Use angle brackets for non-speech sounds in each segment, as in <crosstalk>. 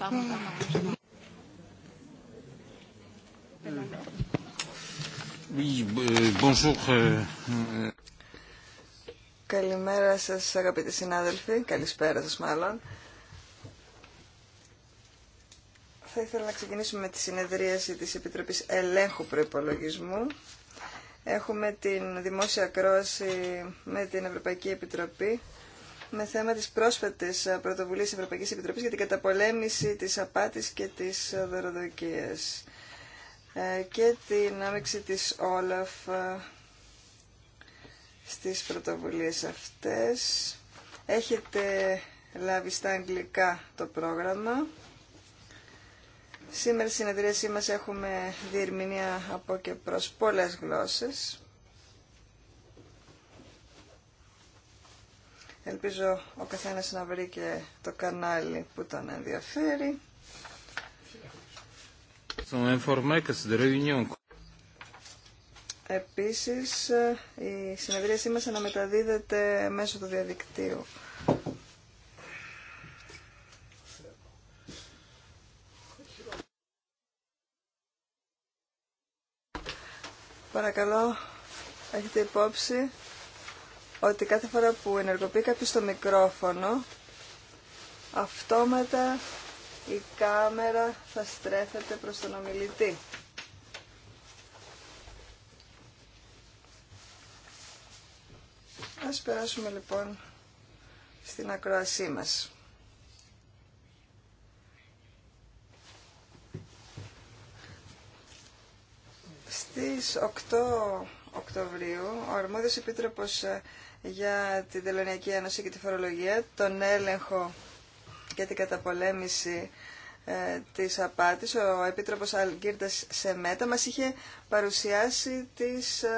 Euh, euh, euh. Καλημέρα σας αγαπητοί συνάδελφοι, καλησπέρα σας μάλλον. Θα ήθελα να ξεκινήσουμε με τη συνεδρίαση της Επιτροπής Ελέγχου Προϋπολογισμού. Έχουμε την δημόσια κρόση με την Ευρωπαϊκή Επιτροπή με θέμα ε, της πρόσφατης πρωτοβουλίας Ευρωπαϊκής Επιτροπής για την καταπολέμηση της απάτης και της ε, δωροδοκίας ε, και την άμεξη της Όλαφ στις πρωτοβουλίες αυτές. Έχετε λάβει στα αγγλικά το πρόγραμμα. Σήμερα στη συνεδρίασή μας έχουμε διερμηνία από και προς πολλές γλώσσες. Ελπίζω ο καθένας να βρει και το κανάλι που τον ενδιαφέρει. Επίσης, η συνεδρίασή μας αναμεταδίδεται μέσω του διαδικτύου. Παρακαλώ, έχετε υπόψη ότι κάθε φορά που ενεργοποιεί κάποιος το μικρόφωνο, αυτόματα η κάμερα θα στρέφεται προς τον ομιλητή. Ας περάσουμε λοιπόν στην ακροασή μας. Στις 8 Οκτωβρίου, ο αρμόδιος επίτροπος ε, για την Τελωνιακή Ένωση και τη φορολογία, τον έλεγχο και την καταπολέμηση ε, της απάτης, ο Επίτροπος Αλγκύρτας Σεμέτα μας είχε παρουσιάσει τις ε,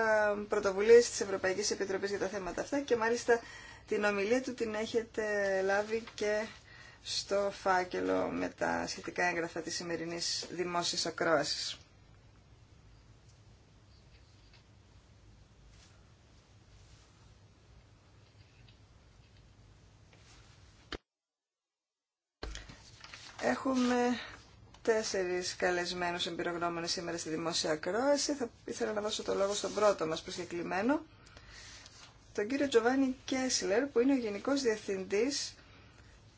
πρωτοβουλίες της Ευρωπαϊκής Επιτροπής για τα θέματα αυτά και μάλιστα την ομιλία του την έχετε λάβει και στο φάκελο με τα σχετικά έγγραφα της σημερινής δημόσιας ακρόασης. Έχουμε τέσσερις καλεσμένους εμπειρογνώμονες σήμερα στη Δημόσια Ακρόαση. Θα ήθελα να δώσω το λόγο στον πρώτο μας προσκεκλημένο, τον κύριο Τζοβάνι Κέσλερ, που είναι ο Γενικός Διευθυντής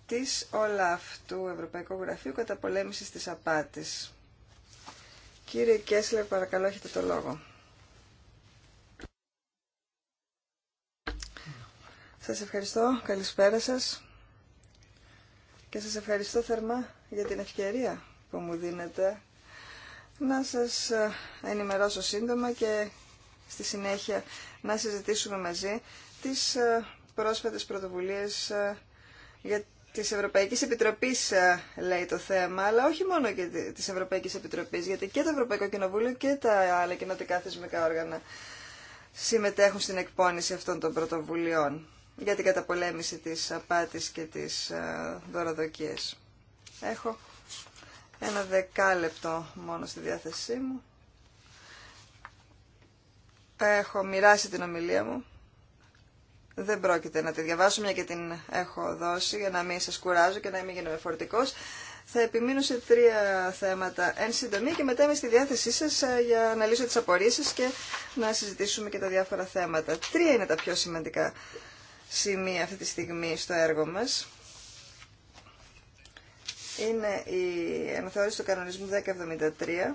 της ΟΛΑΦ, του Ευρωπαϊκού Γραφείου Καταπολέμησης της Απάτης. Κύριε Κέσλερ, παρακαλώ, έχετε το λόγο. Σας ευχαριστώ. Καλησπέρα σας και σας ευχαριστώ θερμά για την ευκαιρία που μου δίνετε να σας ε, ενημερώσω σύντομα και στη συνέχεια να συζητήσουμε μαζί τις ε, πρόσφατες πρωτοβουλίες ε, για της Ευρωπαϊκής Επιτροπής λέει το θέμα, αλλά όχι μόνο και της Ευρωπαϊκής Επιτροπής, γιατί και το Ευρωπαϊκό Κοινοβούλιο και τα άλλα κοινοτικά θεσμικά όργανα συμμετέχουν στην εκπόνηση αυτών των πρωτοβουλειών για την καταπολέμηση της απάτης και της ε, δωροδοκίας. Έχω ένα δεκάλεπτο μόνο στη διάθεσή μου. Έχω μοιράσει την ομιλία μου. Δεν πρόκειται να τη διαβάσω, μια και την έχω δώσει, για να μην σας κουράζω και να μην γίνομαι φορτικός. Θα επιμείνω σε τρία θέματα εν σύντομη και μετά είμαι στη διάθεσή σας ε, για να λύσω τις απορίες και να συζητήσουμε και τα διάφορα θέματα. Τρία είναι τα πιο σημαντικά σημεία αυτή τη στιγμή στο έργο μας είναι η αναθεώρηση του κανονισμού 1073,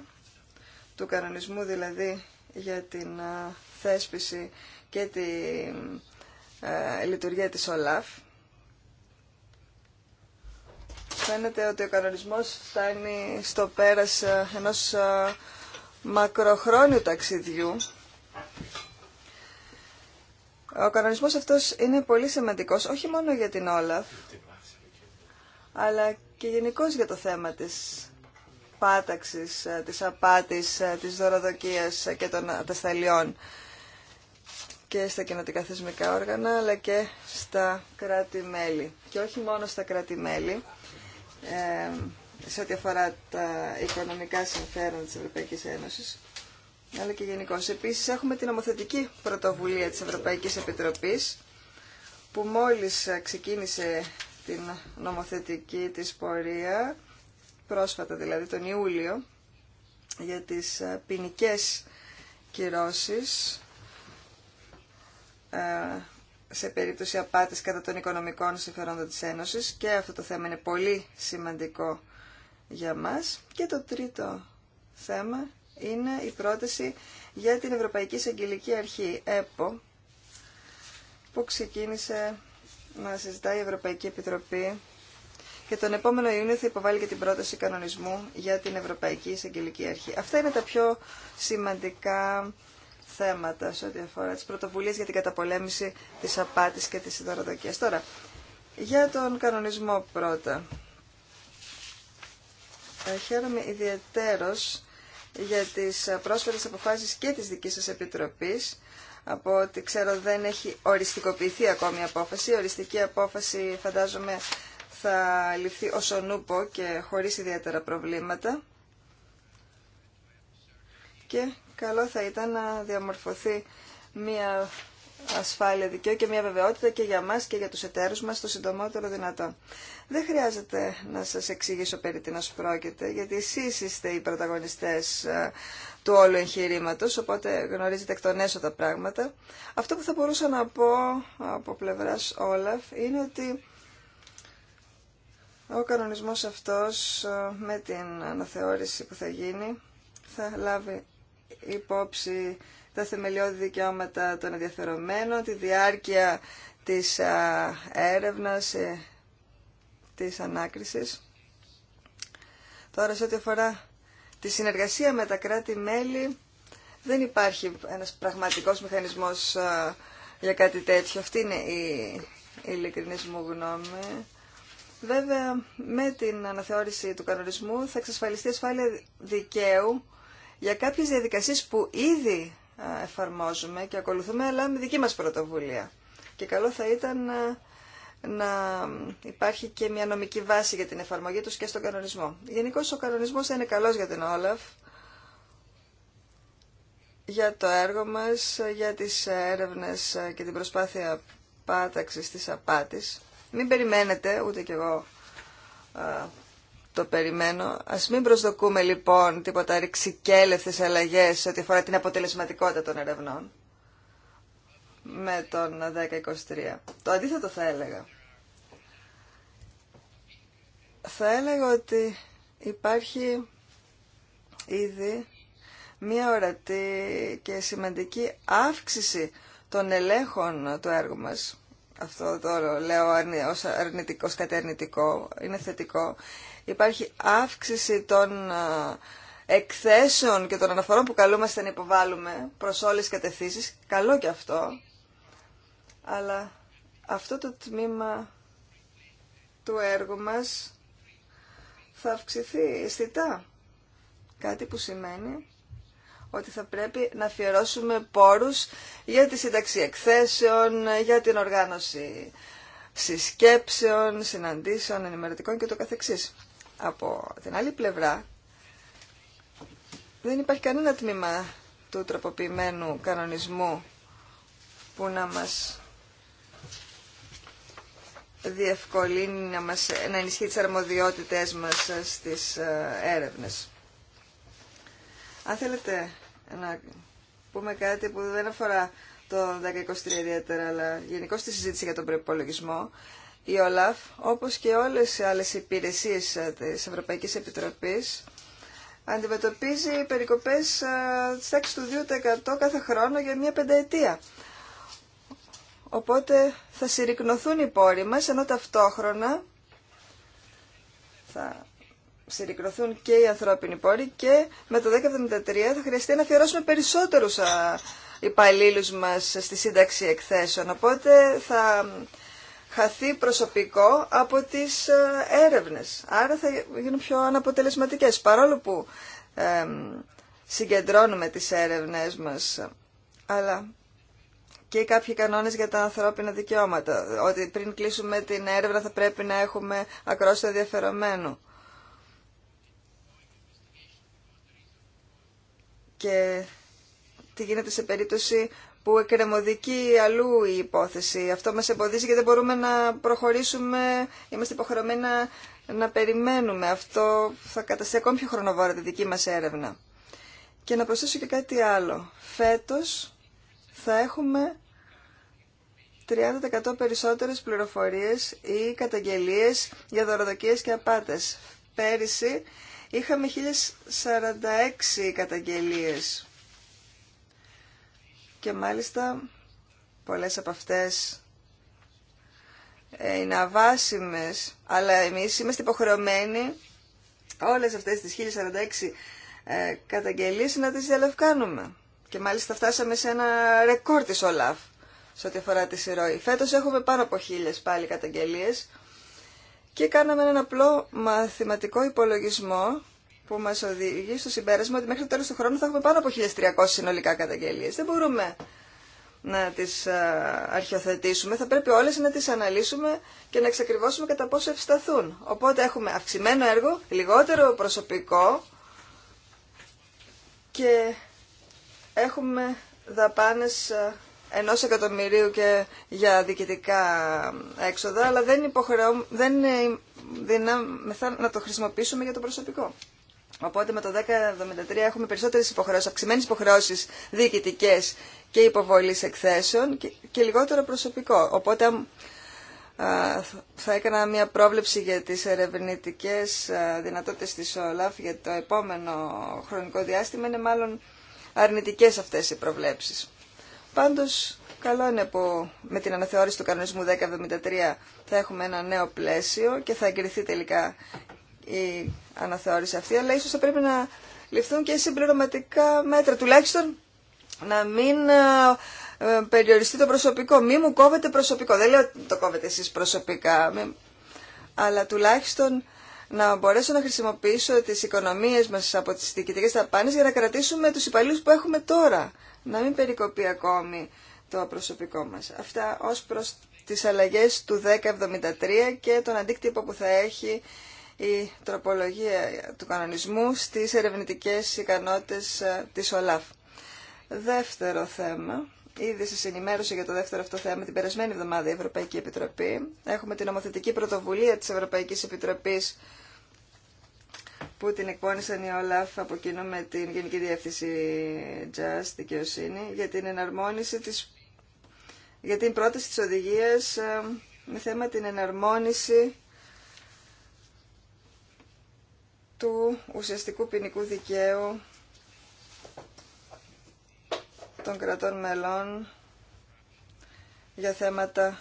του κανονισμού δηλαδή για την θέσπιση και τη λειτουργία της ΟΛΑΦ. Φαίνεται ότι ο κανονισμός φτάνει στο πέρας ενός μακροχρόνιου ταξιδιού ο κανονισμός αυτός είναι πολύ σημαντικός, όχι μόνο για την Όλαφ, αλλά και γενικώ για το θέμα της πάταξης, ε, της απάτης, ε, της δωροδοκίας ε, και των ατασταλιών και στα κοινοτικά θεσμικά όργανα, αλλά και στα κράτη-μέλη. Και όχι μόνο στα κράτη-μέλη, σε ό,τι αφορά τα οικονομικά συμφέροντα της Ευρωπαϊκής Ένωσης, αλλά και γενικώ. Επίσης έχουμε την νομοθετική πρωτοβουλία της Ευρωπαϊκής Επιτροπής που μόλις ξεκίνησε την νομοθετική της πορεία, πρόσφατα δηλαδή τον Ιούλιο, για τις ε, ποινικέ κυρώσεις ε, σε περίπτωση απάτης κατά των οικονομικών συμφερόντων της Ένωσης και αυτό το θέμα είναι πολύ σημαντικό για μας. Και το τρίτο θέμα είναι η πρόταση για την Ευρωπαϊκή Εισαγγελική Αρχή, ΕΠΟ, που ξεκίνησε να συζητάει η Ευρωπαϊκή Επιτροπή και τον επόμενο Ιούνιο θα υποβάλει και την πρόταση κανονισμού για την Ευρωπαϊκή Εισαγγελική Αρχή. Αυτά είναι τα πιο σημαντικά θέματα σε ό,τι αφορά τις πρωτοβουλίες για την καταπολέμηση της απάτης και της ιδωροδοκίας. Τώρα, για τον κανονισμό πρώτα. Ε, χαίρομαι ιδιαίτερος για τις πρόσφατες αποφάσεις και της δικής σας Επιτροπής. Από ό,τι ξέρω δεν έχει οριστικοποιηθεί ακόμη η απόφαση. Η οριστική απόφαση φαντάζομαι θα ληφθεί ως νούπο και χωρίς ιδιαίτερα προβλήματα. Και καλό θα ήταν να διαμορφωθεί μια ασφάλεια δικαίου και μια βεβαιότητα και για μας και για τους εταίρους μας το συντομότερο δυνατό δεν χρειάζεται να σας εξηγήσω περί τίνος πρόκειται, γιατί εσείς είστε οι πρωταγωνιστές ε, του όλου εγχειρήματος, οπότε γνωρίζετε εκ των έσω τα πράγματα. Αυτό που θα μπορούσα να πω από πλευράς Όλαφ είναι ότι ο κανονισμός αυτός ε, με την αναθεώρηση που θα γίνει θα λάβει υπόψη τα θεμελιώδη δικαιώματα των ενδιαφερομένων, τη διάρκεια της ε, έρευνας, της ανάκρισης. Τώρα σε ό,τι αφορά τη συνεργασία με τα κράτη-μέλη δεν υπάρχει ένας πραγματικός μηχανισμός ε, για κάτι τέτοιο. Αυτή είναι η ειλικρινής μου γνώμη. Βέβαια, με την αναθεώρηση του κανονισμού θα εξασφαλιστεί ασφάλεια δικαίου για κάποιες διαδικασίες που ήδη ε, εφαρμόζουμε και ακολουθούμε, αλλά με δική μας πρωτοβουλία. Και καλό θα ήταν ε, να υπάρχει και μια νομική βάση για την εφαρμογή τους και στον κανονισμό. Γενικώ ο κανονισμός θα είναι καλός για την Όλαφ, για το έργο μας, για τις έρευνες και την προσπάθεια πάταξης της απάτης. Μην περιμένετε, ούτε κι εγώ το περιμένω. Ας μην προσδοκούμε λοιπόν τίποτα ρηξικέλευτες αλλαγές ό,τι αφορά την αποτελεσματικότητα των ερευνών με τον 1023. Το αντίθετο θα έλεγα. Θα έλεγα ότι υπάρχει ήδη μία ορατή και σημαντική αύξηση των ελέγχων του έργου μας. Αυτό το λέω ως, αρνητικό, ως κατερνητικό, είναι θετικό. Υπάρχει αύξηση των εκθέσεων και των αναφορών που καλούμαστε να υποβάλουμε προς όλες τις κατευθύνσεις. Καλό και αυτό. Αλλά αυτό το τμήμα του έργου μας θα αυξηθεί αισθητά. Κάτι που σημαίνει ότι θα πρέπει να αφιερώσουμε πόρους για τη σύνταξη εκθέσεων, για την οργάνωση συσκέψεων, συναντήσεων, ενημερωτικών και το καθεξής. Από την άλλη πλευρά, δεν υπάρχει κανένα τμήμα του τροποποιημένου κανονισμού που να μας διευκολύνει να, μας, να ενισχύει τις αρμοδιότητές μας στις ε, έρευνες. Αν θέλετε να πούμε κάτι που δεν αφορά το 1023 ιδιαίτερα, αλλά γενικώ τη συζήτηση για τον προπολογισμό, η ΟΛΑΦ, όπως και όλες οι άλλες υπηρεσίες ε, της Ευρωπαϊκής Επιτροπής, αντιμετωπίζει περικοπές ε, της τάξης του 2% κάθε χρόνο για μια πενταετία. Οπότε θα συρρυκνωθούν οι πόροι μας, ενώ ταυτόχρονα θα συρρυκνωθούν και οι ανθρώπινοι πόροι και με το 1073 θα χρειαστεί να αφιερώσουμε περισσότερους υπαλλήλου μας στη σύνταξη εκθέσεων. Οπότε θα χαθεί προσωπικό από τις έρευνες. Άρα θα γίνουν πιο αναποτελεσματικές. Παρόλο που συγκεντρώνουμε τις έρευνές μας, αλλά και κάποιοι κανόνες για τα ανθρώπινα δικαιώματα. Ότι πριν κλείσουμε την έρευνα θα πρέπει να έχουμε ακρόαση ενδιαφερομένου. Και τι γίνεται σε περίπτωση που εκκρεμωδικεί αλλού η υπόθεση. Αυτό μας εμποδίζει και δεν μπορούμε να προχωρήσουμε, είμαστε υποχρεωμένοι να, περιμένουμε. Αυτό θα καταστεί ακόμη πιο χρονοβόρα τη δική μας έρευνα. Και να προσθέσω και κάτι άλλο. Φέτος θα έχουμε 30% περισσότερες πληροφορίες ή καταγγελίες για δωροδοκίες και απάτες. Πέρυσι είχαμε 1046 καταγγελίες και μάλιστα πολλές από αυτές ε, είναι αβάσιμες, αλλά εμείς είμαστε υποχρεωμένοι όλες αυτές τις 1046 ε, καταγγελίες να τις διαλευκάνουμε. Και μάλιστα φτάσαμε σε ένα ρεκόρ της ΟΛΑΦ σε ό,τι αφορά τη σειρόη. Φέτος έχουμε πάνω από χίλιες πάλι καταγγελίες και κάναμε έναν απλό μαθηματικό υπολογισμό που μας οδηγεί στο συμπέρασμα ότι μέχρι το τέλος του χρόνου θα έχουμε πάνω από 1.300 συνολικά καταγγελίες. Δεν μπορούμε να τις αρχιοθετήσουμε, θα πρέπει όλες να τις αναλύσουμε και να εξακριβώσουμε κατά πόσο ευσταθούν. Οπότε έχουμε αυξημένο έργο, λιγότερο προσωπικό και έχουμε δαπάνες ενό εκατομμυρίου και για διοικητικά έξοδα, αλλά δεν, δεν είναι δυνάμεθα να το χρησιμοποιήσουμε για το προσωπικό. Οπότε με το 1073 έχουμε περισσότερε υποχρεώσει, αυξημένε υποχρεώσει διοικητικέ και υποβολή εκθέσεων και, λιγότερο προσωπικό. Οπότε θα έκανα μια πρόβλεψη για τις ερευνητικές δυνατότητες της ΟΛΑΦ για το επόμενο χρονικό διάστημα. Είναι μάλλον αρνητικές αυτές οι προβλέψεις. Πάντως, καλό είναι που με την αναθεώρηση του κανονισμού 1073 θα έχουμε ένα νέο πλαίσιο και θα εγκριθεί τελικά η αναθεώρηση αυτή, αλλά ίσως θα πρέπει να ληφθούν και συμπληρωματικά μέτρα, τουλάχιστον να μην ε, ε, περιοριστεί το προσωπικό. Μη μου κόβετε προσωπικό. Δεν λέω ότι το κόβετε εσείς προσωπικά, αλλά τουλάχιστον να μπορέσω να χρησιμοποιήσω τις οικονομίες μας από τι διοικητικέ δαπάνε για να κρατήσουμε τους υπαλλήλους που έχουμε τώρα. Να μην περικοπεί ακόμη το προσωπικό μας. Αυτά ως προς τις αλλαγές του 1073 και τον αντίκτυπο που θα έχει η τροπολογία του κανονισμού στις ερευνητικές ικανότητες ε, της ΟΛΑΦ. Δεύτερο θέμα Ήδη σα ενημέρωσε για το δεύτερο αυτό θέμα την περασμένη εβδομάδα η Ευρωπαϊκή Επιτροπή. Έχουμε την νομοθετική πρωτοβουλία τη Ευρωπαϊκή Επιτροπή που την εκπώνησαν οι ΟΛΑΦ από κοινού με την Γενική Διεύθυνση Just Δικαιοσύνη για την εναρμόνιση της, για την πρόταση της οδηγίας ε, με θέμα την εναρμόνιση του ουσιαστικού ποινικού δικαίου των κρατών μελών για θέματα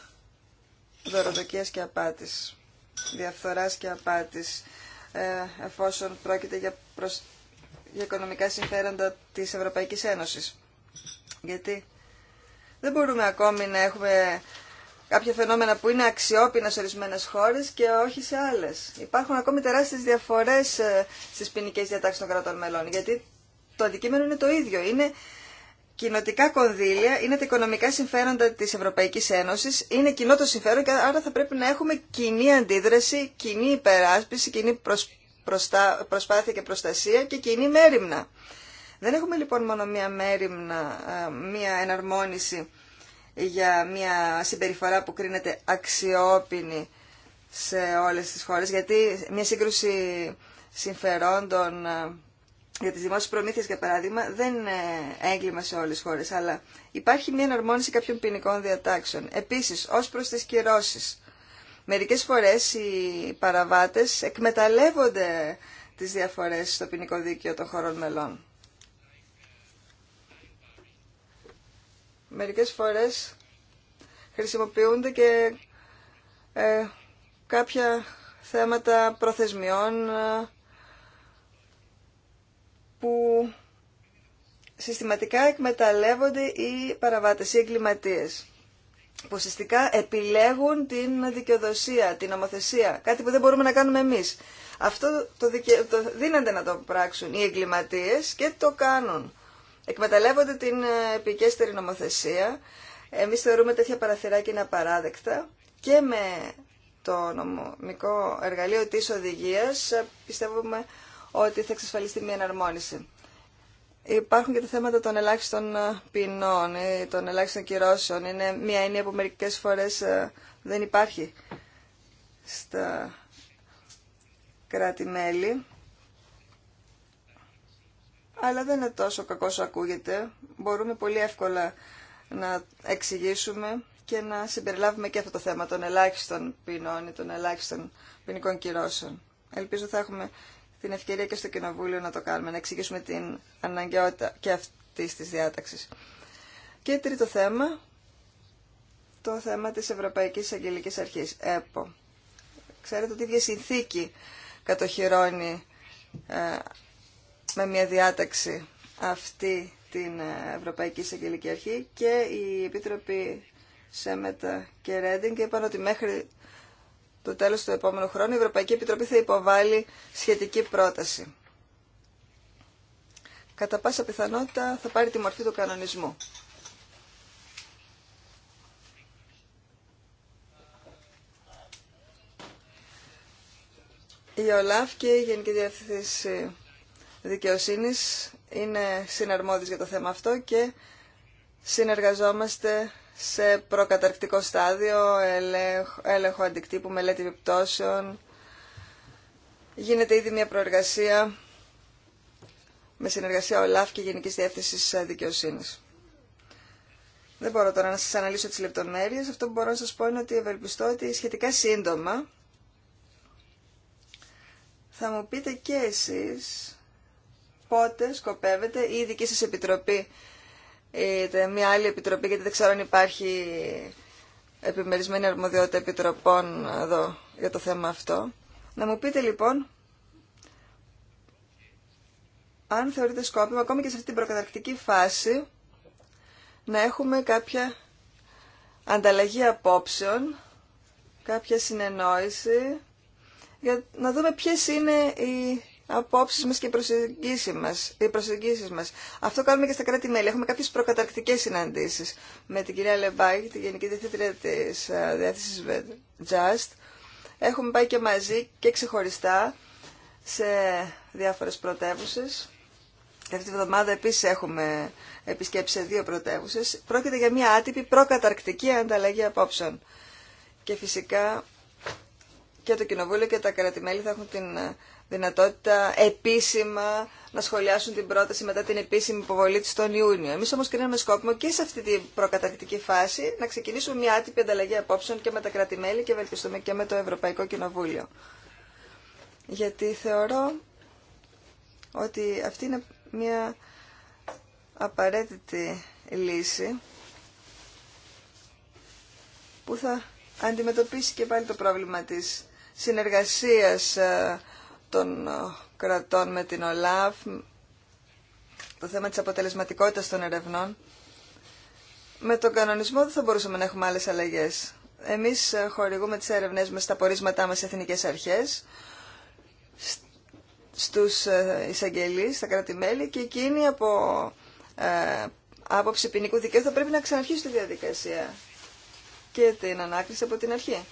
δωροδοκίας και απάτης, διαφθοράς και απάτης, ε, εφόσον πρόκειται για, οικονομικά συμφέροντα της Ευρωπαϊκής Ένωσης. Γιατί δεν μπορούμε ακόμη να έχουμε κάποια φαινόμενα που είναι αξιόπινα σε ορισμένες χώρες και όχι σε άλλες. Υπάρχουν ακόμη τεράστιες διαφορές ε, στις ποινικέ διατάξεις των κρατών μελών, γιατί το αντικείμενο είναι το ίδιο. Είναι κοινοτικά κονδύλια είναι τα οικονομικά συμφέροντα της Ευρωπαϊκής Ένωσης, είναι κοινό το συμφέρον και άρα θα πρέπει να έχουμε κοινή αντίδραση, κοινή υπεράσπιση, κοινή προσ... προσπάθεια και προστασία και κοινή μέρημνα. Δεν έχουμε λοιπόν μόνο μία μέρημνα, μία εναρμόνιση για μία συμπεριφορά που κρίνεται αξιόπινη σε όλες τις χώρες, γιατί μία σύγκρουση συμφερόντων για τις δημόσιες προμήθειες, για παράδειγμα, δεν είναι έγκλημα σε όλες τις χώρες, αλλά υπάρχει μια ενορμόνιση κάποιων ποινικών διατάξεων. Επίσης, ως προς τις κυρώσεις, μερικές φορές οι παραβάτες εκμεταλλεύονται τις διαφορές στο ποινικό δίκαιο των χωρών μελών. Μερικές φορές χρησιμοποιούνται και ε, κάποια θέματα προθεσμιών, που συστηματικά εκμεταλλεύονται οι παραβάτες, οι εγκληματίες που συστικά επιλέγουν την δικαιοδοσία, την ομοθεσία, κάτι που δεν μπορούμε να κάνουμε εμείς. Αυτό το, το δίνεται να το πράξουν οι εγκληματίες και το κάνουν. Εκμεταλλεύονται την ε, επικέστερη νομοθεσία. Εμείς θεωρούμε τέτοια παραθυράκια είναι απαράδεκτα και με το νομικό εργαλείο της οδηγίας ε, πιστεύουμε ότι θα εξασφαλιστεί μια εναρμόνιση. Υπάρχουν και τα θέματα των ελάχιστων ε, ποινών, ή των ελάχιστων κυρώσεων. Είναι μια έννοια που μερικές φορές ε, δεν υπάρχει στα κράτη-μέλη. Αλλά δεν είναι τόσο κακό όσο ακούγεται. Μπορούμε πολύ εύκολα να εξηγήσουμε και να συμπεριλάβουμε και αυτό το θέμα των ελάχιστων ποινών ή των ελάχιστων ποινικών κυρώσεων. Ελπίζω θα έχουμε την ευκαιρία και στο Κοινοβούλιο να το κάνουμε, να εξηγήσουμε την αναγκαιότητα και αυτή τη διάταξη. Και τρίτο θέμα, το θέμα τη Ευρωπαϊκή Αγγελική Αρχή. ΕΠΟ. Ξέρετε ότι η ίδια συνθήκη κατοχυρώνει ε, με μια διάταξη αυτή την ε, Ευρωπαϊκή Αγγελική Αρχή και οι Επίτροπη Σέμετα και Ρέντινγκ είπαν ότι μέχρι το τέλος του επόμενου χρόνου η Ευρωπαϊκή Επιτροπή θα υποβάλει σχετική πρόταση. Κατά πάσα πιθανότητα θα πάρει τη μορφή του κανονισμού. Η ΟΛΑΦ και η Γενική Διεύθυνση Δικαιοσύνης είναι συναρμόδιες για το θέμα αυτό και συνεργαζόμαστε σε προκαταρκτικό στάδιο, έλεγχο, έλεγχο αντικτύπου, μελέτη επιπτώσεων. Γίνεται ήδη μια προεργασία με συνεργασία ΟΛΑΦ και Γενικής Διεύθυνσης Δικαιοσύνης. Δεν μπορώ τώρα να σας αναλύσω τις λεπτομέρειες. Αυτό που μπορώ να σας πω είναι ότι ευελπιστώ ότι σχετικά σύντομα θα μου πείτε και εσείς πότε σκοπεύετε η δική σας επιτροπή μια άλλη επιτροπή, γιατί δεν ξέρω αν υπάρχει επιμερισμένη αρμοδιότητα επιτροπών εδώ για το θέμα αυτό. Να μου πείτε λοιπόν αν θεωρείτε σκόπιμο, ακόμη και σε αυτή την προκαταρκτική φάση, να έχουμε κάποια ανταλλαγή απόψεων, κάποια συνεννόηση, για να δούμε ποιες είναι οι απόψει μα και οι προσεγγίσει μα. Αυτό κάνουμε και στα κράτη-μέλη. Έχουμε κάποιε προκαταρκτικέ συναντήσει με την κυρία Λεμπάκη, τη Γενική Διευθύντρια τη ε, Διάθεση Just. Έχουμε πάει και μαζί και ξεχωριστά σε διάφορε πρωτεύουσε. Και αυτή τη βδομάδα επίση έχουμε επισκέψει δύο πρωτεύουσε. Πρόκειται για μια άτυπη προκαταρκτική ανταλλαγή απόψεων. Και φυσικά και το Κοινοβούλιο και τα κρατημέλη θα έχουν την ε, δυνατότητα επίσημα να σχολιάσουν την πρόταση μετά την επίσημη υποβολή της τον Ιούνιο. Εμείς όμως κρίναμε σκόπιμο και σε αυτή την προκαταρκτική φάση να ξεκινήσουμε μια άτυπη ανταλλαγή απόψεων και με τα κράτη-μέλη και βελτιστούμε και με το Ευρωπαϊκό Κοινοβούλιο. Γιατί θεωρώ ότι αυτή είναι μια απαραίτητη λύση που θα αντιμετωπίσει και πάλι το πρόβλημα της συνεργασίας ε, των ε, κρατών με την ΟΛΑΦ, το θέμα της αποτελεσματικότητας των ερευνών. Με τον κανονισμό δεν θα μπορούσαμε να έχουμε άλλες αλλαγές. Εμείς ε, χορηγούμε τις ερευνές μας στα πορίσματά μας σε εθνικές αρχές, στους ε, εισαγγελείς, στα κράτη-μέλη και εκείνοι από ε, άποψη ποινικού δικαίου θα πρέπει να ξαναρχίσει τη διαδικασία και την ανάκριση από την αρχή.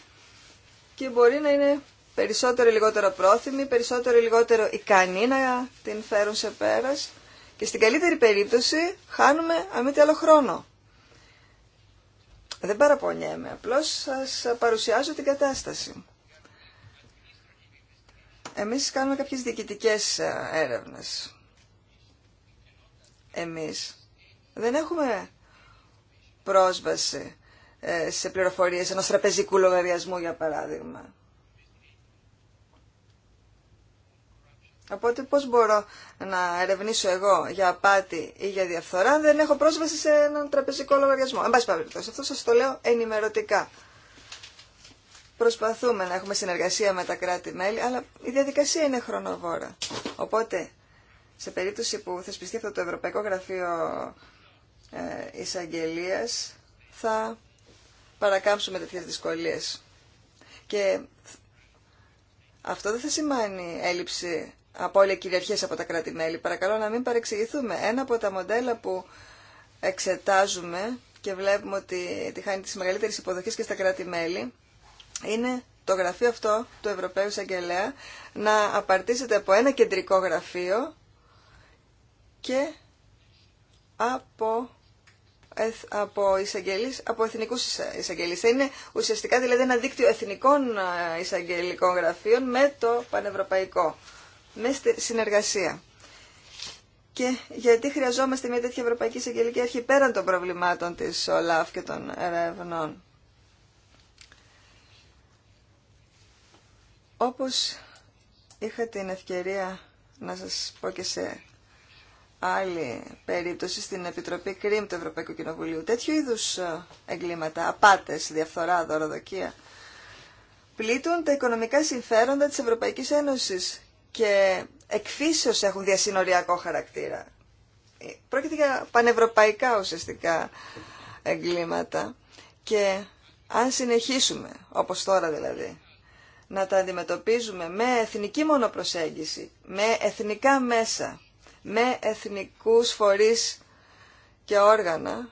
Και μπορεί να είναι περισσότερο ή λιγότερο πρόθυμοι, περισσότερο ή λιγότερο ικανοί να την φέρουν σε πέρας και στην καλύτερη περίπτωση χάνουμε αμήντε άλλο χρόνο. Δεν παραπονιέμαι, απλώς σας παρουσιάζω την κατάσταση. Εμείς κάνουμε κάποιες διοικητικές ε, έρευνες. Εμείς δεν έχουμε πρόσβαση ε, σε πληροφορίες ενός τραπεζικού λογαριασμού, για παράδειγμα. Οπότε πώς μπορώ να ερευνήσω εγώ για απάτη ή για διαφθορά αν δεν έχω πρόσβαση σε έναν τραπεζικό λογαριασμό. Εν πάση αυτό σας το λέω ενημερωτικά. Προσπαθούμε να έχουμε συνεργασία με τα κράτη-μέλη, αλλά η διαδικασία είναι χρονοβόρα. Οπότε, σε περίπτωση που θεσπιστεί αυτό το Ευρωπαϊκό Γραφείο ε, εισαγγελία, θα παρακάμψουμε τέτοιες δυσκολίες. Και αυτό δεν θα σημαίνει έλλειψη από απώλεια κυριαρχίας από τα κράτη-μέλη. Παρακαλώ να μην παρεξηγηθούμε. Ένα από τα μοντέλα που εξετάζουμε και βλέπουμε ότι τη χάνει τις μεγαλύτερες υποδοχές και στα κράτη-μέλη είναι το γραφείο αυτό του Ευρωπαίου Εισαγγελέα να απαρτίζεται από ένα κεντρικό γραφείο και από, από, εισαγγελείς, από εθνικούς εισαγγελείς. Θα είναι ουσιαστικά δηλαδή ένα δίκτυο εθνικών ε, εισαγγελικών γραφείων με το πανευρωπαϊκό με συνεργασία. Και γιατί χρειαζόμαστε μια τέτοια Ευρωπαϊκή Εισαγγελική Αρχή πέραν των προβλημάτων της ΟΛΑΦ και των ερευνών. Όπως είχα την ευκαιρία να σας πω και σε άλλη περίπτωση στην Επιτροπή Κρίμ του Ευρωπαϊκού Κοινοβουλίου. Τέτοιου είδους ε, εγκλήματα, απάτες, διαφθορά, δωροδοκία, πλήττουν τα οικονομικά συμφέροντα της Ευρωπαϊκής Ένωσης και εκφύσεως έχουν διασυνοριακό χαρακτήρα. Ε, πρόκειται για πανευρωπαϊκά ουσιαστικά εγκλήματα και αν συνεχίσουμε, όπως τώρα δηλαδή, να τα αντιμετωπίζουμε με εθνική μονοπροσέγγιση, με εθνικά μέσα, με εθνικούς φορείς και όργανα,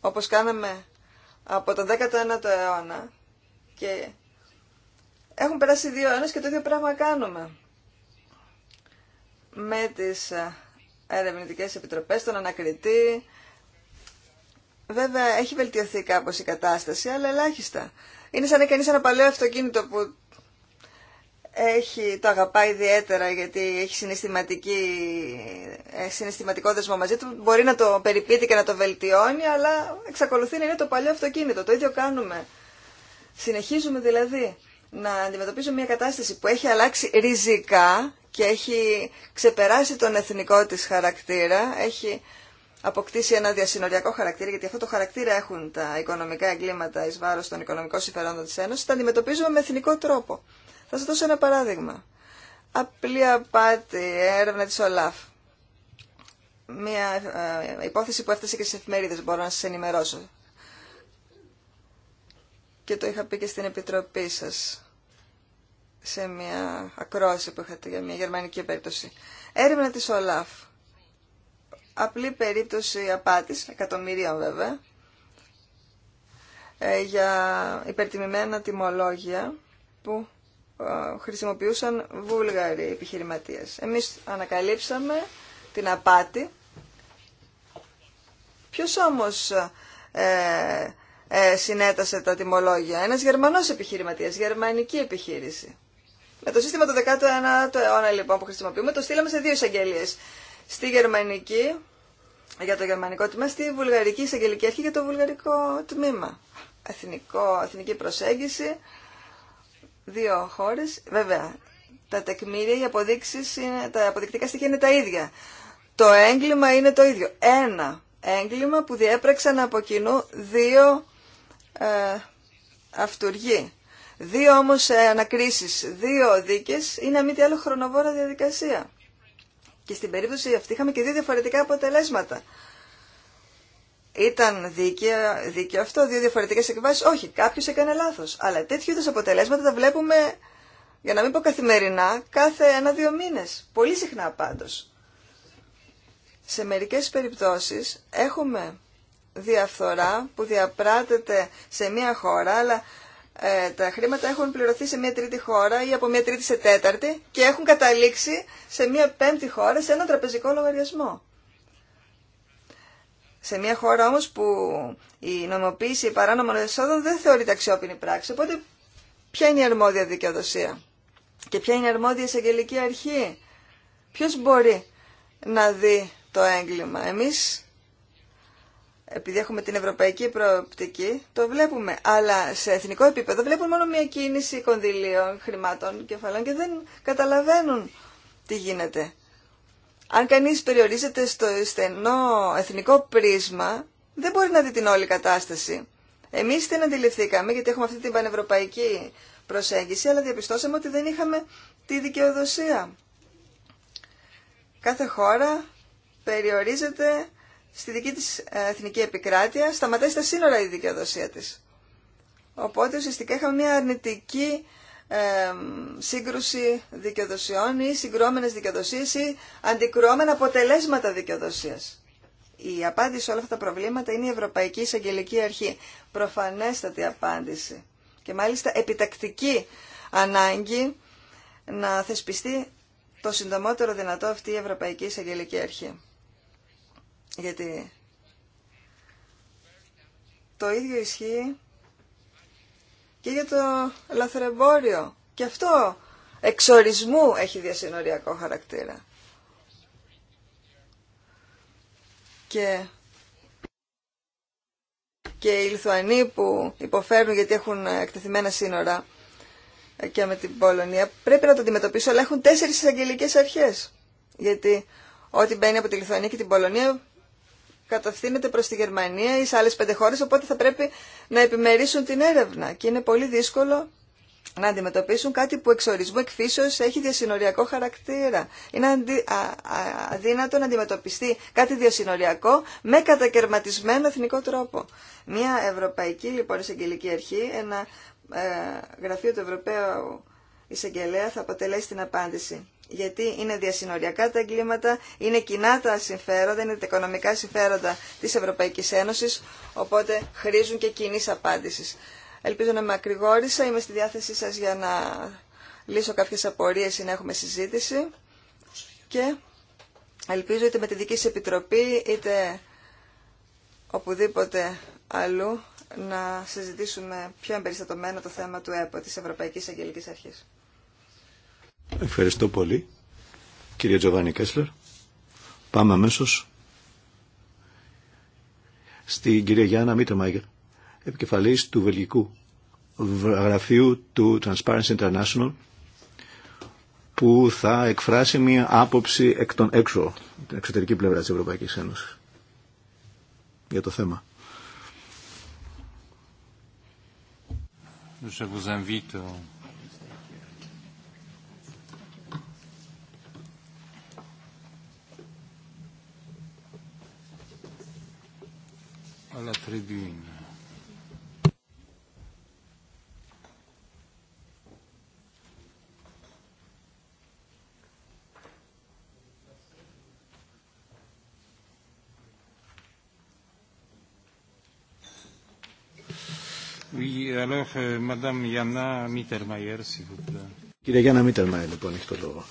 όπως κάναμε από τον 19ο αιώνα και έχουν περάσει δύο αιώνες και το ίδιο πράγμα κάνουμε. Με τις ε, ερευνητικές επιτροπές, τον ανακριτή. Βέβαια, έχει βελτιωθεί κάπως η κατάσταση, αλλά ελάχιστα. Είναι σαν να κανείς ένα παλαιό αυτοκίνητο που έχει, το αγαπάει ιδιαίτερα γιατί έχει συναισθηματική, ε, συναισθηματικό δεσμό μαζί του. Μπορεί να το περιποιείται και να το βελτιώνει, αλλά εξακολουθεί να είναι το παλιό αυτοκίνητο. Το ίδιο κάνουμε. Συνεχίζουμε δηλαδή να αντιμετωπίζουμε μια κατάσταση που έχει αλλάξει ριζικά και έχει ξεπεράσει τον εθνικό της χαρακτήρα, έχει αποκτήσει ένα διασυνοριακό χαρακτήρα, γιατί αυτό το χαρακτήρα έχουν τα οικονομικά εγκλήματα εις βάρος των οικονομικών συμφερόντων της Ένωσης, τα αντιμετωπίζουμε με εθνικό τρόπο. Θα σας δώσω ένα παράδειγμα. Απλή απάτη, έρευνα της ΟΛΑΦ. Μια ε, υπόθεση που έφτασε και στις εφημερίδες, μπορώ να σας ενημερώσω. Και το είχα πει και στην επιτροπή σας σε μια ακρόαση που είχατε για μια γερμανική περίπτωση. Έρευνα της ΟΛΑΦ. Απλή περίπτωση απάτης, εκατομμυρίων βέβαια, ε, για υπερτιμημένα τιμολόγια που ε, χρησιμοποιούσαν βούλγαροι επιχειρηματίες. Εμείς ανακαλύψαμε την απάτη. Ποιος όμως ε, συνέτασε τα τιμολόγια. Ένας Γερμανός επιχειρηματίας, γερμανική επιχείρηση. Με το σύστημα του 19ου αιώνα λοιπόν που χρησιμοποιούμε το στείλαμε σε δύο εισαγγελίε. Στη γερμανική για το γερμανικό τμήμα, στη βουλγαρική εισαγγελική αρχή για το βουλγαρικό τμήμα. Εθνικό, εθνική προσέγγιση, δύο χώρε. Βέβαια, τα τεκμήρια, οι αποδείξεις, τα αποδεικτικά στοιχεία είναι τα ίδια. Το έγκλημα είναι το ίδιο. Ένα έγκλημα που διέπραξαν από κοινού δύο ε, αυτούργοι. Δύο όμως ε, ανακρίσεις, δύο δίκες είναι μη τι άλλο χρονοβόρα διαδικασία. Και στην περίπτωση αυτή είχαμε και δύο διαφορετικά αποτελέσματα. Ήταν δίκαιο, αυτό, δύο διαφορετικέ εκβάσει. Όχι, κάποιο έκανε λάθο. Αλλά τέτοιου είδου αποτελέσματα τα βλέπουμε, για να μην πω καθημερινά, κάθε ένα-δύο μήνε. Πολύ συχνά πάντω. Σε μερικέ περιπτώσει έχουμε διαφθορά που διαπράτεται σε μία χώρα, αλλά ε, τα χρήματα έχουν πληρωθεί σε μια τρίτη χώρα ή από μια τρίτη σε τέταρτη και έχουν καταλήξει σε μια πέμπτη χώρα σε ένα τραπεζικό λογαριασμό. Σε μια χώρα όμως που η νομοποίηση παράνομων εσόδων δεν θεωρείται αξιόπινη πράξη. Οπότε ποια είναι η αρμόδια δικαιοδοσία και ποια είναι η αρμόδια εισαγγελική αρχή. Ποιος μπορεί να δει το έγκλημα. Εμείς επειδή έχουμε την ευρωπαϊκή προοπτική, το βλέπουμε. Αλλά σε εθνικό επίπεδο βλέπουν μόνο μια κίνηση κονδυλίων, χρημάτων, κεφαλών και δεν καταλαβαίνουν τι γίνεται. Αν κανείς περιορίζεται στο στενό εθνικό πρίσμα, δεν μπορεί να δει την όλη κατάσταση. Εμείς την αντιληφθήκαμε, γιατί έχουμε αυτή την πανευρωπαϊκή προσέγγιση, αλλά διαπιστώσαμε ότι δεν είχαμε τη δικαιοδοσία. Κάθε χώρα περιορίζεται στη δική της ε, εθνική επικράτεια σταματάει στα σύνορα η δικαιοδοσία της. Οπότε ουσιαστικά είχαμε μια αρνητική ε, σύγκρουση δικαιοδοσιών ή συγκρόμενες δικαιοδοσίες ή αντικρουόμενα αποτελέσματα δικαιοδοσίας. Η απάντηση σε όλα αυτά τα προβλήματα είναι η Ευρωπαϊκή Εισαγγελική Αρχή. Προφανέστατη απάντηση και μάλιστα επιτακτική ανάγκη να θεσπιστεί το συντομότερο δυνατό αυτή η Ευρωπαϊκή Εισαγγελική Αρχή. Γιατί το ίδιο ισχύει και για το λαθρεμπόριο. Και αυτό εξορισμού έχει διασυνοριακό χαρακτήρα. Και, και οι Λιθουανοί που υποφέρουν γιατί έχουν εκτεθειμένα σύνορα και με την Πολωνία πρέπει να το αντιμετωπίσουν, αλλά έχουν τέσσερις εισαγγελικές αρχές. Γιατί ό,τι μπαίνει από τη Λιθουανία και την Πολωνία κατευθύνεται προς τη Γερμανία ή σε άλλες πέντε χώρες, οπότε θα πρέπει να επιμερίσουν την έρευνα και είναι πολύ δύσκολο να αντιμετωπίσουν κάτι που εξορισμού ορισμού εκφύσεως έχει διασυνοριακό χαρακτήρα. Είναι αδύνατο να αντιμετωπιστεί κάτι διασυνοριακό με κατακαιρματισμένο εθνικό τρόπο. Μια Ευρωπαϊκή λοιπόν εισαγγελική αρχή, ένα ε, γραφείο του Ευρωπαίου εισαγγελέα θα αποτελέσει την απάντηση γιατί είναι διασυνοριακά τα εγκλήματα, είναι κοινά τα συμφέροντα, είναι τα οικονομικά συμφέροντα της Ευρωπαϊκής Ένωσης, οπότε χρήζουν και κοινή απάντηση. Ελπίζω να με ακρηγόρησα, είμαι στη διάθεσή σας για να λύσω κάποιες απορίες ή να έχουμε συζήτηση και ελπίζω είτε με τη δική σας επιτροπή είτε οπουδήποτε αλλού να συζητήσουμε πιο εμπεριστατωμένα το θέμα του ΕΠΟ, της Ευρωπαϊκής Αγγελικής Αρχής. Ευχαριστώ πολύ, κύριε Τζοβάνι Κέσλερ. Πάμε αμέσω στην κυρία Γιάννα Μαγερ, επικεφαλής του Βελγικού Γραφείου του Transparency International, που θα εκφράσει μια άποψη εκ των έξω, την εξωτερική πλευρά τη Ευρωπαϊκή Ένωση. για το θέμα. Je vous invite euh, alla tribuna. Oui, alors, euh, Κύριε Γιάννα Μίτερμαϊ, λοιπόν, έχει το λόγο.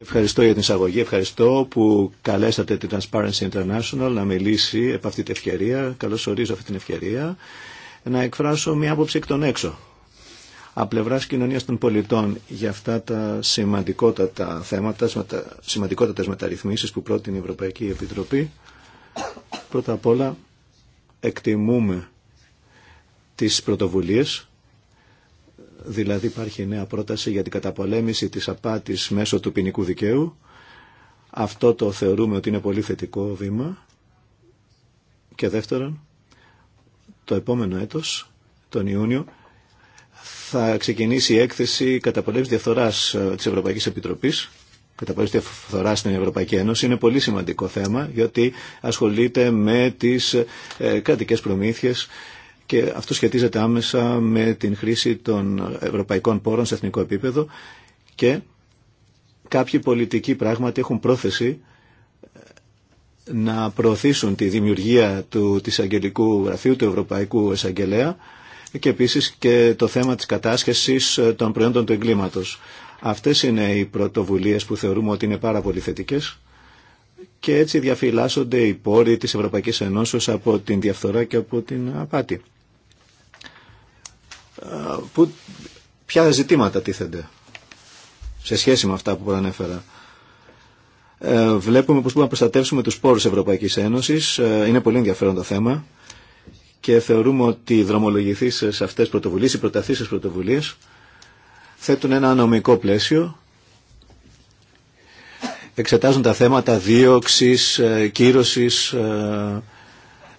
Ευχαριστώ για την εισαγωγή. Ευχαριστώ που καλέσατε την Transparency International να μιλήσει επ' αυτή την ευκαιρία. Καλώς ορίζω αυτή την ευκαιρία να εκφράσω μια άποψη εκ των έξω. Από πλευρά κοινωνία των πολιτών για αυτά τα σημαντικότατα θέματα, σημαντικότατες μεταρρυθμίσεις που πρότεινε η Ευρωπαϊκή Επιτροπή. Πρώτα απ' όλα εκτιμούμε τι πρωτοβουλίε δηλαδή υπάρχει νέα πρόταση για την καταπολέμηση της απάτης μέσω του ποινικού δικαίου. Αυτό το θεωρούμε ότι είναι πολύ θετικό βήμα. Και δεύτερον, το επόμενο έτος, τον Ιούνιο, θα ξεκινήσει η έκθεση καταπολέμησης διαφθοράς ε, της Ευρωπαϊκής Επιτροπής καταπολέμηση διαφθορά στην Ευρωπαϊκή Ένωση είναι πολύ σημαντικό θέμα γιατί ασχολείται με τις ε, κρατικές και αυτό σχετίζεται άμεσα με την χρήση των ευρωπαϊκών πόρων σε εθνικό επίπεδο και κάποιοι πολιτικοί πράγματι έχουν πρόθεση ε, να προωθήσουν τη δημιουργία του, της Αγγελικού Γραφείου, του Ευρωπαϊκού Εισαγγελέα και επίσης και το θέμα της κατάσχεσης ε, των προϊόντων του εγκλήματος. Αυτές είναι οι πρωτοβουλίες που θεωρούμε ότι είναι πάρα πολύ θετικές και έτσι διαφυλάσσονται οι πόροι της Ευρωπαϊκής Ενώσεως από την διαφθορά και από την απάτη που, ποια ζητήματα τίθενται σε σχέση με αυτά που προανέφερα. Ε, βλέπουμε πώς μπορούμε να προστατεύσουμε τους πόρους Ευρωπαϊκής Ένωσης. Ε, είναι πολύ ενδιαφέρον το θέμα και θεωρούμε ότι οι σε αυτές πρωτοβουλίες, οι προταθήσεις πρωτοβουλίες θέτουν ένα ανομικό πλαίσιο εξετάζουν τα θέματα δίωξη ε, κύρωση. Ε,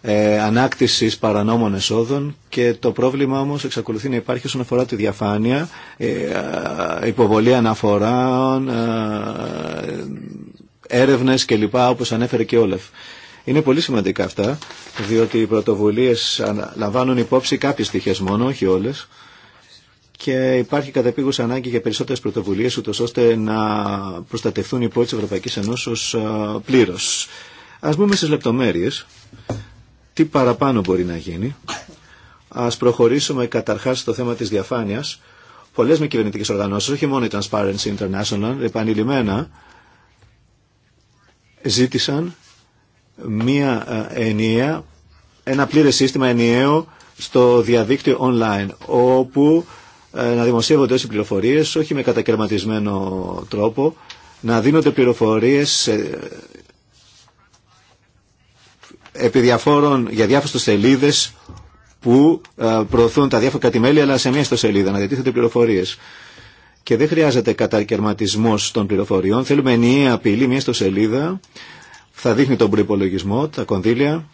ε, ανάκτησης παρανόμων εσόδων και το πρόβλημα όμως εξακολουθεί να υπάρχει όσον αφορά τη διαφάνεια, ε, ε υποβολή αναφοράων, ε, έρευνες κλπ. όπως ανέφερε και Όλεφ. Είναι πολύ σημαντικά αυτά, διότι οι πρωτοβουλίες λαμβάνουν υπόψη κάποιες στοιχές μόνο, όχι όλες, και υπάρχει κατεπίγουσα ανάγκη για περισσότερες πρωτοβουλίες, ούτως ώστε να προστατευτούν οι πόλεις της Ευρωπαϊκής Ενώσεως ε, πλήρως. Ας μπούμε τι παραπάνω μπορεί να γίνει. Ας προχωρήσουμε καταρχάς στο θέμα της διαφάνειας. Πολλές με κυβερνητικές οργανώσεις, όχι μόνο η Transparency International, επανειλημμένα ζήτησαν μία ε, ενιαία, ένα πλήρες σύστημα ενιαίο στο διαδίκτυο online, όπου ε, να δημοσιεύονται όσοι πληροφορίες, όχι με κατακαιρματισμένο τρόπο, να δίνονται πληροφορίες επί διαφόρων, για διάφορε σελίδε που ε, προωθούν τα διάφορα κατημέλια αλλά σε μια ιστοσελίδα να διατίθεται πληροφορίε. Και δεν χρειάζεται κατακαιρματισμός των πληροφοριών. Θέλουμε ενιαία απειλή, μια ιστοσελίδα θα δείχνει τον προπολογισμό, τα κονδύλια,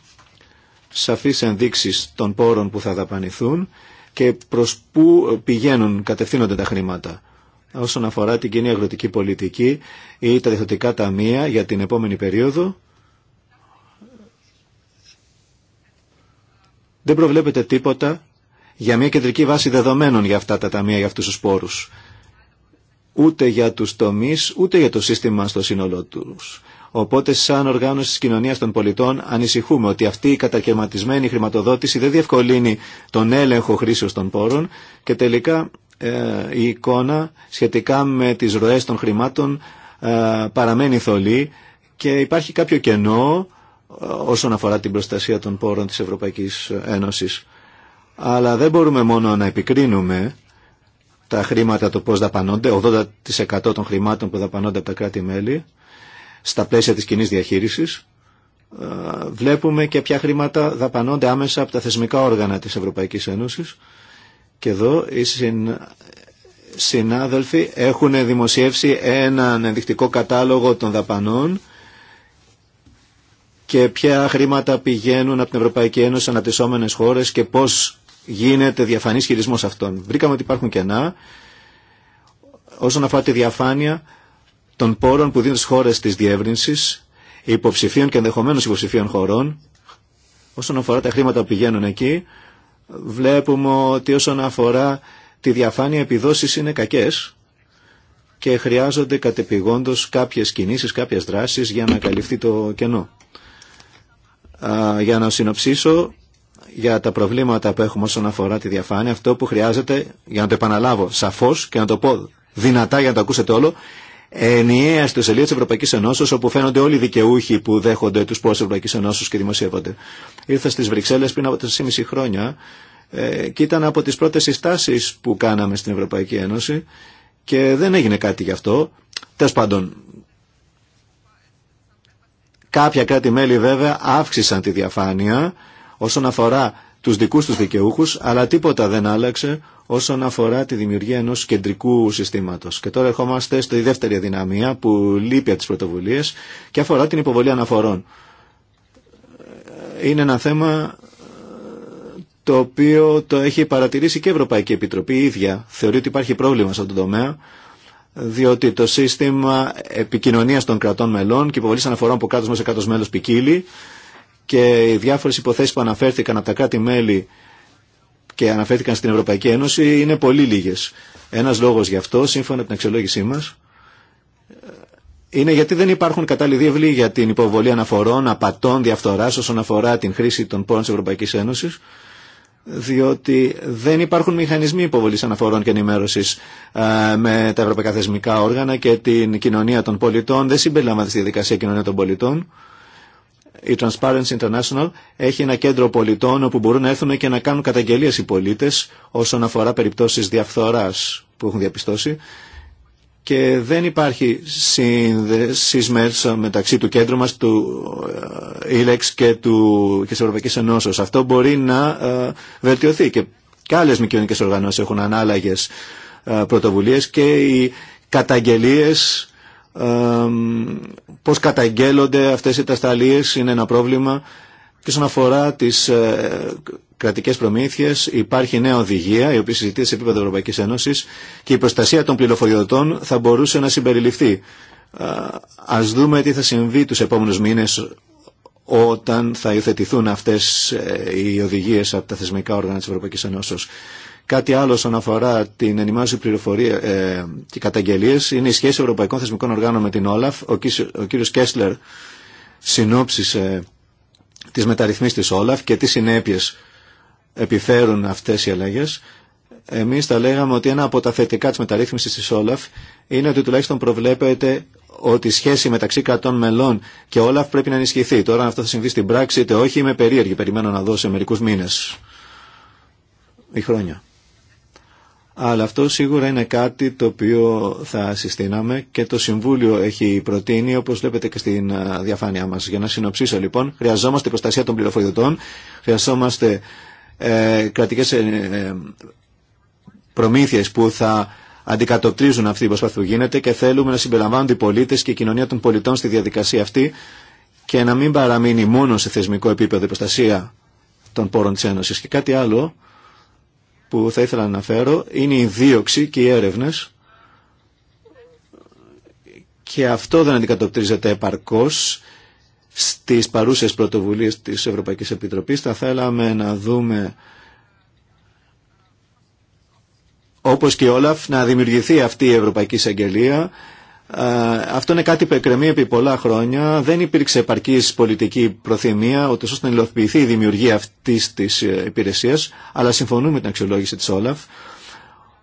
σαφείς ενδείξεις των πόρων που θα δαπανηθούν και προς πού πηγαίνουν, κατευθύνονται τα χρήματα. Όσον αφορά την κοινή αγροτική πολιτική ή τα διεθνωτικά ταμεία για την επόμενη περίοδο, Δεν προβλέπεται τίποτα για μια κεντρική βάση δεδομένων για αυτά τα ταμεία, για αυτούς τους πόρους. Ούτε για τους τομείς, ούτε για το σύστημα στο σύνολό τους. Οπότε, σαν οργάνωση της κοινωνίας των πολιτών, ανησυχούμε ότι αυτή η κατακαιρματισμένη χρηματοδότηση δεν διευκολύνει τον έλεγχο χρήσεως των πόρων και τελικά ε, η εικόνα σχετικά με τι ροέ των χρημάτων ε, παραμένει θολή και υπάρχει κάποιο κενό όσον αφορά την προστασία των πόρων της Ευρωπαϊκής Ένωσης. Αλλά δεν μπορούμε μόνο να επικρίνουμε τα χρήματα το πώς δαπανώνται, 80% των χρημάτων που δαπανώνται από τα κράτη-μέλη, στα πλαίσια της κοινής διαχείρισης, ε, βλέπουμε και ποια χρήματα δαπανώνται άμεσα από τα θεσμικά όργανα της Ευρωπαϊκής Ένωσης και εδώ οι συνάδελφοι έχουν δημοσιεύσει έναν ενδεικτικό κατάλογο των δαπανών και ποια χρήματα πηγαίνουν από την Ευρωπαϊκή Ένωση σε χώρε χώρες και πώς γίνεται διαφανής χειρισμός αυτών. Βρήκαμε ότι υπάρχουν κενά όσον αφορά τη διαφάνεια των πόρων που δίνουν στις χώρες της διεύρυνσης, υποψηφίων και ενδεχομένω υποψηφίων χωρών. Όσον αφορά τα χρήματα που πηγαίνουν εκεί, βλέπουμε ότι όσον αφορά τη διαφάνεια επιδόσει είναι κακές και χρειάζονται κατεπηγόντως κάποιες κινήσεις, κάποιες δράσεις για να καλυφθεί το κενό για να συνοψίσω για τα προβλήματα που έχουμε όσον αφορά τη διαφάνεια, αυτό που χρειάζεται, για να το επαναλάβω σαφώς και να το πω δυνατά για να το ακούσετε όλο, ενιαία στο σελίδα τη Ευρωπαϊκή Ενώσεω, όπου φαίνονται όλοι οι δικαιούχοι που δέχονται του πόρου τη Ευρωπαϊκή Ενώσεω και δημοσιεύονται. Ήρθα στι Βρυξέλλε πριν από 4,5 χρόνια ε, και ήταν από τι πρώτε συστάσει που κάναμε στην Ευρωπαϊκή Ένωση και δεν έγινε κάτι γι' αυτό. Τέλο πάντων, Κάποια κράτη-μέλη βέβαια αύξησαν τη διαφάνεια όσον αφορά τους δικούς τους δικαιούχους, αλλά τίποτα δεν άλλαξε όσον αφορά τη δημιουργία ενός κεντρικού συστήματος. Και τώρα ερχόμαστε στη δεύτερη δυναμία που λείπει από τις πρωτοβουλίες και αφορά την υποβολή αναφορών. Ε, είναι ένα θέμα ε, το οποίο το έχει παρατηρήσει και η Ευρωπαϊκή Επιτροπή η ίδια. Θεωρεί ότι υπάρχει πρόβλημα σε αυτό το τομέα διότι το σύστημα επικοινωνία των κρατών μελών και υποβολή αναφορών από κάτω μέσα σε κράτο μέλος ποικίλει και οι διάφορε υποθέσεις που αναφέρθηκαν από τα κράτη-μέλη και αναφέρθηκαν στην Ευρωπαϊκή Ένωση είναι πολύ λίγες. Ένας λόγος γι' αυτό, σύμφωνα με την αξιολόγησή μας, είναι γιατί δεν υπάρχουν κατάλληλοι διευλοί για την υποβολή αναφορών, απατών, διαφθορά όσον αφορά την χρήση των πόρων τη Ευρωπαϊκή Ένωση διότι δεν υπάρχουν μηχανισμοί υποβολής αναφορών και ενημέρωση ε, με τα ευρωπαϊκά θεσμικά όργανα και την κοινωνία των πολιτών. Δεν συμπεριλαμβάνεται στη διαδικασία κοινωνία των πολιτών. Η Transparency International έχει ένα κέντρο πολιτών όπου μπορούν να έρθουν και να κάνουν καταγγελίες οι πολίτες όσον αφορά περιπτώσεις διαφθοράς που έχουν διαπιστώσει και δεν υπάρχει σύνδεση μεταξύ του κέντρου μας, του ε, ΙΛΕΞ και, του, και της Ευρωπαϊκής Ενώσεως. Αυτό μπορεί να ε, βελτιωθεί και, και άλλες μη κοινωνικές οργανώσεις έχουν ανάλογες ε, πρωτοβουλίες και οι καταγγελίες, πώς καταγγέλλονται αυτές οι τασταλίες είναι ένα πρόβλημα και όσον αφορά τι ε, κρατικέ προμήθειε, υπάρχει νέα οδηγία, η οποία συζητείται σε επίπεδο Ευρωπαϊκή Ένωση και η προστασία των πληροφοριοδοτών θα μπορούσε να συμπεριληφθεί. Α δούμε τι θα συμβεί του επόμενου μήνε όταν θα υιοθετηθούν αυτέ ε, οι οδηγίε από τα θεσμικά όργανα τη Ευρωπαϊκή Ένωση. Κάτι άλλο όσον αφορά την ενημάζωση πληροφορία ε, και καταγγελίε είναι η σχέση Ευρωπαϊκών Θεσμικών Οργάνων με την Όλαφ. Ο, ο κύριο Κέσλερ συνόψισε τις μεταρρυθμίσεις της Όλαφ και τι συνέπειες επιφέρουν αυτές οι αλλαγές, εμείς θα λέγαμε ότι ένα από τα θετικά της μεταρρύθμισης της Όλαφ είναι ότι τουλάχιστον προβλέπεται ότι η σχέση μεταξύ κρατών μελών και Όλαφ πρέπει να ενισχυθεί. Τώρα αν αυτό θα συμβεί στην πράξη είτε όχι είμαι περίεργη, περιμένω να δω σε μερικούς μήνες ή χρόνια. Αλλά αυτό σίγουρα είναι κάτι το οποίο θα συστήναμε και το Συμβούλιο έχει προτείνει, όπως βλέπετε και στην διαφάνειά μας. Για να συνοψίσω λοιπόν, χρειαζόμαστε προστασία των πληροφοριωτών, χρειαζόμαστε ε, κρατικές ε, ε, προμήθειες που θα αντικατοπτρίζουν αυτή η προσπάθεια που γίνεται και θέλουμε να συμπεριλαμβάνονται οι πολίτες και η κοινωνία των πολιτών στη διαδικασία αυτή και να μην παραμείνει μόνο σε θεσμικό επίπεδο η προστασία των πόρων της Ένωσης. Και κάτι άλλο που θα ήθελα να αναφέρω είναι η δίωξη και οι έρευνες και αυτό δεν αντικατοπτρίζεται επαρκώς στις παρούσες πρωτοβουλίες της Ευρωπαϊκής Επιτροπής. Θα θέλαμε να δούμε όπως και όλα να δημιουργηθεί αυτή η Ευρωπαϊκή Εισαγγελία ε, αυτό είναι κάτι που εκκρεμεί επί πολλά χρόνια. Δεν υπήρξε επαρκή πολιτική προθυμία ούτε ώστε να υλοποιηθεί η δημιουργία αυτή τη ε, υπηρεσία. Αλλά συμφωνούμε με την αξιολόγηση τη Όλαφ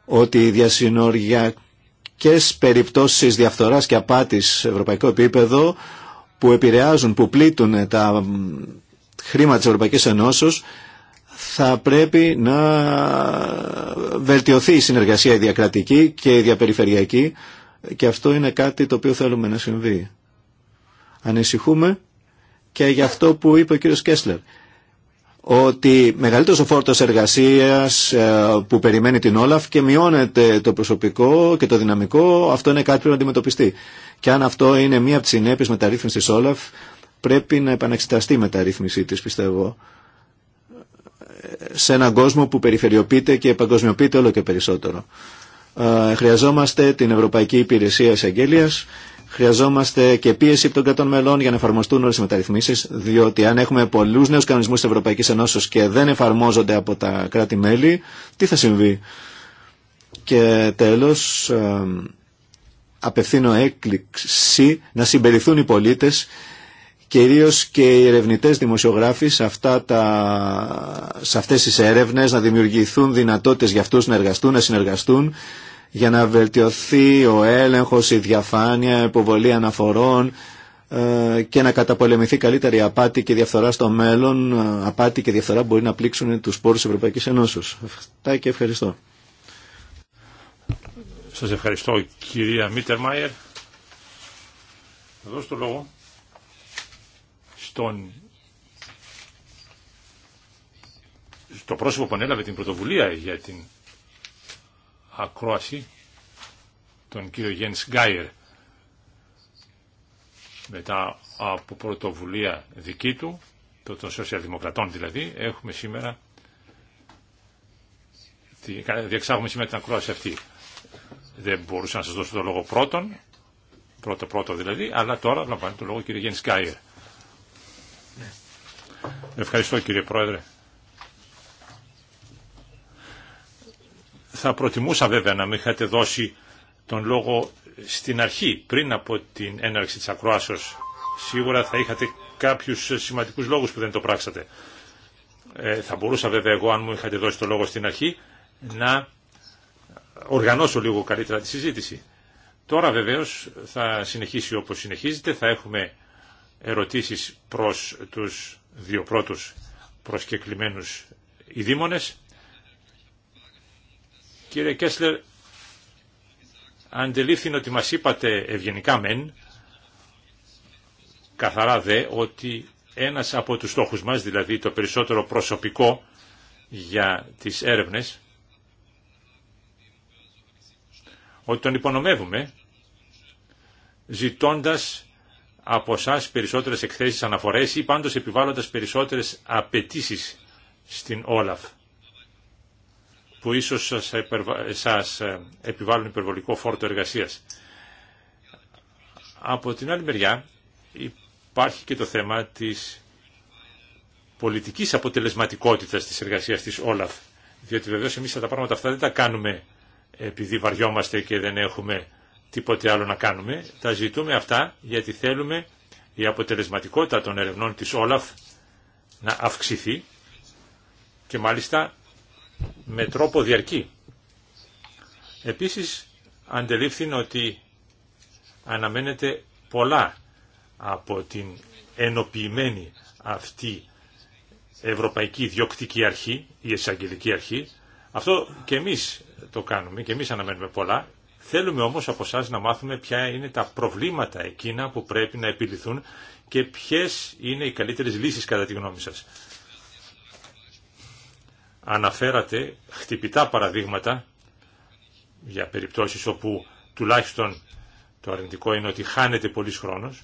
ότι οι διασυνοριακέ περιπτώσει διαφθορά και απάτη σε ευρωπαϊκό επίπεδο που επηρεάζουν, που πλήττουν τα χρήματα τη Ευρωπαϊκή Ενώσεω θα πρέπει να ε, βελτιωθεί η συνεργασία η διακρατική και η διαπεριφερειακή και αυτό είναι κάτι το οποίο θέλουμε να συμβεί. Ανησυχούμε και για αυτό που είπε ο κύριος Κέσλερ ότι μεγαλύτερο ο φόρτο εργασία ε, που περιμένει την Όλαφ και μειώνεται το προσωπικό και το δυναμικό, αυτό είναι κάτι που πρέπει να αντιμετωπιστεί. Και αν αυτό είναι μία από τις συνέπειε μεταρρύθμισης τη Όλαφ, πρέπει να επαναξεταστεί η μεταρρύθμιση της, πιστεύω. Σε έναν κόσμο που περιφερειοποιείται και παγκοσμιοποιείται όλο και περισσότερο. Ε, χρειαζόμαστε την Ευρωπαϊκή Υπηρεσία Εισαγγελία. Χρειαζόμαστε και πίεση από των κρατών μελών για να εφαρμοστούν όλε οι μεταρρυθμίσει, διότι αν έχουμε πολλού νέου κανονισμού τη Ευρωπαϊκή Ενώσεω και δεν εφαρμόζονται από τα κράτη-μέλη, τι θα συμβεί. Και τέλο, ε, απευθύνω έκκληση να συμπεριθούν οι πολίτε κυρίως και οι ερευνητές δημοσιογράφοι σε, αυτά τα, σε αυτές τις έρευνες να δημιουργηθούν δυνατότητες για αυτούς να εργαστούν, να συνεργαστούν για να βελτιωθεί ο έλεγχος, η διαφάνεια, η υποβολή αναφορών ε, και να καταπολεμηθεί καλύτερη απάτη και διαφθορά στο μέλλον. Απάτη και διαφθορά μπορεί να πλήξουν τους πόρους Ευρωπαϊκής Ενώσεως. Αυτά και ευχαριστώ. Σας ευχαριστώ κυρία Μίτερμαϊερ. Θα δώσω το λόγο στον το πρόσωπο που ανέλαβε την πρωτοβουλία για την ακρόαση, τον κύριο Γένς Γκάιερ, μετά από πρωτοβουλία δική του, το των σοσιαλδημοκρατών δηλαδή, έχουμε σήμερα, διεξάγουμε σήμερα την ακρόαση αυτή. Δεν μπορούσα να σας δώσω το λόγο πρώτον, πρώτο πρώτο δηλαδή, αλλά τώρα λαμβάνει το λόγο κύριο Γένς Γκάιερ. Ευχαριστώ κύριε Πρόεδρε. Θα προτιμούσα βέβαια να μην είχατε δώσει τον λόγο στην αρχή, πριν από την έναρξη της ακροάσεως. Σίγουρα θα είχατε κάποιους σημαντικούς λόγους που δεν το πράξατε. Ε, θα μπορούσα βέβαια εγώ, αν μου είχατε δώσει τον λόγο στην αρχή, να οργανώσω λίγο καλύτερα τη συζήτηση. Τώρα βεβαίως θα συνεχίσει όπως συνεχίζεται, θα έχουμε ερωτήσεις προς τους δύο πρώτους προσκεκλημένους ειδήμονες. Κύριε Κέσλερ, αντελήφθη ότι μας είπατε ευγενικά μεν, καθαρά δε, ότι ένας από τους στόχους μας, δηλαδή το περισσότερο προσωπικό για τις έρευνες, ότι τον υπονομεύουμε, ζητώντας από εσά περισσότερες εκθέσεις αναφορές ή πάντως επιβάλλοντα περισσότερες απαιτήσει στην Όλαφ που ίσως σας, ε, επιβάλλουν υπερβολικό φόρτο εργασίας. Από την άλλη μεριά υπάρχει και το θέμα της πολιτικής αποτελεσματικότητας της εργασίας της Όλαφ. Διότι βεβαίως εμείς τα πράγματα αυτά δεν τα κάνουμε επειδή βαριόμαστε και δεν έχουμε τίποτε άλλο να κάνουμε. Τα ζητούμε αυτά γιατί θέλουμε η αποτελεσματικότητα των ερευνών της Όλαφ να αυξηθεί και μάλιστα με τρόπο διαρκή. Επίσης αντελήφθην ότι αναμένεται πολλά από την ενοποιημένη αυτή Ευρωπαϊκή Διοκτική Αρχή, η Εισαγγελική Αρχή. Αυτό και εμείς το κάνουμε και εμείς αναμένουμε πολλά Θέλουμε όμως από εσά να μάθουμε ποια είναι τα προβλήματα εκείνα που πρέπει να επιληθούν και ποιες είναι οι καλύτερες λύσεις κατά τη γνώμη σας. Αναφέρατε χτυπητά παραδείγματα για περιπτώσεις όπου τουλάχιστον το αρνητικό είναι ότι χάνεται πολύς χρόνος,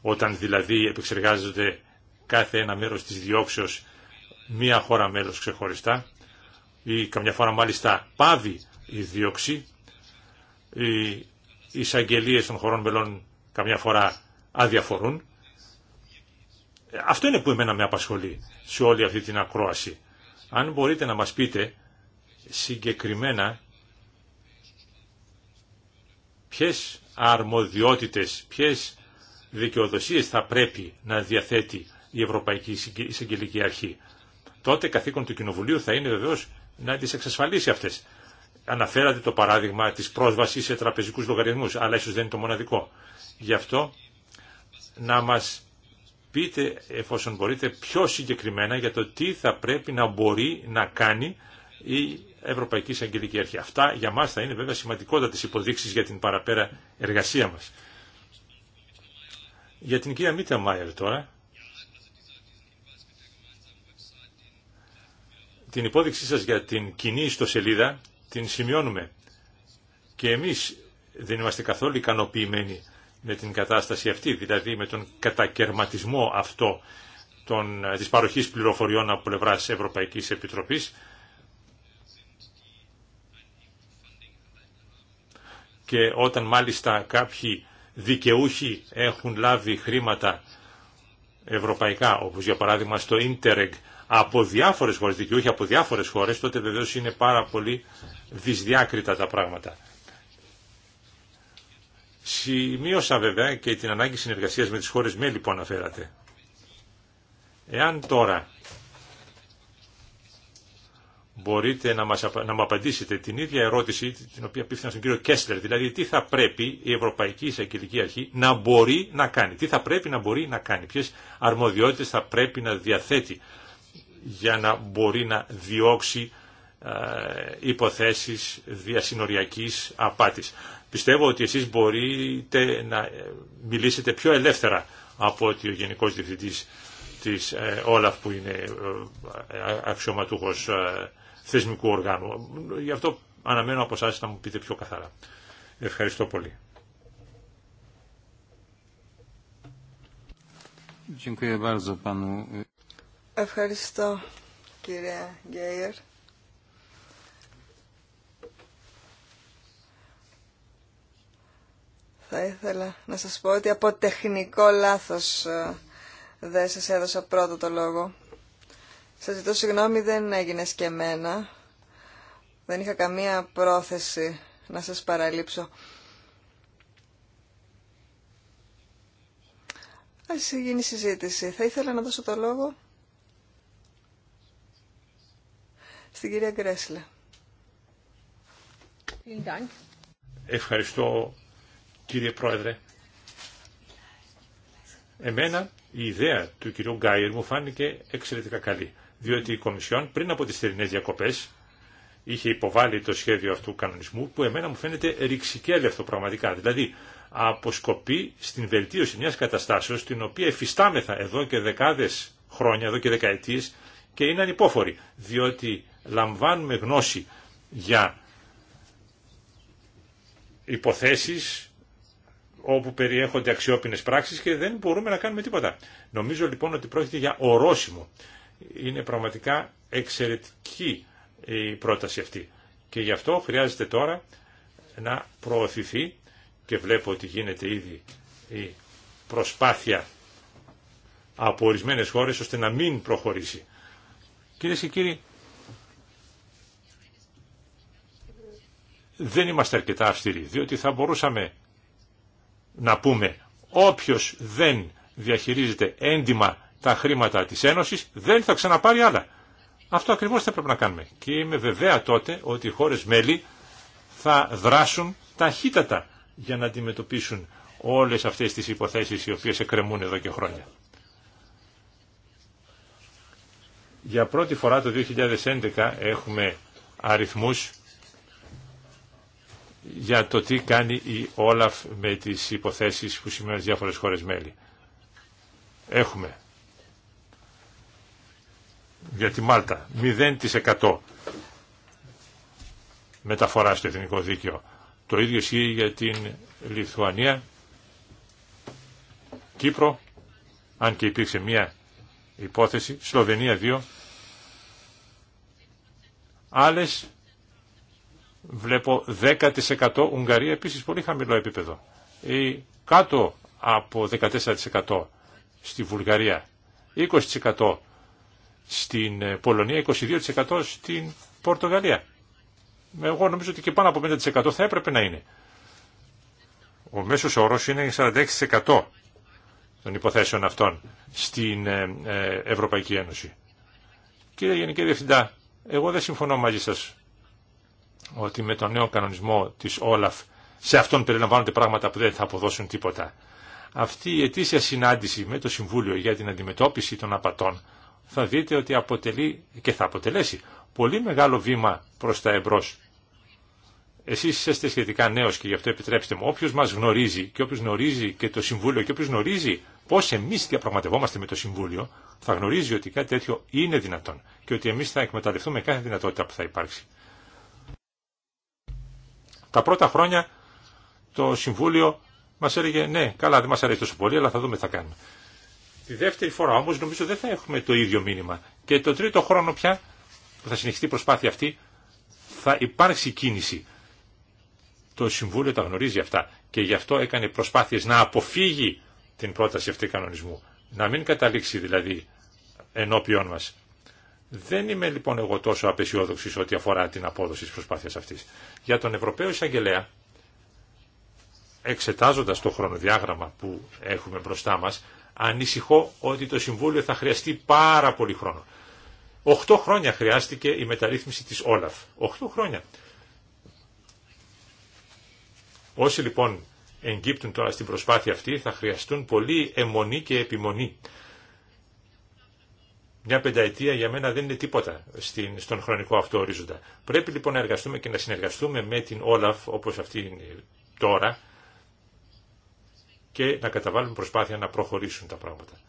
όταν δηλαδή επεξεργάζονται κάθε ένα μέρος της διώξεως μία χώρα μέλος ξεχωριστά, ή καμιά φορά μάλιστα πάβει η δίωξη. Οι εισαγγελίε των χωρών μελών καμιά φορά αδιαφορούν. Αυτό είναι που εμένα με απασχολεί σε όλη αυτή την ακρόαση. Αν μπορείτε να μας πείτε συγκεκριμένα ποιες αρμοδιότητες, ποιες δικαιοδοσίες θα πρέπει να διαθέτει η Ευρωπαϊκή Εισαγγελική Αρχή. Τότε καθήκον του Κοινοβουλίου θα είναι βεβαίως να τις εξασφαλίσει αυτές. Αναφέρατε το παράδειγμα της πρόσβασης σε τραπεζικούς λογαριασμούς, αλλά ίσως δεν είναι το μοναδικό. Γι' αυτό να μας πείτε, εφόσον μπορείτε, πιο συγκεκριμένα για το τι θα πρέπει να μπορεί να κάνει η Ευρωπαϊκή Εισαγγελική Αρχή. Αυτά για μας θα είναι βέβαια σημαντικότατες υποδείξεις για την παραπέρα εργασία μας. Για την κυρία Μίτα Μάιερ τώρα, την υπόδειξή σας για την κοινή ιστοσελίδα την σημειώνουμε. Και εμείς δεν είμαστε καθόλου ικανοποιημένοι με την κατάσταση αυτή, δηλαδή με τον κατακαιρματισμό αυτό των, ε, της παροχής πληροφοριών από πλευράς Ευρωπαϊκής Επιτροπής και όταν μάλιστα κάποιοι δικαιούχοι έχουν λάβει χρήματα ευρωπαϊκά, όπως για παράδειγμα στο Interreg, από διάφορες χώρες, δικαιούχοι από διάφορε χώρε, τότε βεβαίω είναι πάρα πολύ δυσδιάκριτα τα πράγματα. Σημείωσα βέβαια και την ανάγκη συνεργασίας με τις χώρες μέλη που αναφέρατε. Εάν τώρα μπορείτε να, μας, να μου απαντήσετε την ίδια ερώτηση την οποία πήφθηνα στον κύριο Κέσλερ, δηλαδή τι θα πρέπει η Ευρωπαϊκή Εισαγγελική Αρχή να μπορεί να κάνει, τι θα πρέπει να μπορεί να κάνει, ποιες αρμοδιότητες θα πρέπει να διαθέτει για να μπορεί να διώξει ε, υποθέσεις διασυνοριακής απάτης. Πιστεύω ότι εσείς μπορείτε να ε, μιλήσετε πιο ελεύθερα από ότι ο Γενικός Διευθυντής της ε, Όλαφ που είναι αξιωματούχος θεσμικού οργάνου. Γι' αυτό αναμένω από εσά να μου πείτε πιο καθαρά. Ευχαριστώ πολύ. Ευχαριστώ, κυρία Γκέιερ. Θα ήθελα να σας πω ότι από τεχνικό λάθος ε, δεν σας έδωσα πρώτο το λόγο. Σας ζητώ συγγνώμη, δεν έγινε και εμένα. Δεν είχα καμία πρόθεση να σας παραλείψω. Ας γίνει συζήτηση. Θα ήθελα να δώσω το λόγο στην κυρία Γκρέσλε. Ευχαριστώ κύριε Πρόεδρε. Εμένα η ιδέα του κυρίου Γκάιερ μου φάνηκε εξαιρετικά καλή, διότι η Κομισιόν πριν από τις θερινές διακοπές είχε υποβάλει το σχέδιο αυτού κανονισμού που εμένα μου φαίνεται ρηξικέλευτο πραγματικά. Δηλαδή αποσκοπεί στην βελτίωση μιας καταστάσεως την οποία εφιστάμεθα εδώ και δεκάδες χρόνια, εδώ και δεκαετίες και είναι ανυπόφορη, διότι λαμβάνουμε γνώση για υποθέσεις όπου περιέχονται αξιόπινες πράξεις και δεν μπορούμε να κάνουμε τίποτα. Νομίζω λοιπόν ότι πρόκειται για ορόσημο. Είναι πραγματικά εξαιρετική η πρόταση αυτή. Και γι' αυτό χρειάζεται τώρα να προωθηθεί και βλέπω ότι γίνεται ήδη η προσπάθεια από ορισμένε χώρες ώστε να μην προχωρήσει. Κυρίε και κύριοι, δεν είμαστε αρκετά αυστηροί, διότι θα μπορούσαμε να πούμε όποιος δεν διαχειρίζεται έντιμα τα χρήματα της Ένωσης δεν θα ξαναπάρει άλλα. Αυτό ακριβώς θα πρέπει να κάνουμε. Και είμαι βεβαία τότε ότι οι χώρες μέλη θα δράσουν ταχύτατα για να αντιμετωπίσουν όλες αυτές τις υποθέσεις οι οποίες εκκρεμούν εδώ και χρόνια. Για πρώτη φορά το 2011 έχουμε αριθμούς για το τι κάνει η Όλαφ με τις υποθέσεις που σημαίνουν διάφορες χώρες μέλη. Έχουμε για τη Μάλτα 0% μεταφορά στο εθνικό δίκαιο. Το ίδιο ισχύει για την Λιθουανία, Κύπρο, αν και υπήρξε μία υπόθεση, Σλοβενία 2, άλλες βλέπω 10% Ουγγαρία επίσης πολύ χαμηλό επίπεδο ή κάτω από 14% στη Βουλγαρία 20% στην ε, Πολωνία 22% στην Πορτογαλία ε, εγώ νομίζω ότι και πάνω από 5% θα έπρεπε να είναι ο μέσος όρος είναι 46% των υποθέσεων αυτών στην ε, Ευρωπαϊκή Ένωση κύριε Γενική Διευθυντά εγώ δεν συμφωνώ μαζί σας ότι με τον νέο κανονισμό της Όλαφ σε αυτόν περιλαμβάνονται πράγματα που δεν θα αποδώσουν τίποτα. Αυτή η ετήσια συνάντηση με το Συμβούλιο για την αντιμετώπιση των απατών θα δείτε ότι αποτελεί και θα αποτελέσει πολύ μεγάλο βήμα προς τα εμπρός. Εσείς είστε σχετικά νέος και γι' αυτό επιτρέψτε μου, όποιος μας γνωρίζει και όποιος γνωρίζει και το Συμβούλιο και όποιος γνωρίζει πώς εμείς διαπραγματευόμαστε με το Συμβούλιο, θα γνωρίζει ότι κάτι τέτοιο είναι δυνατόν και ότι εμείς θα εκμεταλλευτούμε κάθε δυνατότητα που θα υπάρξει. Τα πρώτα χρόνια το Συμβούλιο μας έλεγε ναι, καλά δεν μας αρέσει τόσο πολύ, αλλά θα δούμε τι θα κάνουμε. Τη δεύτερη φορά όμως νομίζω δεν θα έχουμε το ίδιο μήνυμα. Και το τρίτο χρόνο πια που θα συνεχιστεί η προσπάθεια αυτή θα υπάρξει κίνηση. Το Συμβούλιο τα γνωρίζει αυτά και γι' αυτό έκανε προσπάθειες να αποφύγει την πρόταση αυτή κανονισμού. Να μην καταλήξει δηλαδή ενώπιόν μας. Δεν είμαι λοιπόν εγώ τόσο απεσιόδοξη ό,τι αφορά την απόδοση τη προσπάθεια αυτής. Για τον Ευρωπαίο Εισαγγελέα, εξετάζοντας το χρονοδιάγραμμα που έχουμε μπροστά μας, ανησυχώ ότι το Συμβούλιο θα χρειαστεί πάρα πολύ χρόνο. Οχτώ χρόνια χρειάστηκε η μεταρρύθμιση της Όλαφ. Οχτώ χρόνια. Όσοι λοιπόν εγκύπτουν τώρα στην προσπάθεια αυτή θα χρειαστούν πολύ αιμονή και επιμονή μια πενταετία για μένα δεν είναι τίποτα στην, στον χρονικό αυτό ορίζοντα. Πρέπει λοιπόν να εργαστούμε και να συνεργαστούμε με την Όλαφ όπως αυτή είναι τώρα και να καταβάλουμε προσπάθεια να προχωρήσουν τα πράγματα.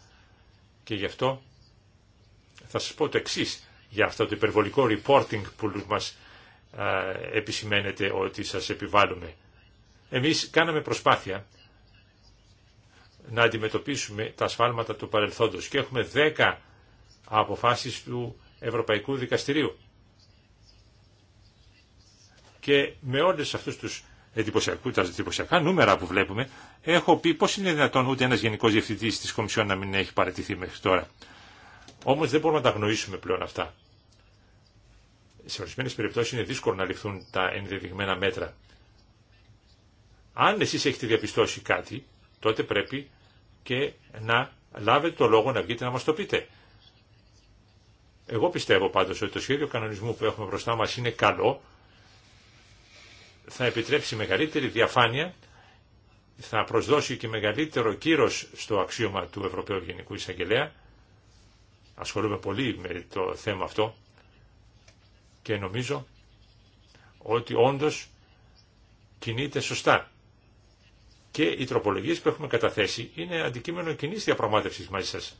Και γι' αυτό θα σας πω το εξή για αυτό το υπερβολικό reporting που μας επισημαίνεται ότι σας επιβάλλουμε. Εμείς κάναμε προσπάθεια να αντιμετωπίσουμε τα σφάλματα του παρελθόντος και έχουμε 10 αποφάσεις του Ευρωπαϊκού Δικαστηρίου. Και με όλες αυτούς τους εντυπωσιακού, τα εντυπωσιακά νούμερα που βλέπουμε, έχω πει πώς είναι δυνατόν ούτε ένας γενικός διευθυντής της Κομισιόν να μην έχει παρατηθεί μέχρι τώρα. Όμως δεν μπορούμε να τα γνωρίσουμε πλέον αυτά. Σε ορισμένε περιπτώσεις είναι δύσκολο να ληφθούν τα ενδεδειγμένα μέτρα. Αν εσείς έχετε διαπιστώσει κάτι, τότε πρέπει και να λάβετε το λόγο να βγείτε να μας το πείτε. Εγώ πιστεύω πάντως ότι το σχέδιο κανονισμού που έχουμε μπροστά μας είναι καλό, θα επιτρέψει μεγαλύτερη διαφάνεια, θα προσδώσει και μεγαλύτερο κύρος στο αξίωμα του Ευρωπαίου Γενικού Εισαγγελέα. Ασχολούμαι πολύ με το θέμα αυτό και νομίζω ότι όντως κινείται σωστά. Και οι τροπολογίες που έχουμε καταθέσει είναι αντικείμενο κοινής διαπραγμάτευσης μαζί σας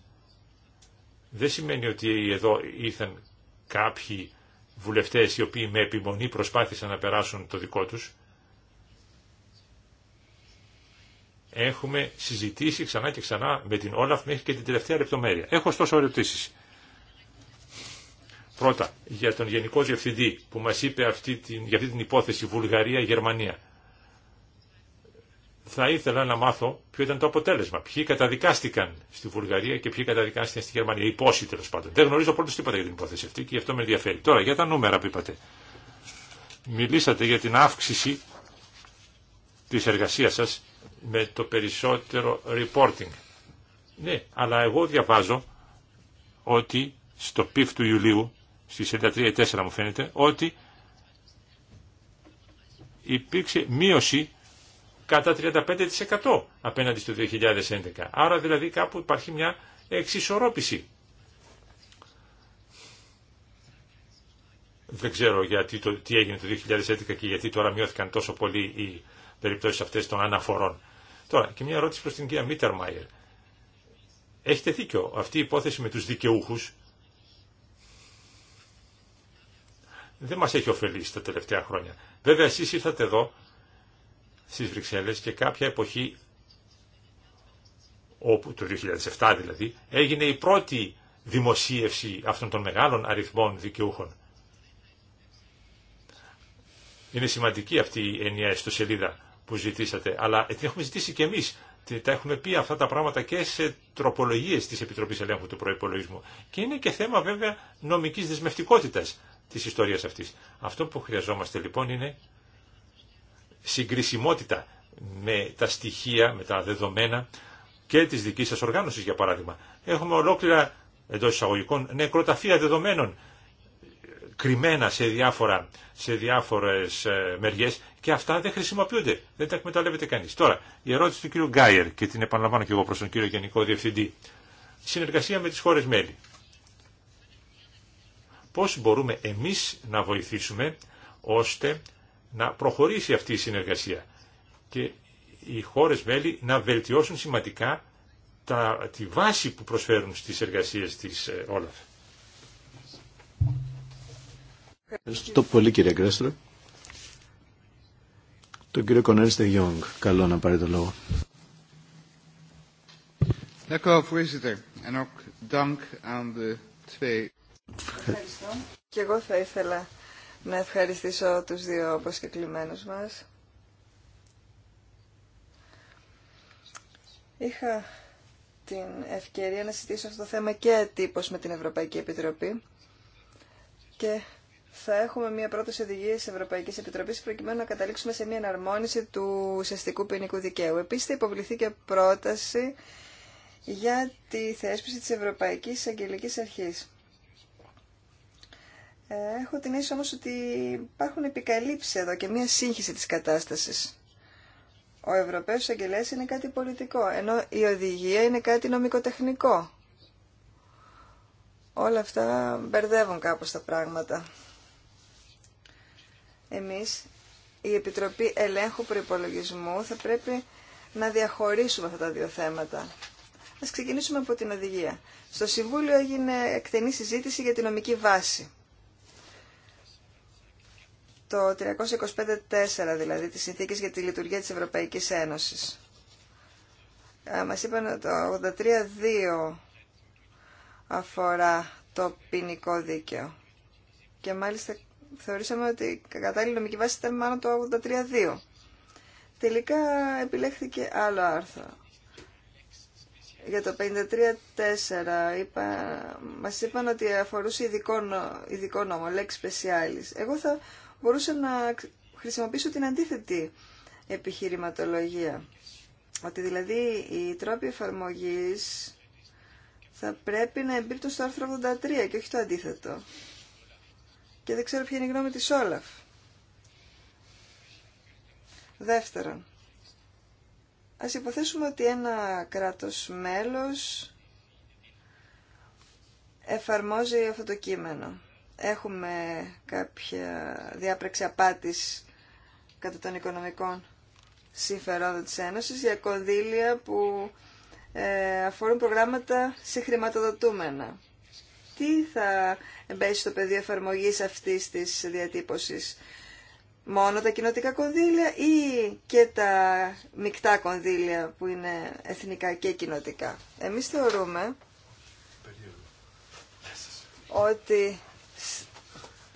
δεν σημαίνει ότι εδώ ήρθαν κάποιοι βουλευτές οι οποίοι με επιμονή προσπάθησαν να περάσουν το δικό τους. Έχουμε συζητήσει ξανά και ξανά με την Όλαφ μέχρι και την τελευταία λεπτομέρεια. Έχω ωστόσο ερωτήσεις. Πρώτα, για τον Γενικό Διευθυντή που μας είπε αυτή την, για αυτή την υπόθεση Βουλγαρία-Γερμανία θα ήθελα να μάθω ποιο ήταν το αποτέλεσμα. Ποιοι καταδικάστηκαν στη Βουλγαρία και ποιοι καταδικάστηκαν στη Γερμανία. Ή πόσοι τέλο πάντων. Δεν γνωρίζω πολύ τίποτα για την υπόθεση αυτή και γι' αυτό με ενδιαφέρει. Τώρα για τα νούμερα που είπατε. Μιλήσατε για την αύξηση της εργασία σας με το περισσότερο reporting. Ναι, αλλά εγώ διαβάζω ότι στο πιφ του Ιουλίου, στι 33 4 μου φαίνεται, ότι υπήρξε μείωση κατά 35% απέναντι στο 2011. Άρα δηλαδή κάπου υπάρχει μια εξισορρόπηση. Δεν ξέρω γιατί το, τι έγινε το 2011 και γιατί τώρα μειώθηκαν τόσο πολύ οι περιπτώσεις αυτές των αναφορών. Τώρα και μια ερώτηση προς την κυρία Μίτερμαϊερ. Έχετε δίκιο. Αυτή η υπόθεση με τους δικαιούχους δεν μας έχει ωφελήσει τα τελευταία χρόνια. Βέβαια εσείς ήρθατε εδώ στις Βρυξέλλες και κάποια εποχή, όπου, το 2007 δηλαδή, έγινε η πρώτη δημοσίευση αυτών των μεγάλων αριθμών δικαιούχων. Είναι σημαντική αυτή η ενιαία ιστοσελίδα που ζητήσατε, αλλά την έχουμε ζητήσει και εμείς. Τα έχουμε πει αυτά τα πράγματα και σε τροπολογίες της Επιτροπής Ελέγχου του Προϋπολογισμού. Και είναι και θέμα βέβαια νομικής δεσμευτικότητας της ιστορίας αυτής. Αυτό που χρειαζόμαστε λοιπόν είναι συγκρισιμότητα με τα στοιχεία, με τα δεδομένα και της δικής σας οργάνωσης για παράδειγμα. Έχουμε ολόκληρα εντός εισαγωγικών νεκροταφεία δεδομένων κρυμμένα σε, διάφορα, σε διάφορες ε, μεριές και αυτά δεν χρησιμοποιούνται, δεν τα εκμεταλλεύεται κανείς. Τώρα, η ερώτηση του κύριου Γκάιερ και την επαναλαμβάνω και εγώ προς τον κύριο Γενικό Διευθυντή. Συνεργασία με τις χώρες μέλη. Πώς μπορούμε εμείς να βοηθήσουμε ώστε να προχωρήσει αυτή η συνεργασία και οι χώρες μέλη να βελτιώσουν σημαντικά τα, τη βάση που προσφέρουν στις εργασίες της ε, Όλαφ. Ευχαριστώ πολύ κύριε Γκρέστρο. Τον κύριο Κονέριστε Γιόγκ, καλό να πάρει το λόγο. Ευχαριστώ. Και εγώ θα ήθελα να ευχαριστήσω τους δύο αποσκεκλημένους μας. Είχα την ευκαιρία να συζητήσω αυτό το θέμα και τύπος με την Ευρωπαϊκή Επιτροπή και θα έχουμε μια πρώτη οδηγία της Ευρωπαϊκή Επιτροπή προκειμένου να καταλήξουμε σε μια εναρμόνιση του ουσιαστικού ποινικού δικαίου. Επίσης, θα υποβληθεί και πρόταση για τη θέσπιση της Ευρωπαϊκή Αγγελική Αρχή. Ε, έχω την αίσθηση όμως ότι υπάρχουν επικαλύψεις εδώ και μία σύγχυση της κατάστασης. Ο Ευρωπαίος Αγγελέας είναι κάτι πολιτικό, ενώ η οδηγία είναι κάτι νομικοτεχνικό. Όλα αυτά μπερδεύουν κάπως τα πράγματα. Εμείς, η Επιτροπή Ελέγχου Προϋπολογισμού, θα πρέπει να διαχωρίσουμε αυτά τα δύο θέματα. Ας ξεκινήσουμε από την οδηγία. Στο Συμβούλιο έγινε εκτενή συζήτηση για τη νομική βάση το 325.4 δηλαδή τη συνθήκες για τη λειτουργία της Ευρωπαϊκής Ένωσης. Ε, μας είπαν το 83.2 αφορά το ποινικό δίκαιο. Και μάλιστα θεωρήσαμε ότι κατάλληλη νομική βάση ήταν μάλλον το 83.2. Τελικά επιλέχθηκε άλλο άρθρο. Για το 53.4 είπα, μας είπαν ότι αφορούσε ειδικό, νο, ειδικό νόμο, lex specialis. Εγώ θα μπορούσα να χρησιμοποιήσω την αντίθετη επιχειρηματολογία. Ότι δηλαδή οι τρόποι εφαρμογής θα πρέπει να εμπίπτουν στο άρθρο 83 και όχι το αντίθετο. Και δεν ξέρω ποια είναι η γνώμη της Όλαφ. Δεύτερον, ας υποθέσουμε ότι ένα κράτος μέλος εφαρμόζει αυτό το κείμενο έχουμε κάποια διάπραξη απάτης κατά των οικονομικών συμφερόντων της Ένωσης για κονδύλια που ε, αφορούν προγράμματα συγχρηματοδοτούμενα. Τι θα εμπέσει στο πεδίο εφαρμογής αυτής της διατύπωσης. Μόνο τα κοινοτικά κονδύλια ή και τα μικτά κονδύλια που είναι εθνικά και κοινοτικά. Εμείς θεωρούμε ότι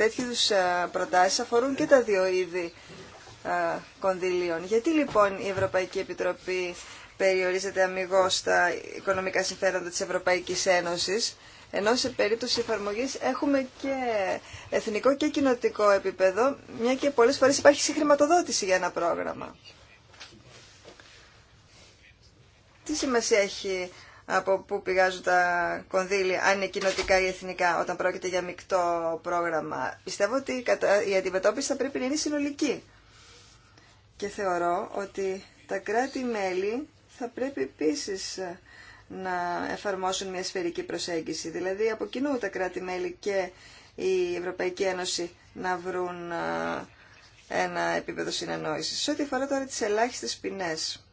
τέτοιου ε, προτάσεις αφορούν και τα δύο είδη ε, κονδυλίων. Γιατί λοιπόν η Ευρωπαϊκή Επιτροπή περιορίζεται αμυγός στα οικονομικά συμφέροντα της Ευρωπαϊκής Ένωσης, ενώ σε περίπτωση εφαρμογή έχουμε και εθνικό και κοινοτικό επίπεδο, μια και πολλές φορές υπάρχει συγχρηματοδότηση για ένα πρόγραμμα. Τι σημασία έχει από πού πηγάζουν τα κονδύλια, αν είναι κοινοτικά ή εθνικά, όταν πρόκειται για μεικτό πρόγραμμα. Πιστεύω ότι η αντιμετώπιση θα πρέπει να είναι συνολική. Και θεωρώ ότι τα κράτη-μέλη θα πρέπει επίσης να εφαρμόσουν μια σφαιρική προσέγγιση. Δηλαδή από κοινού τα κράτη-μέλη και η Ευρωπαϊκή Ένωση να βρουν ένα επίπεδο συνεννόησης. Σε ό,τι αφορά τώρα τις ελάχιστες ποινές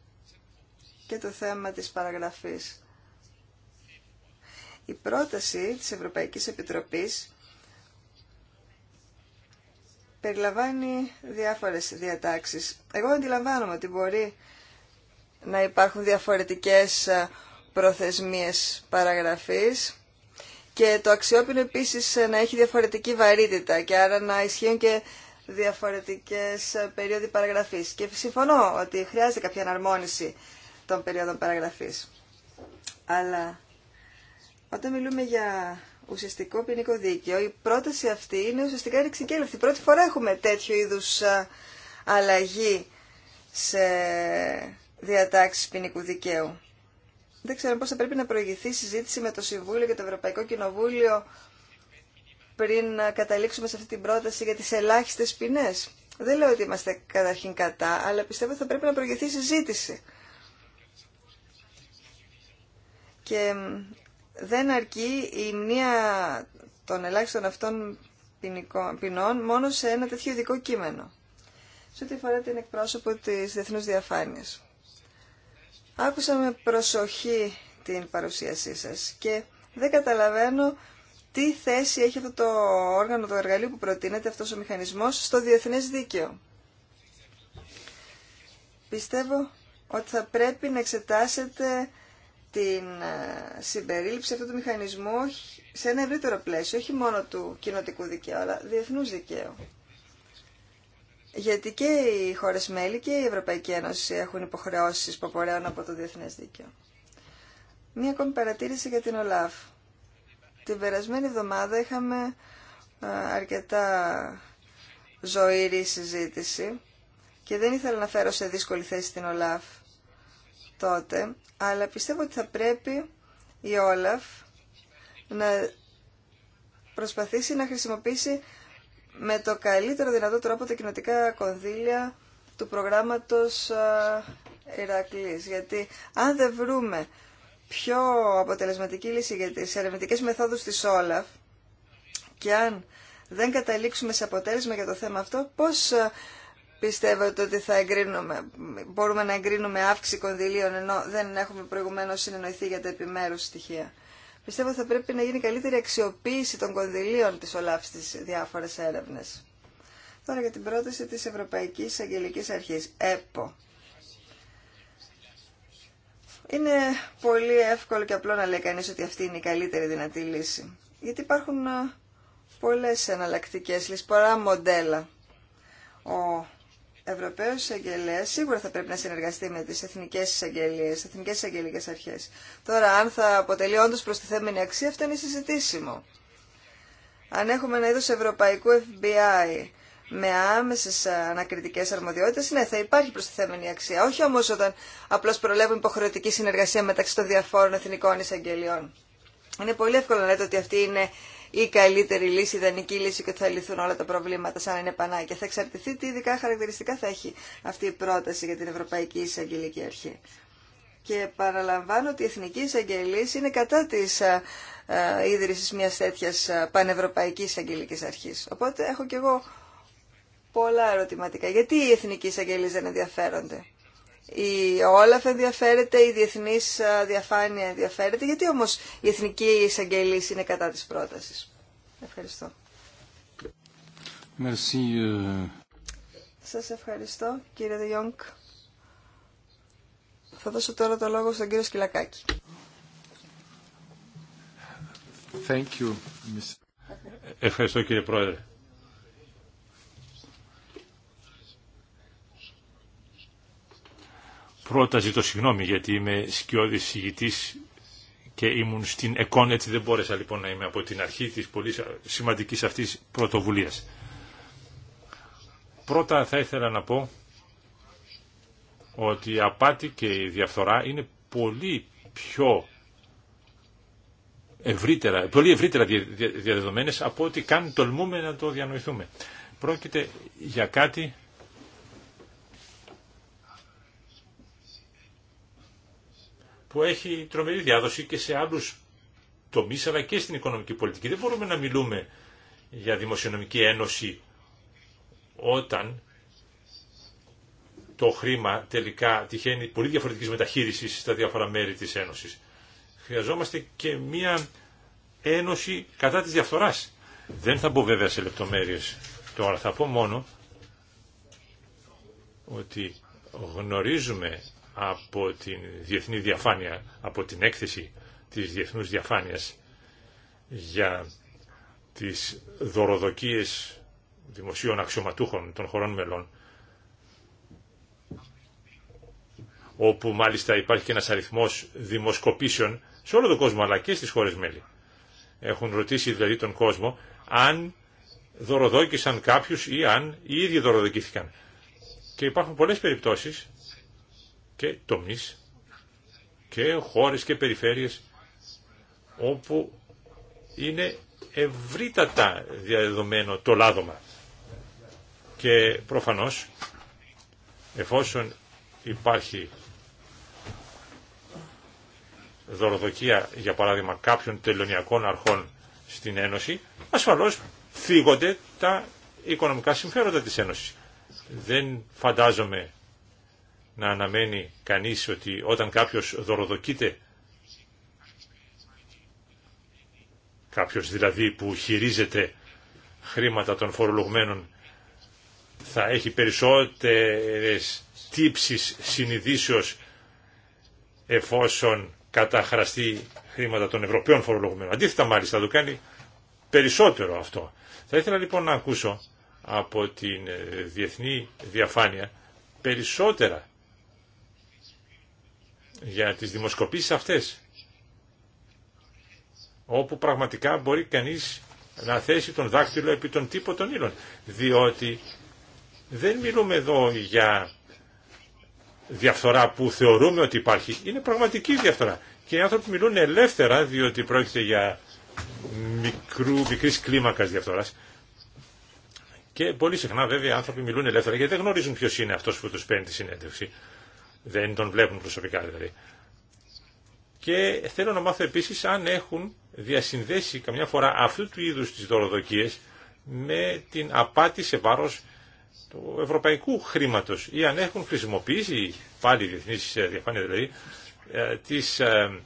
και το θέμα της παραγραφής. Η πρόταση της Ευρωπαϊκής Επιτροπής περιλαμβάνει διάφορες διατάξεις. Εγώ αντιλαμβάνομαι ότι μπορεί να υπάρχουν διαφορετικές ε, προθεσμίες παραγραφής και το αξιόπινο επίσης ε, να έχει διαφορετική βαρύτητα και άρα να ισχύουν και διαφορετικές ε, περίοδοι παραγραφής. Και συμφωνώ ότι χρειάζεται κάποια αναρμόνιση των περίοδων παραγραφής. Αλλά όταν μιλούμε για ουσιαστικό ποινικό δίκαιο, η πρόταση αυτή είναι ουσιαστικά ρηξικέλευτη. Πρώτη φορά έχουμε τέτοιο είδους αλλαγή σε διατάξεις ποινικού δικαίου. Δεν ξέρω πώς θα πρέπει να προηγηθεί η συζήτηση με το Συμβούλιο και το Ευρωπαϊκό Κοινοβούλιο πριν να καταλήξουμε σε αυτή την πρόταση για τις ελάχιστες ποινές. Δεν λέω ότι είμαστε καταρχήν κατά, αλλά πιστεύω ότι θα πρέπει να προηγηθεί η συζήτηση. Και δεν αρκεί η μία των ελάχιστων αυτών ποινών μόνο σε ένα τέτοιο ειδικό κείμενο. Σε ό,τι αφορά την εκπρόσωπο της Διεθνούς Διαφάνειας. Άκουσα με προσοχή την παρουσίασή σας και δεν καταλαβαίνω τι θέση έχει αυτό το όργανο, το εργαλείο που προτείνεται, αυτός ο μηχανισμός, στο διεθνές δίκαιο. Πιστεύω ότι θα πρέπει να εξετάσετε την ε, συμπερίληψη αυτού του μηχανισμού σε ένα ευρύτερο πλαίσιο, όχι μόνο του κοινοτικού δικαίου, αλλά διεθνού δικαίου. Γιατί και οι χώρες μέλη και η Ευρωπαϊκή Ένωση έχουν υποχρεώσεις που απορρέουν από το διεθνές δίκαιο. Μία ακόμη παρατήρηση για την ΟΛΑΦ. Την περασμένη εβδομάδα είχαμε ε, αρκετά ζωήρη συζήτηση και δεν ήθελα να φέρω σε δύσκολη θέση την ΟΛΑΦ τότε, αλλά πιστεύω ότι θα πρέπει η Όλαφ να προσπαθήσει να χρησιμοποιήσει με το καλύτερο δυνατό τρόπο τα κοινοτικά κονδύλια του προγράμματος Ηρακλής. Γιατί αν δεν βρούμε πιο αποτελεσματική λύση για τις ερευνητικές μεθόδους της Όλαφ και αν δεν καταλήξουμε σε αποτέλεσμα για το θέμα αυτό, πώς Πιστεύω ότι θα εγκρίνουμε, μπορούμε να εγκρίνουμε αύξηση κονδυλίων ενώ δεν έχουμε προηγουμένω συνεννοηθεί για τα επιμέρου στοιχεία. Πιστεύω ότι θα πρέπει να γίνει καλύτερη αξιοποίηση των κονδυλίων τη ΟΛΑΦ στις διάφορες έρευνες. Τώρα για την πρόταση τη Ευρωπαϊκή Αγγελική Αρχή. ΕΠΟ. Είναι πολύ εύκολο και απλό να λέει κανεί ότι αυτή είναι η καλύτερη δυνατή λύση. Γιατί υπάρχουν ε, πολλέ εναλλακτικέ λύσει, πολλά μοντέλα. Ο Ευρωπαίο εισαγγελέα σίγουρα θα πρέπει να συνεργαστεί με τι εθνικέ εισαγγελίε, εθνικέ εισαγγελικέ αρχέ. Τώρα, αν θα αποτελεί όντω προστιθέμενη αξία, αυτό είναι συζητήσιμο. Αν έχουμε ένα είδο ευρωπαϊκού FBI με άμεσε ανακριτικέ αρμοδιότητε, ναι, θα υπάρχει προστιθέμενη αξία. Όχι όμω όταν απλώ προλέβουν υποχρεωτική συνεργασία μεταξύ των διαφόρων εθνικών εισαγγελιών. Είναι πολύ εύκολο να λέτε ότι αυτή είναι η καλύτερη λύση, η ιδανική λύση και θα λυθούν όλα τα προβλήματα σαν είναι πανάκια. Θα εξαρτηθεί τι ειδικά χαρακτηριστικά θα έχει αυτή η πρόταση για την Ευρωπαϊκή Εισαγγελική Αρχή. Και παραλαμβάνω ότι η Εθνική Εισαγγελή είναι κατά τη ε, ε, ίδρυση μια τέτοια μιας τέτοιας ε, πανευρωπαϊκής αρχής. Οπότε έχω κι εγώ πολλά ερωτηματικά. Γιατί οι εθνικοί Εισαγγελεί δεν ενδιαφέρονται η Όλαφ ενδιαφέρεται, η διεθνής ε, διαφάνεια ενδιαφέρεται. Γιατί όμω η Εθνική Εισαγγελία είναι κατά τη πρόταση. Ευχαριστώ. Σα ε. Σας ευχαριστώ κύριε Διόγκ. Θα δώσω τώρα το λόγο στον κύριο Σκυλακάκη. Ευχαριστώ κύριε Πρόεδρε. Πρώτα ζητώ συγγνώμη γιατί είμαι σκιώδης συγητής και ήμουν στην ΕΚΟΝ, έτσι δεν μπόρεσα λοιπόν να είμαι από την αρχή της πολύ σημαντικής αυτής πρωτοβουλίας. Πρώτα θα ήθελα να πω ότι η απάτη και η διαφθορά είναι πολύ πιο ευρύτερα, πολύ ευρύτερα διαδεδομένες από ό,τι καν τολμούμε να το διανοηθούμε. Πρόκειται για κάτι που έχει τρομερή διάδοση και σε άλλους τομείς αλλά και στην οικονομική πολιτική. Δεν μπορούμε να μιλούμε για δημοσιονομική ένωση όταν το χρήμα τελικά τυχαίνει πολύ διαφορετική μεταχείρισης στα διάφορα μέρη της Ένωσης. Χρειαζόμαστε και μία ένωση κατά της διαφθοράς. Δεν θα μπω βέβαια σε λεπτομέρειες τώρα, θα πω μόνο ότι γνωρίζουμε από την διεθνή διαφάνεια, από την έκθεση της διεθνούς διαφάνειας για τις δωροδοκίες δημοσίων αξιωματούχων των χωρών μελών όπου μάλιστα υπάρχει και ένας αριθμός δημοσκοπήσεων σε όλο τον κόσμο αλλά και στις χώρες μέλη. Έχουν ρωτήσει δηλαδή τον κόσμο αν δωροδόκησαν κάποιους ή αν οι ίδιοι δωροδοκήθηκαν. Και υπάρχουν πολλές περιπτώσεις και τομείς και χώρες και περιφέρειες όπου είναι ευρύτατα διαδεδομένο το λάδωμα. Και προφανώς εφόσον υπάρχει δωροδοκία για παράδειγμα κάποιων τελωνιακών αρχών στην Ένωση ασφαλώς φύγονται τα οικονομικά συμφέροντα της Ένωσης. Δεν φαντάζομαι να αναμένει κανείς ότι όταν κάποιος δωροδοκείται, κάποιος δηλαδή που χειρίζεται χρήματα των φορολογμένων, θα έχει περισσότερες τύψεις συνειδήσεως εφόσον καταχραστεί χρήματα των Ευρωπαίων φορολογμένων. Αντίθετα μάλιστα θα το κάνει περισσότερο αυτό. Θα ήθελα λοιπόν να ακούσω από την ε, διεθνή διαφάνεια περισσότερα για τις δημοσκοπήσεις αυτές όπου πραγματικά μπορεί κανείς να θέσει τον δάκτυλο επί τον τύπο των ήλων διότι δεν μιλούμε εδώ για διαφθορά που θεωρούμε ότι υπάρχει είναι πραγματική διαφθορά και οι άνθρωποι μιλούν ελεύθερα διότι πρόκειται για μικρού, μικρής κλίμακας διαφθοράς και πολύ συχνά βέβαια οι άνθρωποι μιλούν ελεύθερα γιατί δεν γνωρίζουν ποιο είναι αυτός που του παίρνει τη συνέντευξη δεν τον βλέπουν προσωπικά δηλαδή. Και θέλω να μάθω επίσης αν έχουν διασυνδέσει καμιά φορά αυτού του είδους τις δωροδοκίες με την απάτη σε βάρος του ευρωπαϊκού χρήματος ή αν έχουν χρησιμοποιήσει πάλι διεθνείς διαφάνεια δηλαδή ε, τις ε,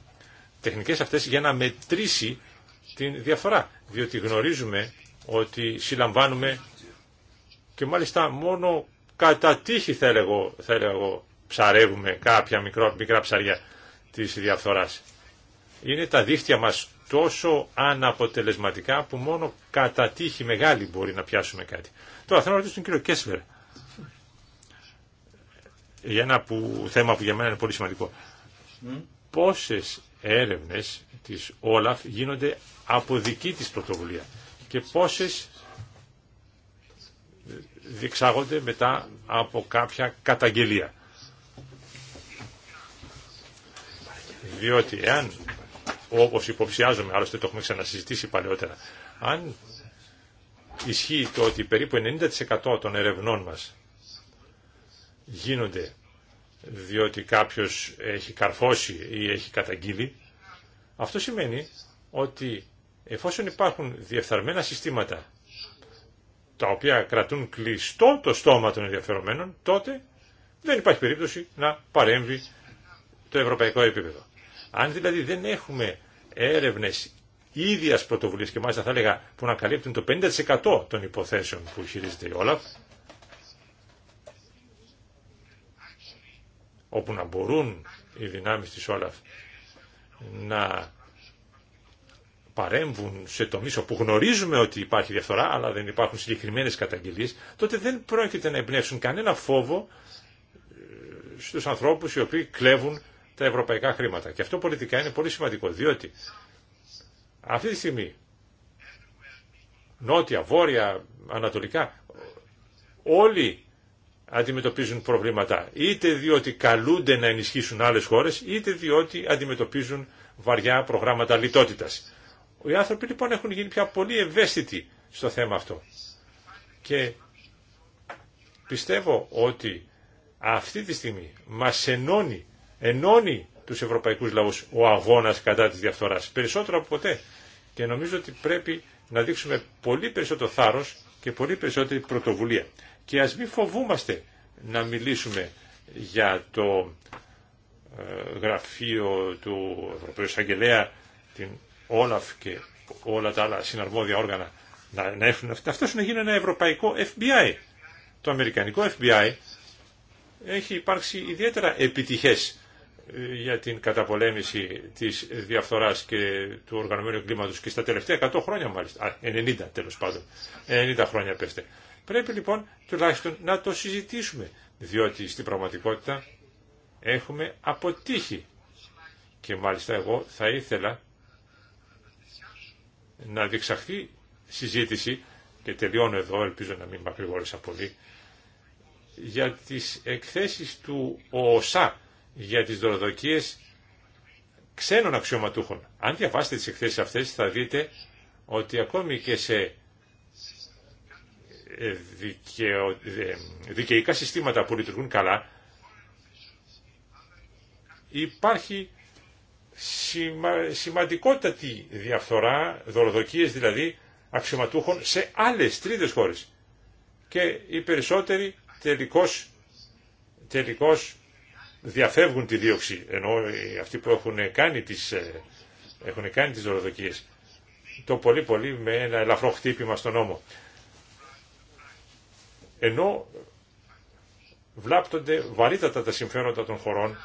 τεχνικές αυτές για να μετρήσει την διαφορά. Διότι γνωρίζουμε ότι συλλαμβάνουμε και μάλιστα μόνο κατά τύχη θα έλεγα, εγώ ψαρεύουμε κάποια μικρά ψαριά της διαφθοράς. Είναι τα δίχτυα μας τόσο αναποτελεσματικά που μόνο κατά τύχη μεγάλη μπορεί να πιάσουμε κάτι. Τώρα θέλω να ρωτήσω τον κύριο Κέσλερ για ένα που, θέμα που για μένα είναι πολύ σημαντικό. Πόσες έρευνες της Όλαφ γίνονται από δική της πρωτοβουλία και πόσες διεξάγονται μετά από κάποια καταγγελία. Διότι εάν, όπως υποψιάζομαι, άλλωστε το έχουμε ξανασυζητήσει παλαιότερα, αν ισχύει το ότι περίπου 90% των ερευνών μας γίνονται διότι κάποιος έχει καρφώσει ή έχει καταγγείλει, αυτό σημαίνει ότι εφόσον υπάρχουν διεφθαρμένα συστήματα τα οποία κρατούν κλειστό το στόμα των ενδιαφερομένων, τότε δεν υπάρχει περίπτωση να παρέμβει το ευρωπαϊκό επίπεδο. Αν δηλαδή δεν έχουμε έρευνε ίδιας πρωτοβουλία και μάλιστα θα έλεγα που να καλύπτουν το 50% των υποθέσεων που χειρίζεται η Όλαφ, όπου να μπορούν οι δυνάμεις της Όλαφ να παρέμβουν σε τομείς όπου γνωρίζουμε ότι υπάρχει διαφθορά αλλά δεν υπάρχουν συγκεκριμένες καταγγελίες, τότε δεν πρόκειται να εμπνεύσουν κανένα φόβο ε, στους ανθρώπους οι οποίοι κλέβουν τα ευρωπαϊκά χρήματα. Και αυτό πολιτικά είναι πολύ σημαντικό, διότι αυτή τη στιγμή νότια, βόρεια, ανατολικά, όλοι αντιμετωπίζουν προβλήματα. Είτε διότι καλούνται να ενισχύσουν άλλες χώρες, είτε διότι αντιμετωπίζουν βαριά προγράμματα λιτότητας. Οι άνθρωποι λοιπόν έχουν γίνει πια πολύ ευαίσθητοι στο θέμα αυτό. Και πιστεύω ότι αυτή τη στιγμή μας ενώνει ενώνει τους ευρωπαϊκούς λαούς ο αγώνας κατά της διαφθοράς, περισσότερο από ποτέ. Και νομίζω ότι πρέπει να δείξουμε πολύ περισσότερο θάρρος και πολύ περισσότερη πρωτοβουλία. Και ας μην φοβούμαστε να μιλήσουμε για το ε, γραφείο του Ευρωπαίου Αγγελέα, την Όλαφ και όλα τα άλλα συναρμόδια όργανα να, να έχουν αυτό να γίνει ένα ευρωπαϊκό FBI. Το αμερικανικό FBI έχει υπάρξει ιδιαίτερα επιτυχές για την καταπολέμηση της διαφθοράς και του οργανωμένου κλίματος και στα τελευταία 100 χρόνια μάλιστα, 90 τέλος πάντων, 90 χρόνια πέστε. Πρέπει λοιπόν τουλάχιστον να το συζητήσουμε, διότι στην πραγματικότητα έχουμε αποτύχει. Και μάλιστα εγώ θα ήθελα να διεξαχθεί συζήτηση, και τελειώνω εδώ, ελπίζω να μην μακρηγόρησα πολύ, για τις εκθέσεις του ΟΣΑ, για τις δωροδοκίες ξένων αξιωματούχων. Αν διαβάσετε τις εκθέσεις αυτές θα δείτε ότι ακόμη και σε ε, δικαιο... Ε, δικαιικά συστήματα που λειτουργούν καλά υπάρχει σημαντικότατη διαφθορά, δωροδοκίες δηλαδή αξιωματούχων σε άλλες τρίτες χώρες. Και οι περισσότεροι τελικώς, τελικώς διαφεύγουν τη δίωξη, ενώ αυτοί που έχουν κάνει τις, ε, έχουν κάνει τις δωροδοκίες. Το πολύ πολύ με ένα ελαφρό χτύπημα στον νόμο. Ενώ βλάπτονται βαρύτατα τα συμφέροντα των χωρών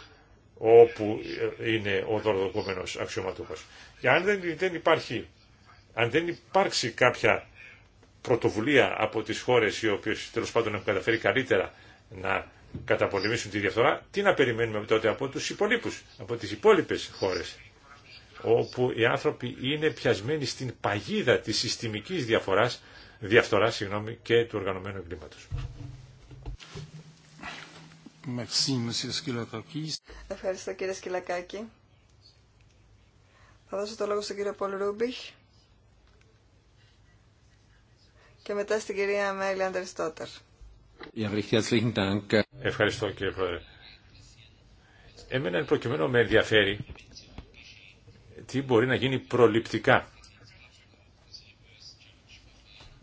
όπου ε, είναι ο δωροδοκούμενος αξιωματούχος. Και αν δεν, δεν υπάρχει, αν δεν υπάρξει κάποια πρωτοβουλία από τις χώρες οι οποίες τέλος πάντων έχουν καταφέρει καλύτερα να καταπολεμήσουν τη διαφθορά, τι να περιμένουμε τότε από τους υπολείπους, από τις υπόλοιπες χώρες, όπου οι άνθρωποι είναι πιασμένοι στην παγίδα της συστημικής διαφοράς, διαφθοράς συγγνώμη, και του οργανωμένου εγκλήματος. Ευχαριστώ κύριε Σκυλακάκη. Θα δώσω το λόγο στον κύριο Πολ Ρούμπιχ και μετά στην κυρία Μέλη Αντερστότερ. Ευχαριστώ κύριε Πρόεδρε. Εμένα εν προκειμένου με ενδιαφέρει τι μπορεί να γίνει προληπτικά.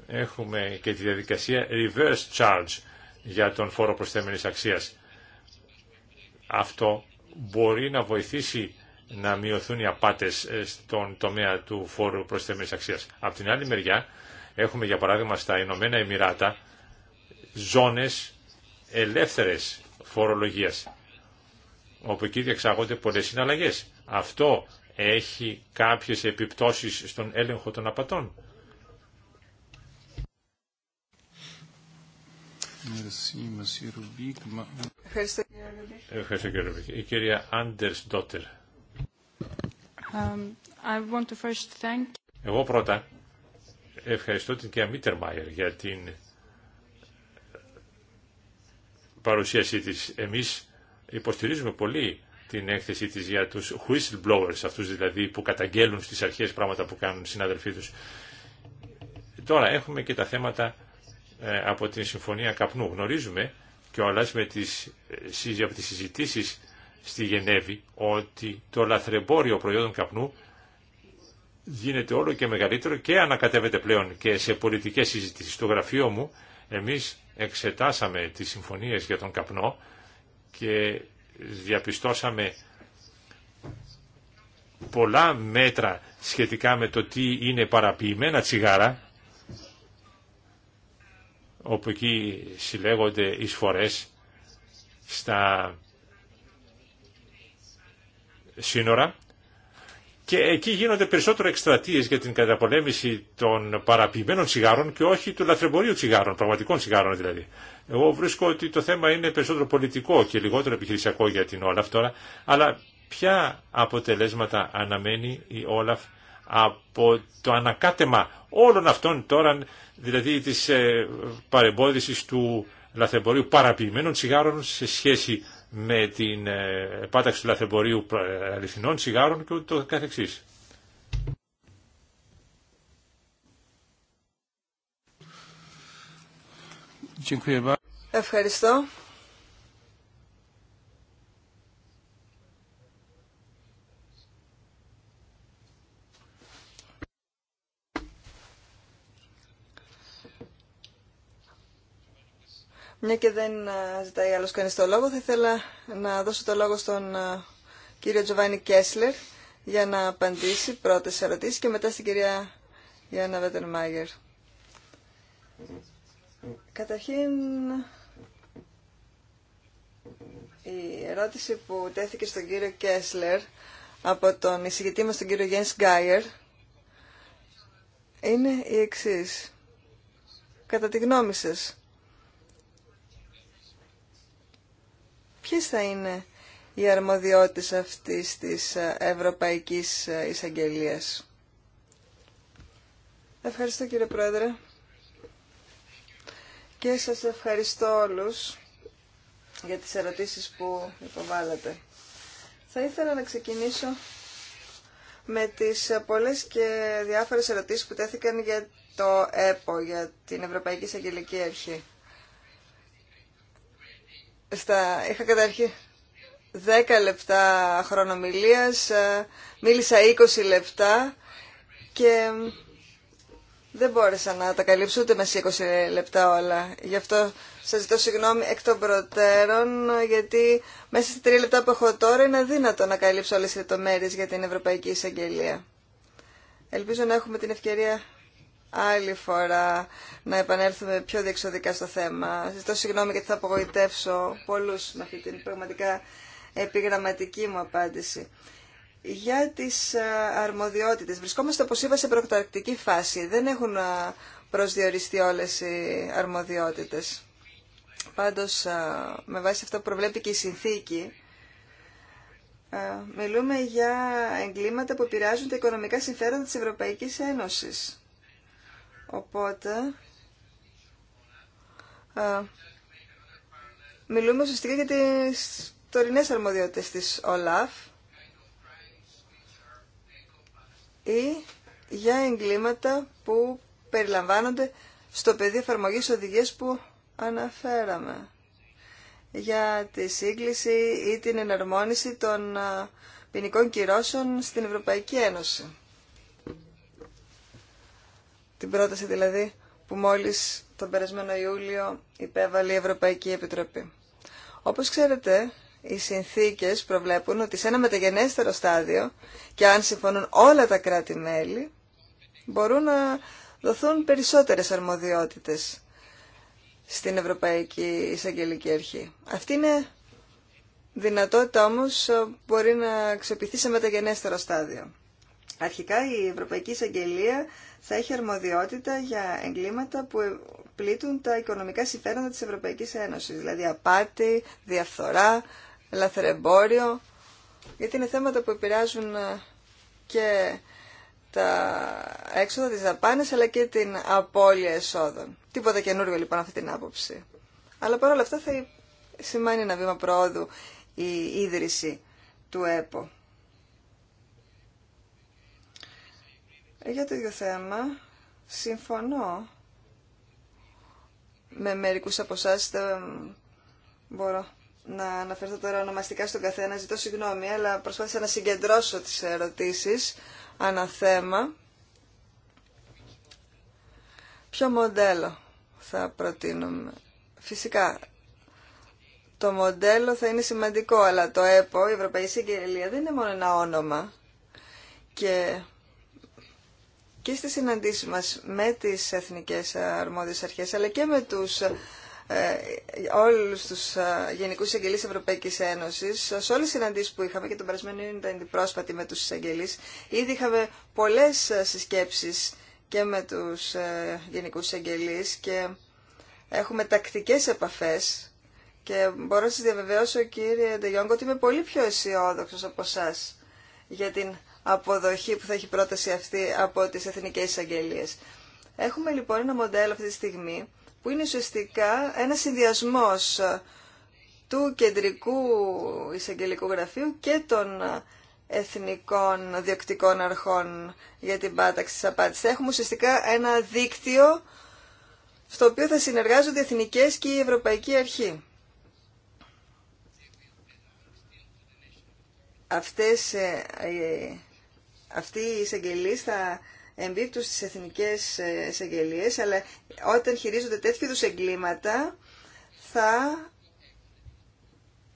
Έχουμε και τη διαδικασία reverse charge για τον φόρο προσθέμενης αξίας. Αυτό μπορεί να βοηθήσει να μειωθούν οι απάτες ε, στον τομέα του φόρου προσθέμενης αξίας. Από την άλλη μεριά έχουμε για παράδειγμα στα Ηνωμένα Εμμυράτα ζώνες ελεύθερες φορολογίας, όπου εκεί διεξάγονται πολλές συναλλαγές. Αυτό έχει κάποιες επιπτώσεις στον έλεγχο των απατών. Ευχαριστώ κύριε Ρουμπίκ. Η κυρία Άντερς Ντότερ. Um, Εγώ πρώτα ευχαριστώ την κυρία Μάιερ για την παρουσίασή της. Εμείς υποστηρίζουμε πολύ την έκθεση της για τους whistleblowers, αυτούς δηλαδή που καταγγέλουν στις αρχές πράγματα που κάνουν συνάδελφοί τους. Τώρα έχουμε και τα θέματα ε, από την Συμφωνία Καπνού. Γνωρίζουμε και με τις, ε, από τις συζητήσεις στη Γενέβη ότι το λαθρεμπόριο προϊόντων καπνού γίνεται όλο και μεγαλύτερο και ανακατεύεται πλέον και σε πολιτικές συζητήσεις. Στο γραφείο μου εμείς εξετάσαμε τις συμφωνίες για τον καπνό και διαπιστώσαμε πολλά μέτρα σχετικά με το τι είναι παραποιημένα τσιγάρα όπου εκεί συλλέγονται εισφορές στα σύνορα και εκεί γίνονται περισσότερο εκστρατείε για την καταπολέμηση των παραποιημένων τσιγάρων και όχι του λαθρεμπορίου τσιγάρων, πραγματικών τσιγάρων δηλαδή. Εγώ βρίσκω ότι το θέμα είναι περισσότερο πολιτικό και λιγότερο επιχειρησιακό για την Όλαφ τώρα, αλλά ποια αποτελέσματα αναμένει η Όλαφ από το ανακάτεμα όλων αυτών τώρα, δηλαδή της ε, παρεμπόδισης του λαθρεμπορίου παραποιημένων τσιγάρων σε σχέση με την ε, πάταξη του λαθεμπορίου ε, αληθινών σιγάρων και ούτω καθεξής. Ευχαριστώ. Μια ναι, και δεν ε, ζητάει άλλος κανείς το λόγο, θα ήθελα να δώσω το λόγο στον ε, κύριο Τζοβάνι Κέσλερ για να απαντήσει πρώτες ερωτήσεις και μετά στην κυρία Γιάννα Βέτερμάγερ. Καταρχήν, η ερώτηση που τέθηκε στον κύριο Κέσλερ από τον εισηγητή μας τον κύριο Γιάννη Γκάιερ είναι η εξής. Κατά τη γνώμη σας, Ποιες θα είναι οι αρμοδιότητες αυτής της ε, Ευρωπαϊκής ε, εισαγγελία. Ευχαριστώ κύριε Πρόεδρε και σας ευχαριστώ όλους για τις ερωτήσεις που υποβάλλατε. Θα ήθελα να ξεκινήσω με τις ε, πολλές και διάφορες ερωτήσεις που τέθηκαν για το ΕΠΟ, για την Ευρωπαϊκή Εισαγγελική Αρχή στα, είχα καταρχήν 10 λεπτά χρονομιλίας, ε, μίλησα 20 λεπτά και δεν μπόρεσα να τα καλύψω ούτε μέσα 20 λεπτά όλα. Γι' αυτό σας ζητώ συγγνώμη εκ των προτέρων, γιατί μέσα στα 3 λεπτά που έχω τώρα είναι αδύνατο να καλύψω όλες τις λεπτομέρειες για την Ευρωπαϊκή Εισαγγελία. Ελπίζω να έχουμε την ευκαιρία άλλη φορά να επανέλθουμε πιο διεξοδικά στο θέμα. Ζητώ συγγνώμη γιατί θα απογοητεύσω πολλούς με αυτή την πραγματικά επιγραμματική μου απάντηση. Για τις ε, αρμοδιότητες. Βρισκόμαστε, όπως είπα, σε προκταρκτική φάση. Δεν έχουν ε, προσδιοριστεί όλες οι αρμοδιότητες. Πάντως, ε, με βάση αυτό που προβλέπει και η συνθήκη, μιλούμε για εγκλήματα που επηρεάζουν τα οικονομικά συμφέροντα της Ευρωπαϊκής Ένωσης. Οπότε, α, ε, μιλούμε ουσιαστικά για τις τωρινές αρμοδιότητες της ΟΛΑΦ ή για εγκλήματα που περιλαμβάνονται στο πεδίο εφαρμογή που αναφέραμε για τη σύγκληση ή την εναρμόνιση των ε, ποινικών κυρώσεων στην Ευρωπαϊκή Ένωση την πρόταση δηλαδή που μόλις τον περασμένο Ιούλιο υπέβαλε η Ευρωπαϊκή Επιτροπή. Όπως ξέρετε, οι συνθήκες προβλέπουν ότι σε ένα μεταγενέστερο στάδιο και αν συμφωνούν όλα τα κράτη-μέλη μπορούν να δοθούν περισσότερες αρμοδιότητες στην Ευρωπαϊκή Εισαγγελική Αρχή. Αυτή είναι δυνατότητα όμως μπορεί να ξεπηθεί σε μεταγενέστερο στάδιο. Αρχικά η Ευρωπαϊκή Εισαγγελία θα έχει αρμοδιότητα για εγκλήματα που πλήττουν τα οικονομικά συμφέροντα της Ευρωπαϊκής Ένωσης, δηλαδή απάτη, διαφθορά, λαθρεμπόριο, γιατί είναι θέματα που επηρεάζουν ε, και τα έξοδα της δαπάνης αλλά και την απώλεια εσόδων. Τίποτα καινούργιο λοιπόν αυτή την άποψη. Αλλά παρόλα αυτά θα σημαίνει ένα βήμα προόδου η ίδρυση του ΕΠΟ. Ε, για το ίδιο θέμα, συμφωνώ με μερικούς από εσάς, μπορώ να αναφερθώ τώρα ονομαστικά στον καθένα, ζητώ συγγνώμη, αλλά προσπάθησα να συγκεντρώσω τις ερωτήσεις ανά θέμα. Ποιο μοντέλο θα προτείνουμε. Φυσικά, το μοντέλο θα είναι σημαντικό, αλλά το ΕΠΟ, η Ευρωπαϊκή Συγγελία, δεν είναι μόνο ένα όνομα. Και και στις συναντήσεις μας με τις εθνικές αρμόδιες αρχές αλλά και με τους ε, όλους τους ε, Γενικούς Εισαγγελείς Ευρωπαϊκής Ένωσης σε όλες τις συναντήσεις που είχαμε και τον περασμένο ήταν την πρόσφατη με τους εισαγγελείς ήδη είχαμε πολλές ε, συσκέψεις και με τους ε, Γενικούς Εισαγγελείς και έχουμε τακτικές επαφές και μπορώ να σας διαβεβαιώσω κύριε Ντεγιόγκ ότι είμαι πολύ πιο αισιόδοξο από εσά για την αποδοχή που θα έχει πρόταση αυτή από τις εθνικές εισαγγελίες. Έχουμε λοιπόν ένα μοντέλο αυτή τη στιγμή που είναι ουσιαστικά ένα συνδυασμό ε, του κεντρικού εισαγγελικού γραφείου και των ε, εθνικών διοκτικών αρχών για την πάταξη της απάτης. Έχουμε ουσιαστικά ένα δίκτυο στο οποίο θα συνεργάζονται οι εθνικές και η Ευρωπαϊκή Αρχή. Αυτές ε, αυτοί οι εισαγγελείς θα εμπίπτουν στις εθνικές ε, εισαγγελίε, αλλά όταν χειρίζονται τέτοιου είδους εγκλήματα θα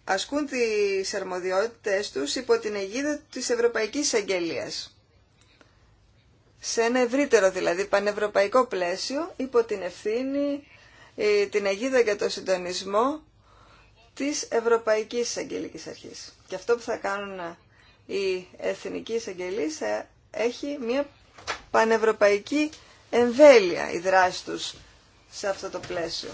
ασκούν τις αρμοδιότητες τους υπό την αιγίδα της Ευρωπαϊκής Εισαγγελία. Σε ένα ευρύτερο δηλαδή πανευρωπαϊκό πλαίσιο υπό την ευθύνη, ε, την αιγίδα για το συντονισμό της Ευρωπαϊκής Εισαγγελικής Αρχής. Και αυτό που θα κάνουν η Εθνική Εισαγγελή έχει μια πανευρωπαϊκή εμβέλεια η δράση τους σε αυτό το πλαίσιο.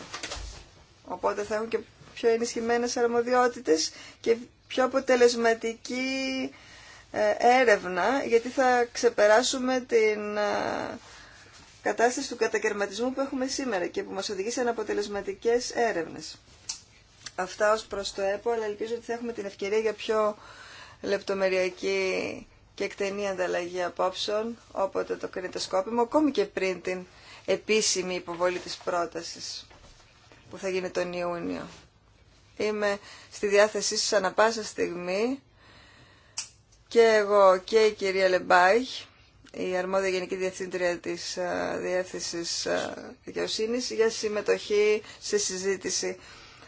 Οπότε θα έχουν και πιο ενισχυμένες αρμοδιότητες και πιο αποτελεσματική ε, έρευνα, γιατί θα ξεπεράσουμε την ε, κατάσταση του κατακαιρματισμού που έχουμε σήμερα και που μας οδηγεί σε αναποτελεσματικές έρευνες. Αυτά ως προς το ΕΠΟ, αλλά ελπίζω ότι θα έχουμε την ευκαιρία για πιο λεπτομεριακή και εκτενή ανταλλαγή απόψεων, όποτε το κρίνεται σκόπιμο, ακόμη και πριν την επίσημη υποβολή της πρότασης που θα γίνει τον Ιούνιο. Είμαι στη διάθεσή σας ανα πάσα στιγμή και εγώ και η κυρία Λεμπάιχ, η αρμόδια Γενική Διευθύντρια της ε, Διεύθυνσης ε, Δικαιοσύνης, για συμμετοχή σε συζήτηση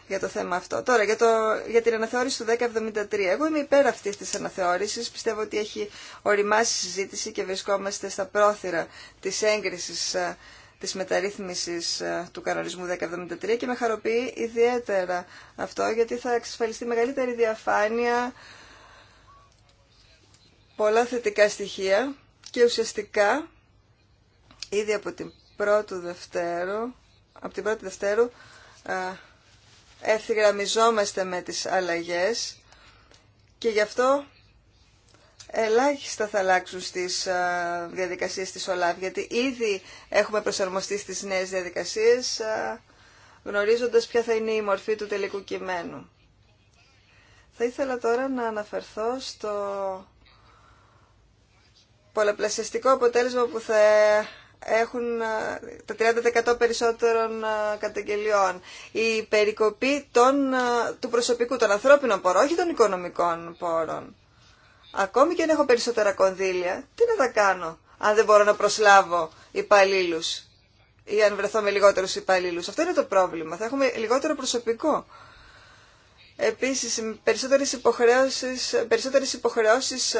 για το θέμα αυτό. Τώρα, για, το, για την αναθεώρηση του 1073. Εγώ είμαι υπέρ αυτή τη αναθεώρηση. Πιστεύω ότι έχει οριμάσει η συζήτηση και βρισκόμαστε στα πρόθυρα της έγκρισης ε, της μεταρρύθμισης ε, του κανονισμού 1073 και με χαροποιεί ιδιαίτερα αυτό γιατί θα εξασφαλιστεί μεγαλύτερη διαφάνεια, πολλά θετικά στοιχεία και ουσιαστικά ήδη από την πρώτη Δευτέρου, από την πρώτη Δευτέρου ε, ευθυγραμμιζόμαστε με τις αλλαγές και γι' αυτό ελάχιστα θα αλλάξουν στις ε, διαδικασίες της ΟΛΑΒ, γιατί ήδη έχουμε προσαρμοστεί στις νέες διαδικασίες ε, γνωρίζοντας ποια θα είναι η μορφή του τελικού κειμένου. Θα ήθελα τώρα να αναφερθώ στο πολλαπλασιαστικό αποτέλεσμα που θα έχουν ε, τα 30% περισσότερων ε, καταγγελιών. Η περικοπή των, ε, του προσωπικού, των ανθρώπινων πόρων, όχι των οικονομικών πόρων. Ακόμη και αν έχω περισσότερα κονδύλια, τι να τα κάνω αν δεν μπορώ να προσλάβω υπαλλήλου ή αν βρεθώ με λιγότερους υπαλλήλου. Αυτό είναι το πρόβλημα. Θα έχουμε λιγότερο προσωπικό. Επίσης, περισσότερες υποχρεώσεις, περισσότερες υποχρεώσεις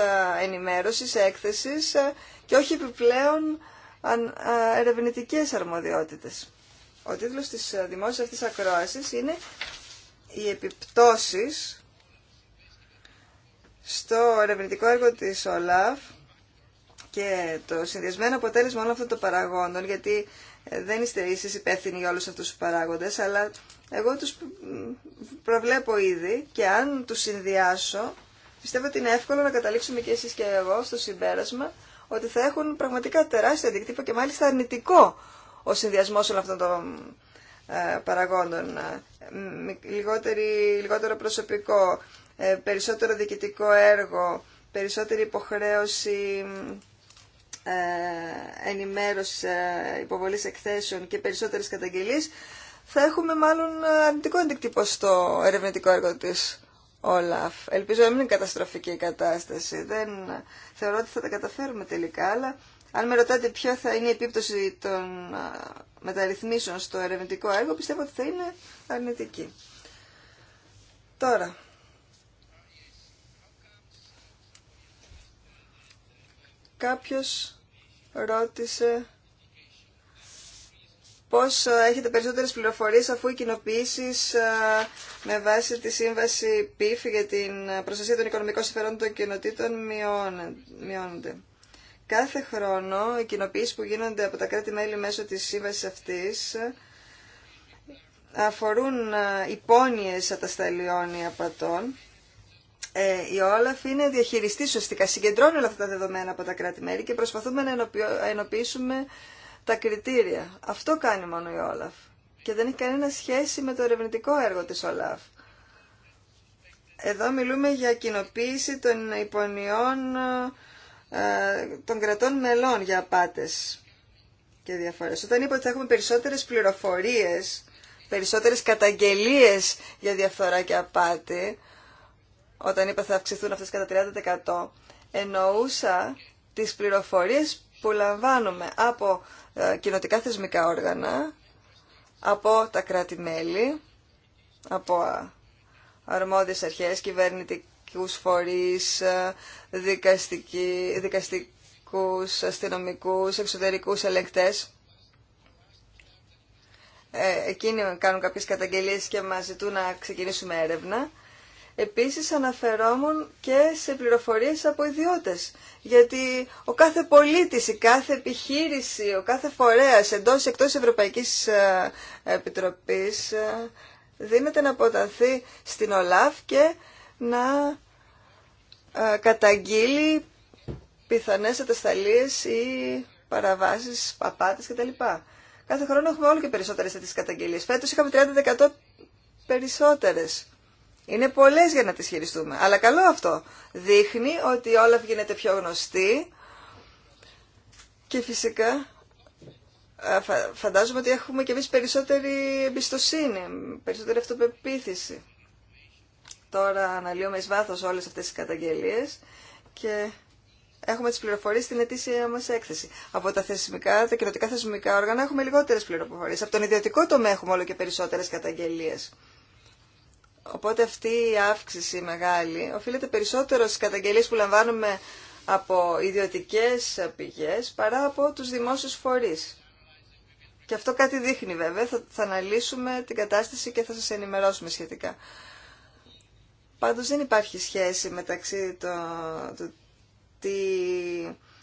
και όχι επιπλέον ερευνητικέ αρμοδιότητες. Ο τίτλος της ε, δημόσια αυτής ακρόαση είναι «Οι επιπτώσεις στο ερευνητικό έργο τη ΟΛΑΦ και το συνδυασμένο αποτέλεσμα όλων αυτών των παραγόντων, γιατί ε, δεν είστε εσείς υπεύθυνοι για όλους αυτούς τους παράγοντες, αλλά εγώ τους προβλέπω ήδη και αν τους συνδυάσω, πιστεύω ότι είναι εύκολο να καταλήξουμε και εσείς και εγώ στο συμπέρασμα ότι θα έχουν πραγματικά τεράστιο αντικτύπο και μάλιστα αρνητικό ο συνδυασμό όλων αυτών των ε, παραγόντων. Ε, λιγότερο προσωπικό, ε, περισσότερο διοικητικό έργο, περισσότερη υποχρέωση ενημέρωση υποβολής εκθέσεων και περισσότερες καταγγελίες, θα έχουμε μάλλον αρνητικό αντικτύπο στο ερευνητικό έργο της Όλαφ. Ελπίζω να μην είναι καταστροφική η κατάσταση. Δεν θεωρώ ότι θα τα καταφέρουμε τελικά, αλλά αν με ρωτάτε ποια θα είναι η επίπτωση των μεταρρυθμίσεων στο ερευνητικό έργο, πιστεύω ότι θα είναι αρνητική. Τώρα, κάποιος ρώτησε πώς ε, έχετε περισσότερες πληροφορίες αφού οι κοινοποιήσει ε, με βάση τη σύμβαση PIF για την προστασία των οικονομικών συμφερόντων των κοινοτήτων μειώνονται. Κάθε χρόνο οι κοινοποιήσει που γίνονται από τα κράτη-μέλη μέσω της σύμβασης αυτής ε, αφορούν υπόνοιες ατασταλιών ή απατών. η Όλαφ είναι διαχειριστή ουσιαστικά, συγκεντρώνει όλα αυτά τα δεδομένα από τα κράτη-μέλη και προσπαθούμε να ενοποιήσουμε τα κριτήρια. Αυτό κάνει μόνο η Όλαφ. Και δεν έχει κανένα σχέση με το ερευνητικό έργο της Όλαφ. Εδώ μιλούμε για κοινοποίηση των υπονοιών ε, των κρατών μελών για απάτες και διαφορές. Όταν είπα ότι θα έχουμε περισσότερες πληροφορίες, περισσότερες καταγγελίες για διαφθορά και απάτη, όταν είπα θα αυξηθούν αυτές κατά 30%, εννοούσα τις πληροφορίες που λαμβάνουμε από ε, κοινοτικά θεσμικά όργανα, από τα κράτη-μέλη, από ε, αρμόδιες αρχές, κυβερνητικούς φορείς, ε, δικαστικούς, αστυνομικούς, εξωτερικούς ελεγκτές. εκείνοι κάνουν κάποιες καταγγελίες και μας ζητούν να ξεκινήσουμε έρευνα Επίσης αναφερόμουν και σε πληροφορίες από ιδιώτες, γιατί ο κάθε πολίτης, η κάθε επιχείρηση, ο κάθε φορέας εντός εκτός Ευρωπαϊκής ε, Επιτροπής ε, δίνεται να αποταθεί στην ΟΛΑΦ και να ε, καταγγείλει πιθανές ατασταλίες ή παραβάσεις, παπάτες κτλ. Κάθε χρόνο έχουμε όλο και περισσότερες τέτοιες καταγγελίες. Φέτος είχαμε 30% περισσότερες. Είναι πολλέ για να τι χειριστούμε. Αλλά καλό αυτό. Δείχνει ότι όλα γίνεται πιο γνωστή και φυσικά φαντάζομαι ότι έχουμε και εμείς περισσότερη εμπιστοσύνη, περισσότερη αυτοπεποίθηση. Τώρα αναλύουμε εις βάθος όλες αυτές τις καταγγελίες και έχουμε τις πληροφορίες στην ετήσια μας έκθεση. Από τα θεσμικά, τα κοινωτικά θεσμικά όργανα έχουμε λιγότερες πληροφορίες. Από τον ιδιωτικό τομέα έχουμε όλο και περισσότερες καταγγελίες. Οπότε αυτή η αύξηση μεγάλη οφείλεται περισσότερο στις καταγγελίες που λαμβάνουμε από ιδιωτικές πηγές παρά από τους δημόσιους φορείς. Και αυτό κάτι δείχνει βέβαια, θα, θα αναλύσουμε την κατάσταση και θα σας ενημερώσουμε σχετικά. Πάντως δεν υπάρχει σχέση μεταξύ του το, τι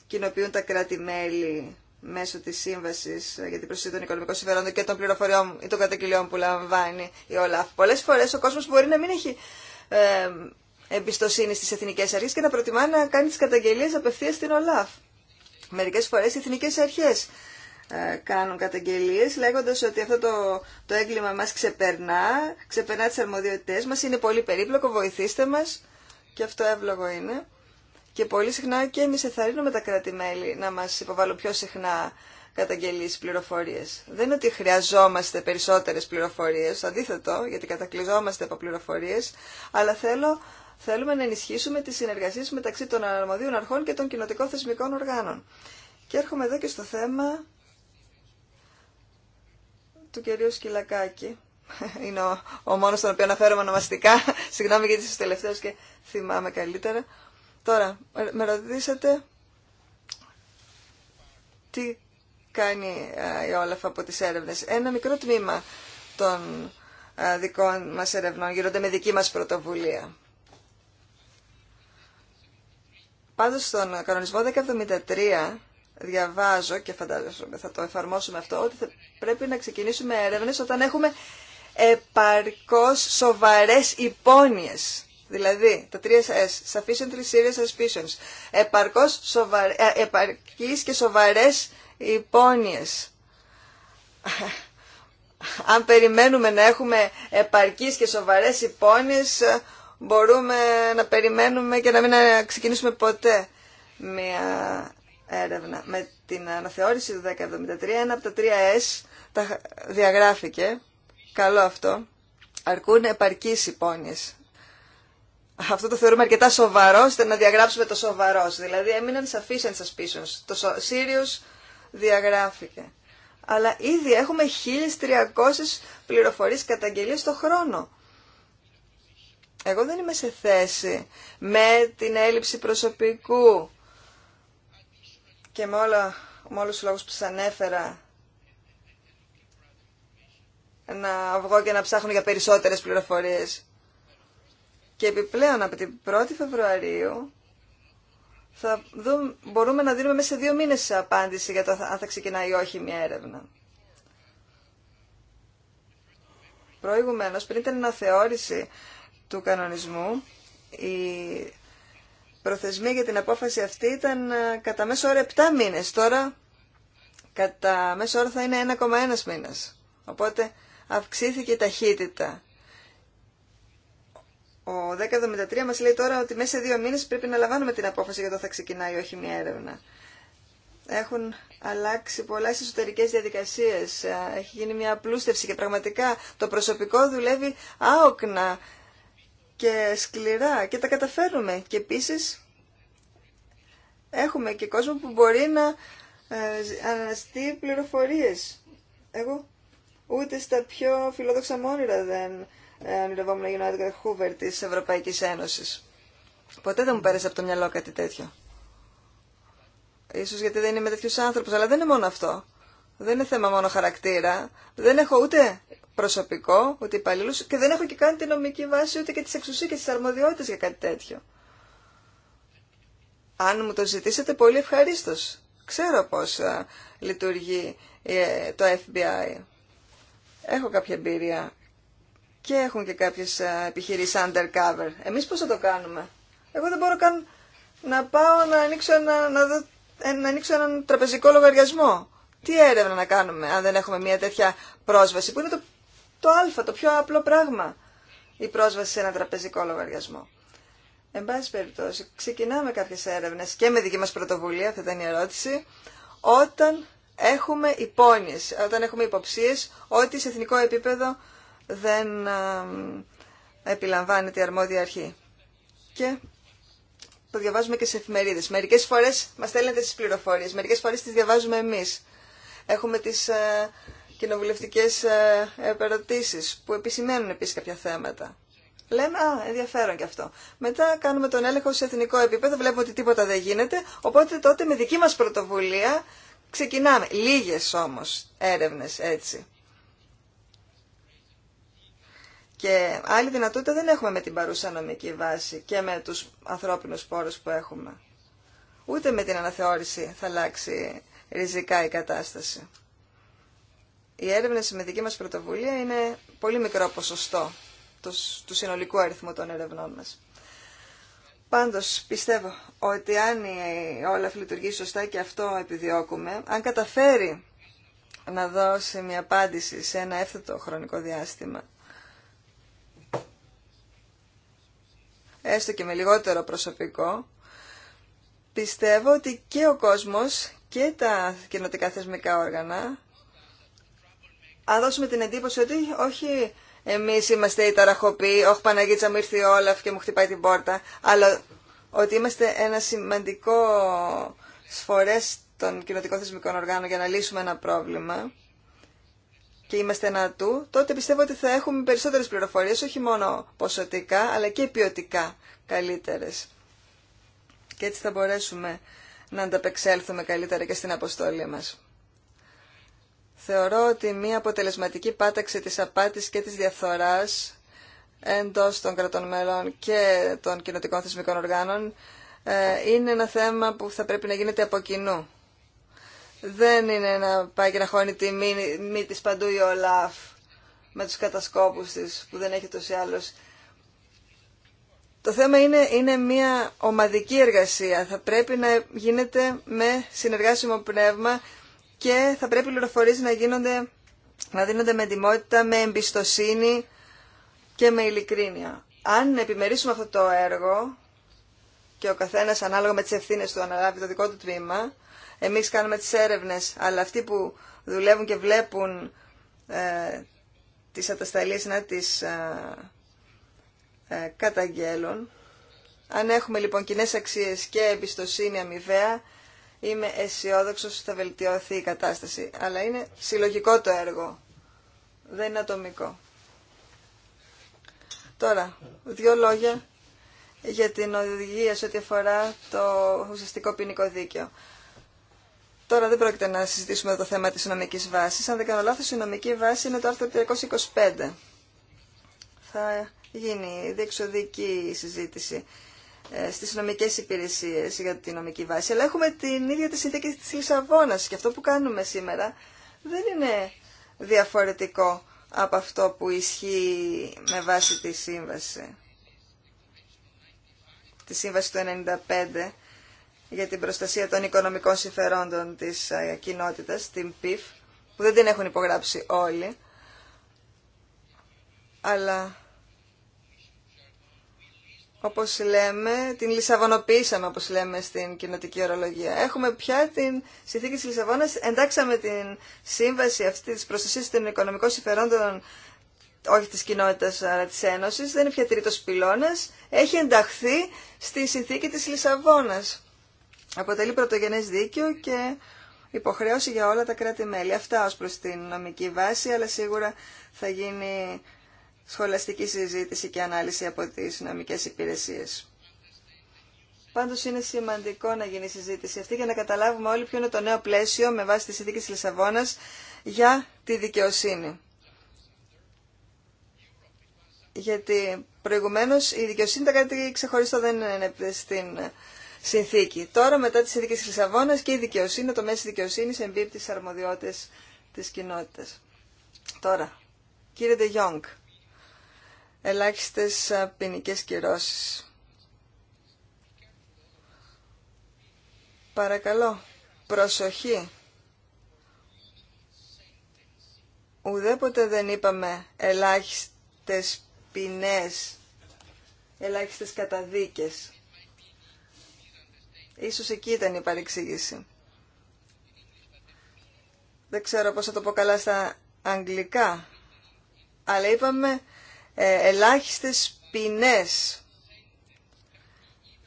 κοινοποιούν τα κράτη-μέλη μέσω της σύμβασης ε, για την προστασία των οικονομικών συμφερόντων και των πληροφοριών ή των καταγγελιών που λαμβάνει η ΟΛΑΦ. Πολλές φορές ο κόσμος μπορεί να μην έχει ε, εμπιστοσύνη στις εθνικές αρχές και να προτιμά να κάνει τις καταγγελίες απευθείας στην ΟΛΑΦ. Μερικές φορές οι εθνικές αρχές ε, κάνουν καταγγελίες λέγοντας ότι αυτό το, το έγκλημα μας ξεπερνά, ξεπερνά τις αρμοδιότητές μας, είναι πολύ περίπλοκο, βοηθήστε μας και αυτό εύλογο είναι. Και πολύ συχνά και εμείς εθαρρύνουμε τα κράτη-μέλη να μα υποβάλουν πιο συχνά καταγγελίες πληροφορίε. Δεν είναι ότι χρειαζόμαστε περισσότερε πληροφορίε, αντίθετο, γιατί κατακλυζόμαστε από πληροφορίε, αλλά θέλω, θέλουμε να ενισχύσουμε τι συνεργασίε μεταξύ των αρμοδίων αρχών και των κοινοτικών θεσμικών οργάνων. Και έρχομαι εδώ και στο θέμα του κυρίου Σκυλακάκη. <laughs> Είναι ο, ο μόνος τον οποίο αναφέρομαι ονομαστικά, <laughs> συγγνώμη γιατί είσαι τελευταίο και θυμάμαι καλύτερα. Τώρα, με ρωτήσατε τι κάνει η Όλαφ από τις έρευνες. Ένα μικρό τμήμα των δικών μας ερευνών γίνονται με δική μας πρωτοβουλία. Πάντως στον κανονισμό 1073 διαβάζω και φαντάζομαι θα το εφαρμόσουμε αυτό ότι πρέπει να ξεκινήσουμε έρευνες όταν έχουμε επαρκώς σοβαρές υπόνοιες Δηλαδή, τα τρία S, sufficiently serious suspicions, επαρκώς σοβαρ, ε, επαρκείς και σοβαρές υπόνοιες. Αν περιμένουμε να έχουμε επαρκείς και σοβαρές υπόνοιες, μπορούμε να περιμένουμε και να μην ξεκινήσουμε ποτέ μια έρευνα. Με την αναθεώρηση του 1073, ένα από τα τρία S τα διαγράφηκε, καλό αυτό, αρκούν επαρκείς υπόνοιες αυτό το θεωρούμε αρκετά σοβαρό, ώστε να διαγράψουμε το σοβαρό. Δηλαδή έμειναν σας πίσω. Το Σύριος διαγράφηκε. Αλλά ήδη έχουμε 1.300 πληροφορίες καταγγελίες το χρόνο. Εγώ δεν είμαι σε θέση με την έλλειψη προσωπικού και με, όλα, με όλους τους λόγους που σας ανέφερα να βγω και να ψάχνω για περισσότερες πληροφορίες. Και επιπλέον από την 1η Φεβρουαρίου θα δούμε, μπορούμε να δίνουμε μέσα σε δύο μήνες απάντηση για το αν θα ξεκινάει ή όχι μια έρευνα. Προηγουμένως, πριν την αναθεώρηση του κανονισμού, η προθεσμή για την απόφαση αυτή ήταν ε, κατά μέσο όρο 7 μήνες. Τώρα κατά μέσο όρο θα είναι 1,1 μήνας. Οπότε αυξήθηκε η ταχύτητα ο 1073 μας λέει τώρα ότι μέσα σε δύο μήνες πρέπει να λαμβάνουμε την απόφαση για το θα ξεκινάει όχι μια έρευνα. Έχουν αλλάξει πολλά στις εσωτερικές διαδικασίες, έχει γίνει μια απλούστευση και πραγματικά το προσωπικό δουλεύει άοκνα και σκληρά και τα καταφέρουμε. Και επίσης έχουμε και κόσμο που μπορεί να ε, αναστεί πληροφορίες. Εγώ ούτε στα πιο φιλόδοξα μόνιρα δεν ε, ονειρευόμουν να γίνω Έντγκαρ Χούβερ τη Ευρωπαϊκή Ένωση. Ποτέ δεν μου πέρασε από το μυαλό κάτι τέτοιο. Ίσως γιατί δεν είμαι τέτοιο άνθρωπο, αλλά δεν είναι μόνο αυτό. Δεν είναι θέμα μόνο χαρακτήρα. Δεν έχω ούτε προσωπικό, ούτε υπαλλήλου και δεν έχω και καν τη νομική βάση, ούτε και τι εξουσίε και τι αρμοδιότητε για κάτι τέτοιο. Αν μου το ζητήσετε, πολύ ευχαρίστω. Ξέρω πώ ε, λειτουργεί ε, το FBI. Έχω κάποια εμπειρία και έχουν και κάποιε επιχειρήσει undercover. Εμεί πώ θα το κάνουμε. Εγώ δεν μπορώ καν να πάω να ανοίξω, ένα, να, ε, να ανοίξω έναν τραπεζικό λογαριασμό. Τι έρευνα να κάνουμε αν δεν έχουμε μια τέτοια πρόσβαση που είναι το, το α, το πιο απλό πράγμα η πρόσβαση σε ένα τραπεζικό λογαριασμό. Εν πάση περιπτώσει, ξεκινάμε κάποιες έρευνες και με δική μας πρωτοβουλία, θα ήταν η ερώτηση, όταν έχουμε υπόνοιες, όταν έχουμε υποψίες ότι σε εθνικό επίπεδο δεν επιλαμβάνεται η αρμόδια αρχή. Και το διαβάζουμε και σε εφημερίδες. Μερικέ φορέ μα στέλνετε τι πληροφορίε. Μερικέ φορέ τι διαβάζουμε εμεί. Έχουμε τι ε, κοινοβουλευτικέ ε, ερωτήσει που επισημαίνουν επίση κάποια θέματα. Λέμε, α, ενδιαφέρον και αυτό. Μετά κάνουμε τον έλεγχο σε εθνικό επίπεδο, βλέπουμε ότι τίποτα δεν γίνεται, οπότε τότε με δική μας πρωτοβουλία ξεκινάμε. Λίγες όμω έρευνε έτσι. Και άλλη δυνατότητα δεν έχουμε με την παρούσα νομική βάση και με τους ανθρώπινους πόρους που έχουμε. Ούτε με την αναθεώρηση θα αλλάξει ριζικά η κατάσταση. Η έρευνε με δική μας πρωτοβουλία είναι πολύ μικρό ποσοστό του συνολικού αριθμού των ερευνών μας. Πάντως πιστεύω ότι αν η Όλαφ λειτουργεί σωστά και αυτό επιδιώκουμε, αν καταφέρει να δώσει μια απάντηση σε ένα έφθετο χρονικό διάστημα, έστω και με λιγότερο προσωπικό, πιστεύω ότι και ο κόσμος και τα κοινοτικά θεσμικά όργανα, αν δώσουμε την εντύπωση ότι όχι εμείς είμαστε οι ταραχοποιοί, όχι Παναγίτσα μου ήρθε η Όλαφ και μου χτυπάει την πόρτα, αλλά ότι είμαστε ένα σημαντικό σφορές των κοινοτικών θεσμικών οργάνων για να λύσουμε ένα πρόβλημα, και είμαστε ένα του, τότε πιστεύω ότι θα έχουμε περισσότερες πληροφορίες, όχι μόνο ποσοτικά, αλλά και ποιοτικά καλύτερες. Και έτσι θα μπορέσουμε να ανταπεξέλθουμε καλύτερα και στην αποστόλη μας. Θεωρώ ότι μία αποτελεσματική πάταξη της απάτης και της διαφθοράς εντός των κρατών μελών και των κοινοτικών θεσμικών οργάνων ε, είναι ένα θέμα που θα πρέπει να γίνεται από κοινού δεν είναι να πάει και να χώνει τη μύτη μη της παντού η Ολάφ με τους κατασκόπους της που δεν έχει τόσοι άλλος. Το θέμα είναι, είναι μια ομαδική εργασία. Θα πρέπει να γίνεται με συνεργάσιμο πνεύμα και θα πρέπει οι να, γίνονται, να δίνονται με εντυμότητα, με εμπιστοσύνη και με ειλικρίνεια. Αν επιμερίσουμε αυτό το έργο και ο καθένας ανάλογα με τις ευθύνες του αναλάβει το δικό του τμήμα, εμείς κάνουμε τις έρευνες, αλλά αυτοί που δουλεύουν και βλέπουν ε, τις ατασταλίες να τις ε, ε καταγγέλουν. Αν έχουμε λοιπόν κοινέ αξίες και εμπιστοσύνη αμοιβαία, είμαι αισιόδοξο ότι θα βελτιωθεί η κατάσταση. Αλλά είναι συλλογικό το έργο, δεν είναι ατομικό. Τώρα, δύο λόγια για την οδηγία σε ό,τι αφορά το ουσιαστικό ποινικό δίκαιο. Τώρα δεν πρόκειται να συζητήσουμε το θέμα της νομικής βάσης. Αν δεν κάνω λάθος, η νομική βάση είναι το άρθρο 325. Θα γίνει διεξοδική συζήτηση ε, στις νομικές υπηρεσίες για τη νομική βάση. Αλλά έχουμε την ίδια τη συνθήκη της Λισαβόνας και αυτό που κάνουμε σήμερα δεν είναι διαφορετικό από αυτό που ισχύει με βάση τη σύμβαση. Τη σύμβαση του 95 για την προστασία των οικονομικών συμφερόντων της ε, κοινότητας, την ΠΙΦ, που δεν την έχουν υπογράψει όλοι, αλλά όπως λέμε, την λισαβονοποίησαμε, όπως λέμε στην κοινοτική ορολογία. Έχουμε πια την συνθήκη της Λισαβόνας, εντάξαμε την σύμβαση αυτή της προστασίας των οικονομικών συμφερόντων, όχι της κοινότητας, αλλά της Ένωσης, δεν είναι πια τρίτος πυλώνας, έχει ενταχθεί στη συνθήκη της Λισαβόνας αποτελεί πρωτογενές δίκαιο και υποχρέωση για όλα τα κράτη-μέλη. Αυτά ως προς την νομική βάση, αλλά σίγουρα θα γίνει σχολαστική συζήτηση και ανάλυση από τις νομικές υπηρεσίες. Πάντως είναι σημαντικό να γίνει η συζήτηση αυτή για να καταλάβουμε όλοι ποιο είναι το νέο πλαίσιο με βάση τη συνθήκη της για τη δικαιοσύνη. Γιατί προηγουμένως η δικαιοσύνη ήταν κάτι ξεχωριστό δεν είναι στην συνθήκη. Τώρα μετά τις ειδικές της και η δικαιοσύνη, το μέσο δικαιοσύνη εμπίπτει στις αρμοδιότητες της κοινότητας. Τώρα, κύριε Δε Γιόγκ, ελάχιστες ποινικέ κυρώσεις. Παρακαλώ, προσοχή. Ουδέποτε δεν είπαμε ελάχιστες ποινές, ελάχιστες καταδίκες. Ίσως εκεί ήταν η παρεξήγηση. Δεν ξέρω πώς θα το πω καλά στα αγγλικά, αλλά είπαμε ε, ελάχιστες ποινές.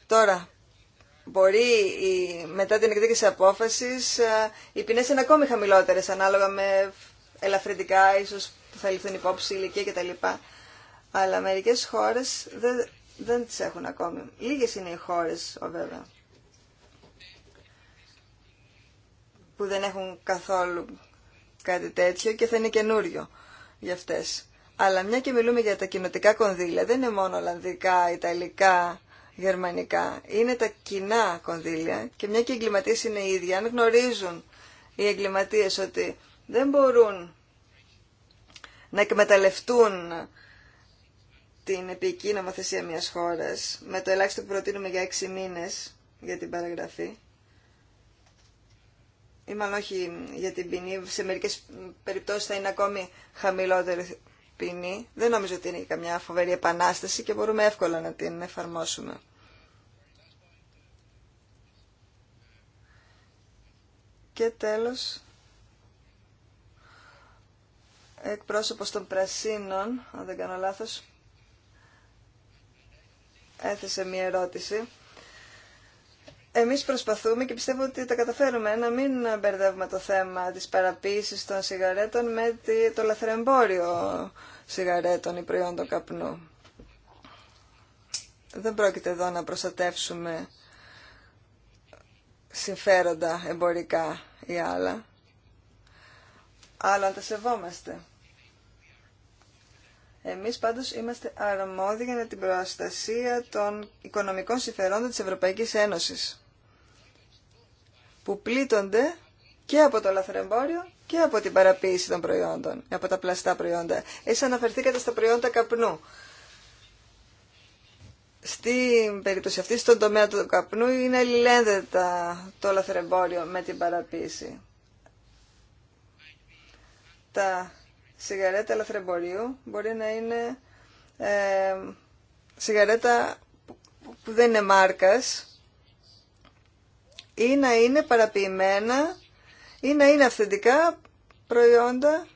Τώρα, μπορεί η, μετά την εκδίκηση απόφασης ε, οι ποινές είναι ακόμη χαμηλότερες ανάλογα με ελαφρυντικά ίσως που θα ληφθούν υπόψη ηλικία κτλ. Αλλά μερικές χώρες δεν, δεν τις έχουν ακόμη. Λίγες είναι οι χώρες βέβαια που δεν έχουν καθόλου κάτι τέτοιο και θα είναι καινούριο για αυτές. Αλλά μια και μιλούμε για τα κοινοτικά κονδύλια, δεν είναι μόνο Ολλανδικά, Ιταλικά, Γερμανικά. Είναι τα κοινά κονδύλια και μια και οι εγκληματίες είναι οι ίδιοι. Αν γνωρίζουν οι εγκληματίες ότι δεν μπορούν να εκμεταλλευτούν την επική νομοθεσία μιας χώρας, με το ελάχιστο που προτείνουμε για έξι μήνες για την παραγραφή, ή μάλλον όχι για την ποινή, σε μερικές περιπτώσεις θα είναι ακόμη χαμηλότερη ποινή. Δεν νομίζω ότι είναι καμιά φοβερή επανάσταση και μπορούμε εύκολα να την εφαρμόσουμε. Και τέλος, εκπρόσωπος των Πρασίνων, αν δεν κάνω λάθος, έθεσε μία ερώτηση εμείς προσπαθούμε και πιστεύω ότι τα καταφέρουμε να μην μπερδεύουμε το θέμα της παραποίησης των σιγαρέτων με το λαθρεμπόριο σιγαρέτων ή προϊόντων καπνού. Δεν πρόκειται εδώ να προστατεύσουμε συμφέροντα εμπορικά ή άλλα, αλλά τα σεβόμαστε. Εμείς πάντως είμαστε αρμόδιοι για την προστασία των οικονομικών συμφερόντων της Ευρωπαϊκής Ένωσης που πλήττονται και από το λαθρεμπόριο και από την παραποίηση των προϊόντων, από τα πλαστά προϊόντα. Εσείς αναφερθήκατε στα προϊόντα καπνού. Στην περίπτωση αυτή, στον τομέα του καπνού, είναι αλληλένδετα το λαθρεμπόριο με την παραποίηση. Τα σιγαρέτα λαθρεμπορίου μπορεί να είναι ε, σιγαρέτα που δεν είναι μάρκας, ή να είναι παραποιημένα ή να είναι αυθεντικά προϊόντα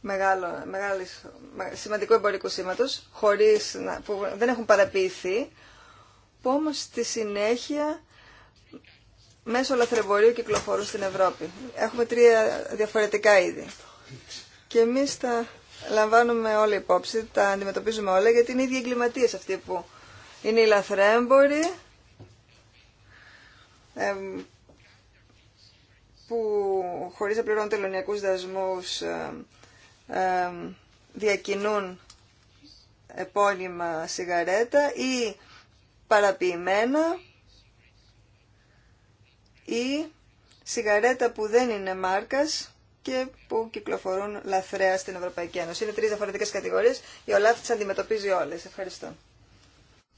μεγάλο, μεγάλο, σημαντικού εμπορικού σήματος, χωρίς που δεν έχουν παραποιηθεί, που όμως στη συνέχεια μέσω λαθρεμπορίου κυκλοφορούν στην Ευρώπη. Έχουμε τρία διαφορετικά είδη. Και εμείς τα λαμβάνουμε όλα υπόψη, τα αντιμετωπίζουμε όλα, γιατί είναι οι ίδιοι εγκληματίες αυτοί που είναι οι λαθρέμποροι που χωρίς να πληρώνουν τελωνιακούς δασμούς διακινούν επώνυμα σιγαρέτα ή παραποιημένα ή σιγαρέτα που δεν είναι μάρκας και που κυκλοφορούν λαθρέα στην Ευρωπαϊκή Ένωση. Είναι τρεις διαφορετικές κατηγορίες. Η ΟΛΑΦ τις αντιμετωπίζει όλες. Ευχαριστώ.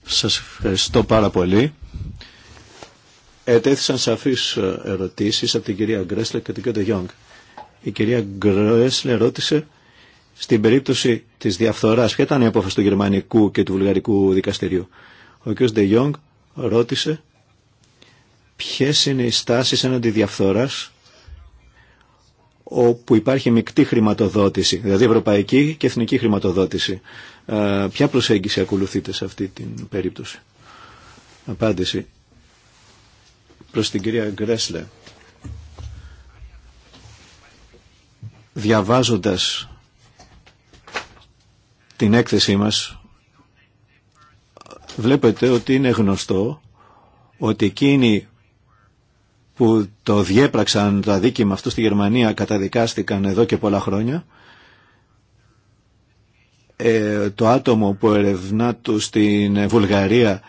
Σας ευχαριστώ πάρα πολύ. Ετέθησαν σαφείς ερωτήσεις από την κυρία Γκρέσλερ και την κυρία Γιόγκ. Η κυρία Γκρέσλε ρώτησε στην περίπτωση της διαφθοράς ποια ήταν η απόφαση του γερμανικού και του βουλγαρικού δικαστηρίου. Ο κ. Ντε ρώτησε ποιε είναι οι στάσεις έναντι διαφθοράς όπου υπάρχει μεικτή χρηματοδότηση, δηλαδή ευρωπαϊκή και εθνική χρηματοδότηση. Ε, ποια προσέγγιση ακολουθείτε σε αυτή την περίπτωση. Απάντηση προς την κυρία Γκρέσλε. Διαβάζοντας την έκθεσή μας, βλέπετε ότι είναι γνωστό ότι εκείνοι που το διέπραξαν το αδίκημα αυτό στη Γερμανία καταδικάστηκαν εδώ και πολλά χρόνια. Ε, το άτομο που ερευνά του στην Βουλγαρία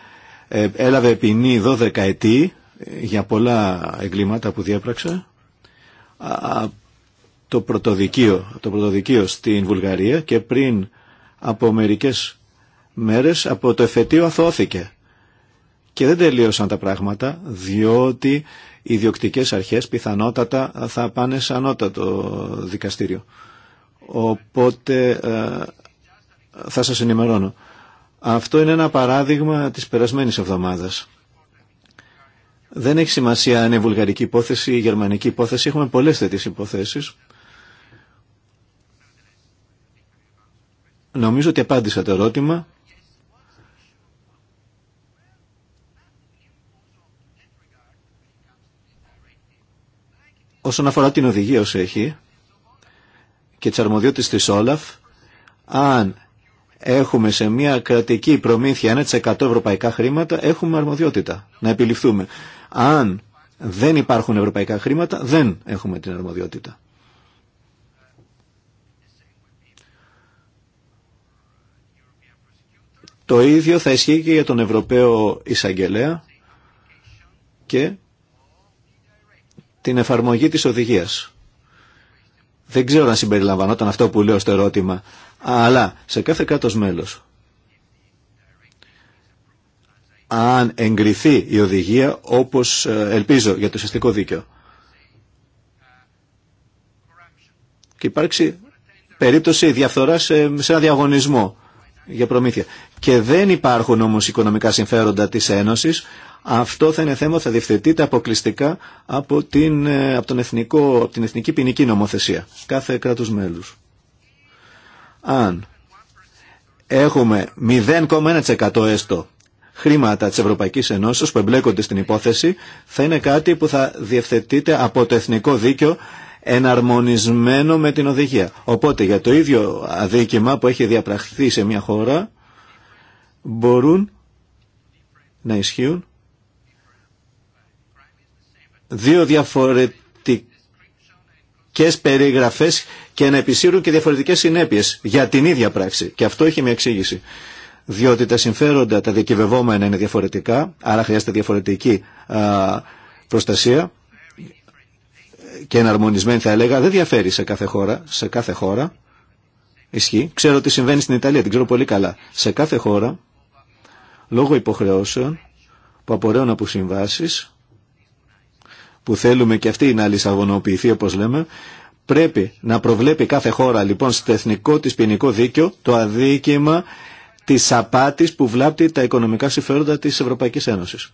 ε, έλαβε ποινή 12 ετή για πολλά εγκλήματα που διέπραξε το πρωτοδικείο, το πρωτοδικείο στην Βουλγαρία και πριν από μερικές μέρες από το εφετείο αθώθηκε. Και δεν τελείωσαν τα πράγματα διότι οι διοκτικές αρχές πιθανότατα θα πάνε σε ανώτατο δικαστήριο. Οπότε ε, θα σας ενημερώνω. Αυτό είναι ένα παράδειγμα της περασμένης εβδομάδας. Δεν έχει σημασία αν είναι βουλγαρική υπόθεση ή γερμανική υπόθεση. Έχουμε πολλές τέτοιες υποθέσεις. Νομίζω ότι απάντησα το ερώτημα. Όσον αφορά την οδηγία όσο έχει και τις αρμοδιότητες της Όλαφ, αν έχουμε σε μια κρατική προμήθεια 1% ευρωπαϊκά χρήματα, έχουμε αρμοδιότητα να επιληφθούμε. Αν δεν υπάρχουν ευρωπαϊκά χρήματα, δεν έχουμε την αρμοδιότητα. Το ίδιο θα ισχύει και για τον Ευρωπαίο Εισαγγελέα και την εφαρμογή της οδηγίας. Δεν ξέρω αν συμπεριλαμβανόταν αυτό που λέω στο ερώτημα, αλλά σε κάθε κράτος μέλος αν εγκριθεί η οδηγία όπως ε, ελπίζω για το συστικό δίκαιο. Και υπάρξει περίπτωση διαφθοράς ε, σε, ένα διαγωνισμό για προμήθεια. Και δεν υπάρχουν όμως οικονομικά συμφέροντα της Ένωσης. Αυτό θα είναι θέμα που θα διευθετείται αποκλειστικά από την, ε, από, τον εθνικό, από την εθνική ποινική νομοθεσία κάθε κράτους μέλους. Αν έχουμε 0,1% έστω χρήματα της Ευρωπαϊκής Ενώσης που εμπλέκονται στην υπόθεση θα είναι κάτι που θα διευθετείται από το εθνικό δίκαιο εναρμονισμένο με την οδηγία. Οπότε για το ίδιο αδίκημα που έχει διαπραχθεί σε μια χώρα μπορούν να ισχύουν δύο διαφορετικές περιγραφές και να επισύρουν και διαφορετικές συνέπειες για την ίδια πράξη. Και αυτό έχει μια εξήγηση διότι τα συμφέροντα, τα διακυβευόμενα είναι διαφορετικά, άρα χρειάζεται διαφορετική προστασία και εναρμονισμένη θα έλεγα, δεν διαφέρει σε κάθε χώρα, σε κάθε χώρα ισχύει. Ξέρω τι συμβαίνει στην Ιταλία, την ξέρω πολύ καλά. Σε κάθε χώρα, λόγω υποχρεώσεων που απορρέουν από συμβάσει, που θέλουμε και αυτή να λησαγωνοποιηθεί όπως λέμε, πρέπει να προβλέπει κάθε χώρα λοιπόν στο εθνικό της ποινικό δίκαιο το αδίκημα Τη απάτη που βλάπτει τα οικονομικά συμφέροντα της Ευρωπαϊκής Ένωσης.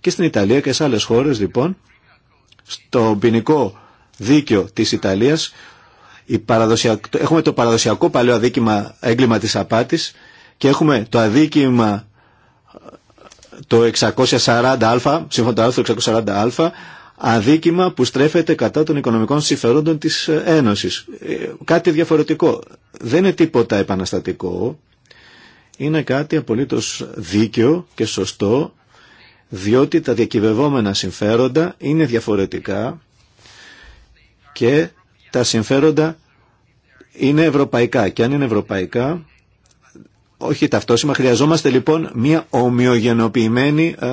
Και στην Ιταλία και σε άλλες χώρες λοιπόν, στο ποινικό δίκαιο της Ιταλίας, έχουμε το παραδοσιακό παλαιό αδίκημα έγκλημα τη Απάτη και έχουμε το αδίκημα ε, το 640α, σύμφωνα το άρθρο 640α, αδίκημα που στρέφεται κατά των οικονομικών συμφερόντων της Ένωσης. Ε, κάτι διαφορετικό. Δεν είναι τίποτα επαναστατικό. Είναι κάτι απολύτως δίκαιο και σωστό, διότι τα διακυβευόμενα συμφέροντα είναι διαφορετικά και τα συμφέροντα είναι ευρωπαϊκά. Και αν είναι ευρωπαϊκά, όχι ταυτόσημα, χρειαζόμαστε λοιπόν μια ομοιογενοποιημένη,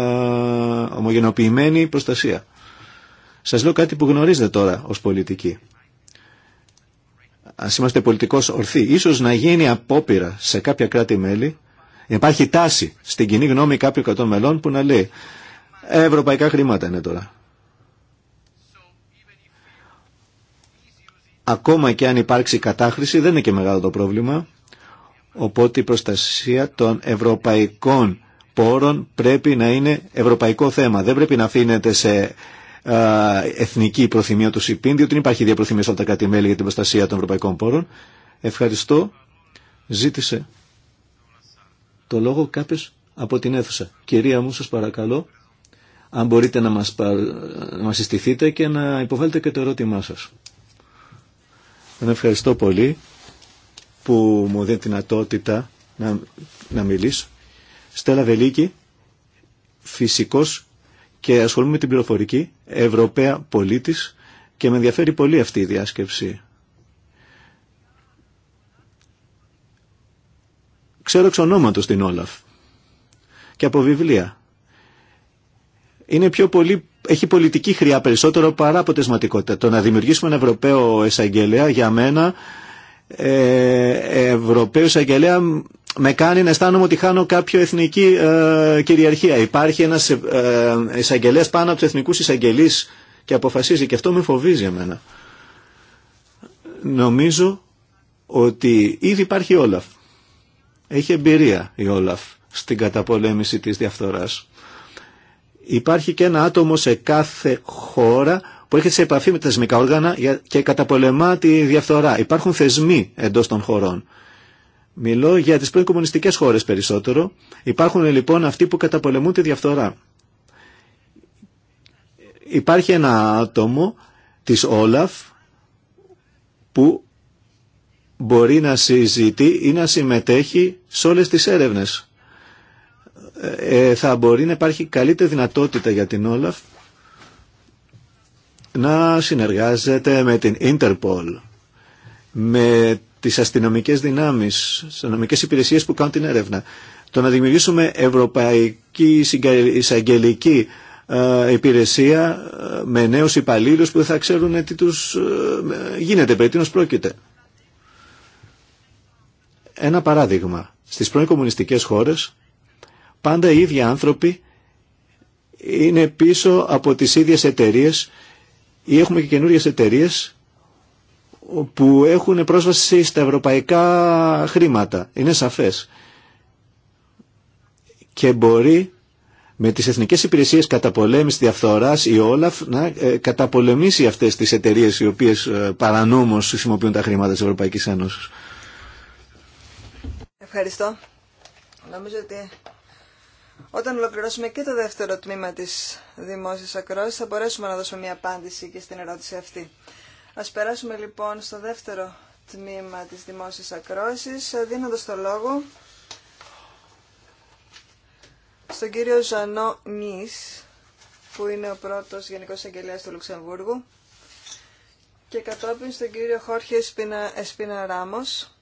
ε, προστασία. Σας λέω κάτι που γνωρίζετε τώρα ως πολιτικοί. Ας είμαστε πολιτικός ορθοί. Ίσως να γίνει απόπειρα σε κάποια κράτη-μέλη. Υπάρχει τάση στην κοινή γνώμη κάποιου κρατών μελών που να λέει «Ε, ευρωπαϊκά χρήματα είναι τώρα. Ακόμα και αν υπάρξει κατάχρηση δεν είναι και μεγάλο το πρόβλημα. Οπότε η προστασία των ευρωπαϊκών πόρων πρέπει να είναι ευρωπαϊκό θέμα. Δεν πρέπει να αφήνεται σε ε, εθνική προθυμία του ΣΥΠΗΝ, διότι δεν υπάρχει διαπροθυμία σε όλα τα Κατημέλη για την προστασία των ευρωπαϊκών πόρων. Ευχαριστώ. Ζήτησε το λόγο κάποιος από την αίθουσα. Κυρία μου, σας παρακαλώ, αν μπορείτε να μας, να μας συστηθείτε και να υποβάλλετε και το ερώτημά σας. ευχαριστώ πολύ που μου δίνει την ατότητα να, να μιλήσω. Στέλλα Βελίκη, φυσικός και ασχολούμαι με την πληροφορική Ευρωπαία πολίτης και με ενδιαφέρει πολύ αυτή η διάσκεψη. Ξέρω εξ ονόματος την Όλαφ και από βιβλία. Είναι πιο πολύ, έχει πολιτική χρειά περισσότερο παρά αποτελεσματικότητα. Το να δημιουργήσουμε ένα Ευρωπαίο εισαγγελέα για μένα ε, εισαγγελέα με κάνει να αισθάνομαι ότι χάνω κάποια εθνική ε, κυριαρχία. Υπάρχει ένας ε, εισαγγελέα πάνω από του εθνικού εισαγγελεί και αποφασίζει και αυτό με φοβίζει εμένα. Νομίζω ότι ήδη υπάρχει η Όλαφ. Έχει εμπειρία η Όλαφ στην καταπολέμηση της διαφθοράς. Υπάρχει και ένα άτομο σε κάθε χώρα που έρχεται σε επαφή με τα θεσμικά όργανα και καταπολεμά τη διαφθορά. Υπάρχουν θεσμοί εντός των χωρών. Μιλώ για τις πριν κομμουνιστικές χώρες περισσότερο. Υπάρχουν λοιπόν αυτοί που καταπολεμούν τη διαφθορά. Υπάρχει ένα άτομο της Όλαφ που μπορεί να συζητεί ή να συμμετέχει σε όλες τις έρευνες. Ε, θα μπορεί να υπάρχει καλύτερη δυνατότητα για την Όλαφ να συνεργάζεται με την Ίντερπολ. με τις αστυνομικές δυνάμεις, τις αστυνομικές υπηρεσίες που κάνουν την έρευνα. Το να δημιουργήσουμε ευρωπαϊκή εισαγγελική ε, υπηρεσία ε, με νέους υπαλλήλους που θα ξέρουν τι τους ε, γίνεται, περί πρόκειται. Ένα παράδειγμα. Στις πρώην κομμουνιστικές χώρες πάντα οι ίδιοι άνθρωποι είναι πίσω από τις ίδιες εταιρείες ή έχουμε και καινούριες εταιρείες που έχουν πρόσβαση στα ευρωπαϊκά χρήματα. Είναι σαφές. Και μπορεί με τις εθνικές υπηρεσίες καταπολέμησης διαφθοράς η Όλαφ να ε, καταπολεμήσει αυτές τις εταιρείες οι οποίες ε, παρανόμως χρησιμοποιούν τα χρήματα της Ευρωπαϊκής Ένωσης. Ευχαριστώ. Νομίζω ότι όταν ολοκληρώσουμε και το δεύτερο τμήμα της δημόσιας ακρόσης θα μπορέσουμε να δώσουμε μια απάντηση και στην ερώτηση αυτή. Ας περάσουμε λοιπόν στο δεύτερο τμήμα της δημόσιας ακρόασης, δίνοντας το λόγο στον κύριο Ζανό Μις, που είναι ο πρώτος Γενικός Αγγελέας του Λουξεμβούργου, και κατόπιν στον κύριο Χόρχε Εσπίνα Ράμος,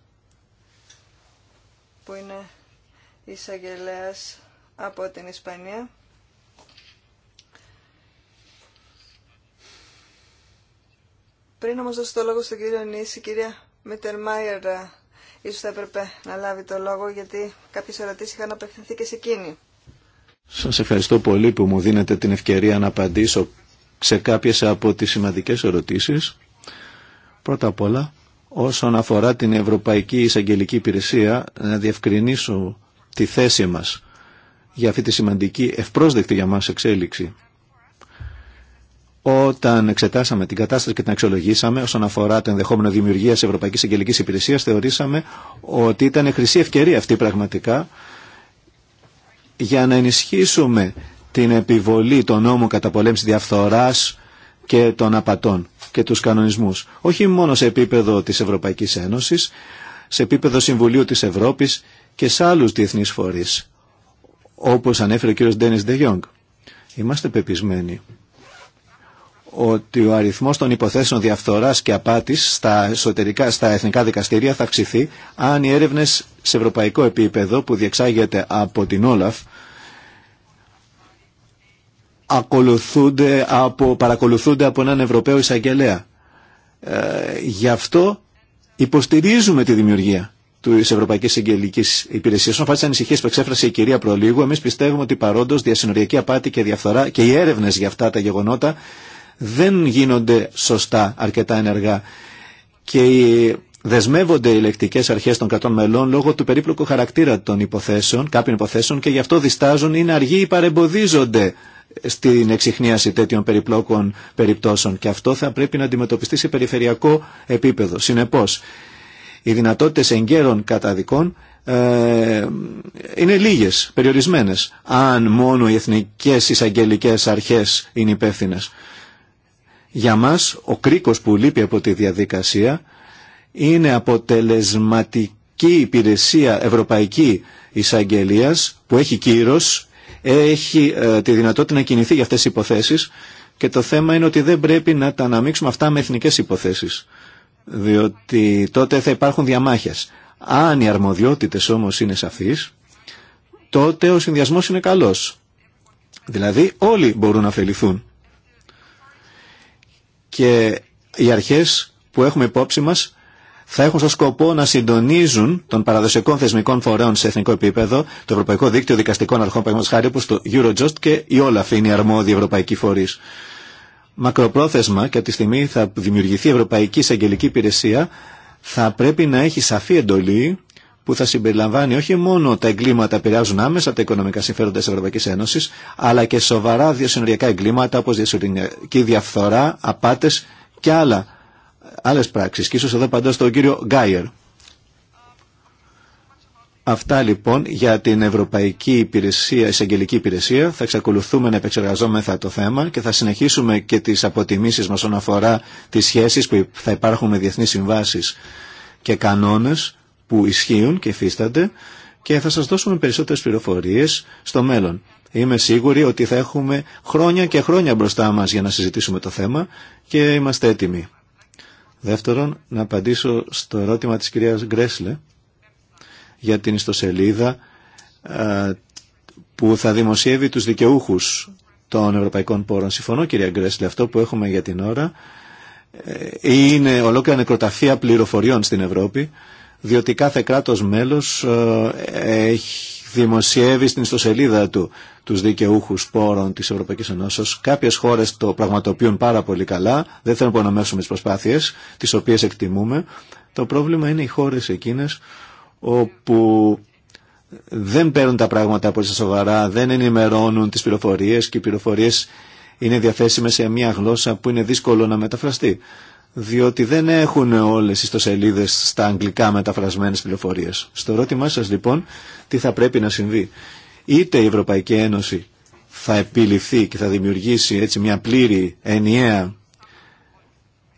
που είναι εισαγγελέας από την Ισπανία Πριν όμως δώσω το λόγο στον κύριο Νίση, η κυρία Μιτερμάιερ ε, ίσως θα έπρεπε να λάβει το λόγο γιατί κάποιες ερωτήσεις είχαν απευθυνθεί και σε εκείνη. Σας ευχαριστώ πολύ που μου δίνετε την ευκαιρία να απαντήσω σε κάποιες από τις σημαντικές ερωτήσεις. Πρώτα απ' όλα, όσον αφορά την Ευρωπαϊκή Εισαγγελική Υπηρεσία, να διευκρινίσω τη θέση μας για αυτή τη σημαντική ευπρόσδεκτη για μας εξέλιξη. Όταν εξετάσαμε την κατάσταση και την αξιολογήσαμε όσον αφορά το ενδεχόμενο δημιουργία Ευρωπαϊκή Εγγελική Υπηρεσία, θεωρήσαμε ότι ήταν χρυσή ευκαιρία αυτή πραγματικά για να ενισχύσουμε την επιβολή των νόμων κατά πολέμηση διαφθοράς και των απατών και του κανονισμού. Όχι μόνο σε επίπεδο τη Ευρωπαϊκή Ένωση, σε επίπεδο Συμβουλίου τη Ευρώπη και σε άλλου διεθνεί φορεί, όπω ανέφερε ο κ. Ντένι Ντε Είμαστε πεπισμένοι ότι ο αριθμός των υποθέσεων διαφθοράς και απάτης στα, εσωτερικά, στα εθνικά δικαστήρια θα αυξηθεί αν οι έρευνες σε ευρωπαϊκό επίπεδο που διεξάγεται από την Όλαφ ακολουθούνται από, παρακολουθούνται από έναν Ευρωπαίο εισαγγελέα. Ε, γι' αυτό υποστηρίζουμε τη δημιουργία τη Ευρωπαϊκή Εγγελική Υπηρεσία. Όσον αφορά ανησυχίε που εξέφρασε η κυρία Προλίγου, εμεί πιστεύουμε ότι παρόντο διασυνοριακή απάτη και διαφθορά και οι έρευνε για αυτά τα γεγονότα δεν γίνονται σωστά αρκετά ενεργά και δεσμεύονται οι ελεκτικές αρχές των κρατών μελών λόγω του περίπλοκου χαρακτήρα των υποθέσεων, κάποιων υποθέσεων και γι' αυτό διστάζουν, είναι αργοί ή παρεμποδίζονται στην εξυχνίαση τέτοιων περιπλόκων περιπτώσεων και αυτό θα πρέπει να αντιμετωπιστεί σε περιφερειακό επίπεδο. Συνεπώς, οι δυνατότητες εγκαίρων καταδικών ε, είναι λίγες, περιορισμένες, αν μόνο οι εθνικές εισαγγελικές αρχές είναι υπεύθυνε. Για μας ο κρίκος που λείπει από τη διαδικασία είναι αποτελεσματική υπηρεσία ευρωπαϊκή εισαγγελία που έχει κύρος, έχει ε, τη δυνατότητα να κινηθεί για αυτές τις υποθέσεις και το θέμα είναι ότι δεν πρέπει να τα αναμίξουμε αυτά με εθνικές υποθέσεις διότι τότε θα υπάρχουν διαμάχες. Αν οι αρμοδιότητες όμως είναι σαφείς, τότε ο συνδυασμός είναι καλός. Δηλαδή όλοι μπορούν να ωφεληθούν και οι αρχές που έχουμε υπόψη μας θα έχουν στο σκοπό να συντονίζουν των παραδοσιακών θεσμικών φορέων σε εθνικό επίπεδο το Ευρωπαϊκό Δίκτυο Δικαστικών Αρχών, παραδείγματο χάρη, όπω το Eurojust και η Όλαφ είναι οι αρμόδια Ευρωπαϊκή φορεί. Μακροπρόθεσμα και από τη στιγμή θα δημιουργηθεί η Ευρωπαϊκή Εισαγγελική Υπηρεσία, θα πρέπει να έχει σαφή εντολή που θα συμπεριλαμβάνει όχι μόνο τα εγκλήματα που επηρεάζουν άμεσα τα οικονομικά συμφέροντα τη Ευρωπαϊκή Ένωση, αλλά και σοβαρά διασυνοριακά εγκλήματα όπω διασυνοριακή διαφθορά, απάτε και άλλε πράξει. Και ίσω εδώ παντώ στον κύριο Γκάιερ. Αυτά λοιπόν για την Ευρωπαϊκή Υπηρεσία, Εισαγγελική Υπηρεσία. Θα εξακολουθούμε να επεξεργαζόμεθα το θέμα και θα συνεχίσουμε και τις αποτιμήσεις μα όσον αφορά τις σχέσεις που θα υπάρχουν με διεθνείς συμβάσεις και κανόνες που ισχύουν και υφίστανται και θα σας δώσουμε περισσότερες πληροφορίες στο μέλλον. Είμαι σίγουρη ότι θα έχουμε χρόνια και χρόνια μπροστά μας για να συζητήσουμε το θέμα και είμαστε έτοιμοι. Δεύτερον, να απαντήσω στο ερώτημα της κυρίας Γκρέσλε για την ιστοσελίδα ε, που θα δημοσιεύει τους δικαιούχους των ευρωπαϊκών πόρων. Συμφωνώ κυρία Γκρέσλε, αυτό που έχουμε για την ώρα ε, είναι ολόκληρα νεκροταφεία πληροφοριών στην Ευρώπη διότι κάθε κράτος μέλος ε, έχει δημοσιεύει στην ιστοσελίδα του τους δικαιούχους πόρων της Ευρωπαϊκής Ενώσεως. Κάποιες χώρες το πραγματοποιούν πάρα πολύ καλά, δεν θέλω να υπονομεύσουμε τις προσπάθειες, τις οποίες εκτιμούμε. Το πρόβλημα είναι οι χώρες εκείνες όπου δεν παίρνουν τα πράγματα πολύ σοβαρά, δεν ενημερώνουν τις πληροφορίες και οι πληροφορίες είναι διαθέσιμες σε μια γλώσσα που είναι δύσκολο να μεταφραστεί διότι δεν έχουν όλες οι ιστοσελίδες στα αγγλικά μεταφρασμένες πληροφορίες. Στο ερώτημά σας λοιπόν, τι θα πρέπει να συμβεί. Είτε η Ευρωπαϊκή Ένωση θα επιληφθεί και θα δημιουργήσει έτσι μια πλήρη ενιαία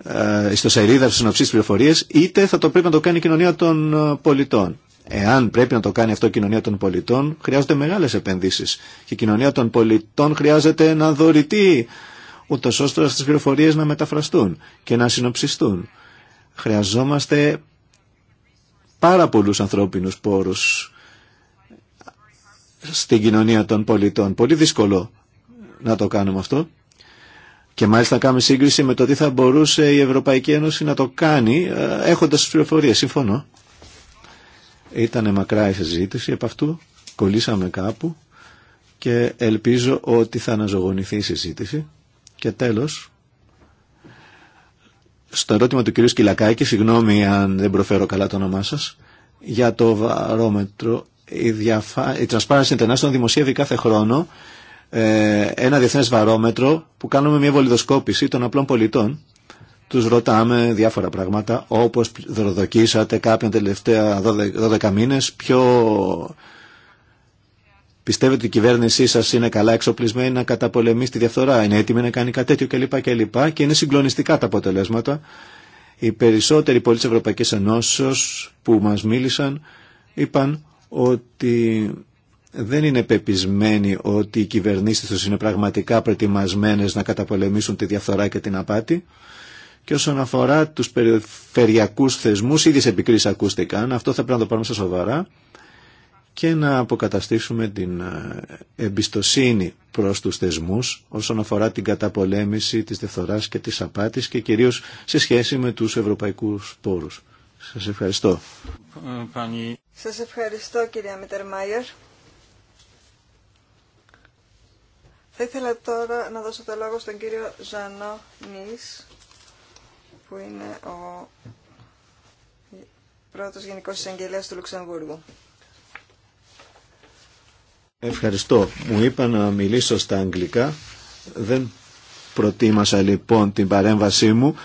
ε, ιστοσελίδα συνοψής πληροφορίες, είτε θα το πρέπει να το κάνει η κοινωνία των ε, πολιτών. Εάν πρέπει να το κάνει αυτό η κοινωνία των πολιτών, χρειάζονται μεγάλες επενδύσεις. Και η κοινωνία των πολιτών χρειάζεται να δωρητή ούτω ώστε στι τις πληροφορίες να μεταφραστούν και να συνοψιστούν. Χρειαζόμαστε πάρα πολλού ανθρώπινους πόρους στην κοινωνία των πολιτών. Πολύ δύσκολο να το κάνουμε αυτό. Και μάλιστα κάνουμε σύγκριση με το τι θα μπορούσε η Ευρωπαϊκή Ένωση να το κάνει ε, έχοντας τις πληροφορίες. Συμφωνώ. Ήτανε μακρά η συζήτηση επ' αυτού. Κολλήσαμε κάπου και ελπίζω ότι θα αναζωογονηθεί η συζήτηση. Και τέλος, στο ερώτημα του κυρίου Σκυλακάκη, συγγνώμη αν δεν προφέρω καλά το όνομά σας, για το βαρόμετρο, η, διαφα... η Transparency International δημοσιεύει κάθε χρόνο ε, ένα διεθνές βαρόμετρο που κάνουμε μια βολιδοσκόπηση των απλών πολιτών. Τους ρωτάμε διάφορα πράγματα, όπως δροδοκίσατε κάποιον τελευταία 12, 12 μήνες, ποιο Πιστεύετε ότι η κυβέρνησή σα είναι καλά εξοπλισμένη να καταπολεμήσει τη διαφθορά, είναι έτοιμη να κάνει κάτι τέτοιο κλπ. Και, Και είναι συγκλονιστικά τα αποτελέσματα. Οι περισσότεροι πολίτε τη Ευρωπαϊκή Ενώσεω που μα μίλησαν είπαν ότι δεν είναι πεπισμένοι ότι οι κυβερνήσει του είναι πραγματικά προετοιμασμένε να καταπολεμήσουν τη διαφθορά και την απάτη. Και όσον αφορά του περιφερειακού θεσμού, ήδη σε επικρίσει ακούστηκαν. Αυτό θα πρέπει να το πάρουμε στα σοβαρά και να αποκαταστήσουμε την ε, εμπιστοσύνη προς τους θεσμούς όσον αφορά την καταπολέμηση της δευθοράς και της απάτης και κυρίως σε σχέση με τους ευρωπαϊκούς πόρους. Σας ευχαριστώ. Σας ευχαριστώ κυρία Μάιερ. Θα ήθελα τώρα να δώσω το λόγο στον κύριο Ζανό Νις, που είναι ο πρώτος Γενικός Εισαγγελέας του Λουξεμβούργου. Ευχαριστώ. Μου είπα να μιλήσω στα αγγλικά. Δεν προτίμασα λοιπόν την παρέμβασή μου,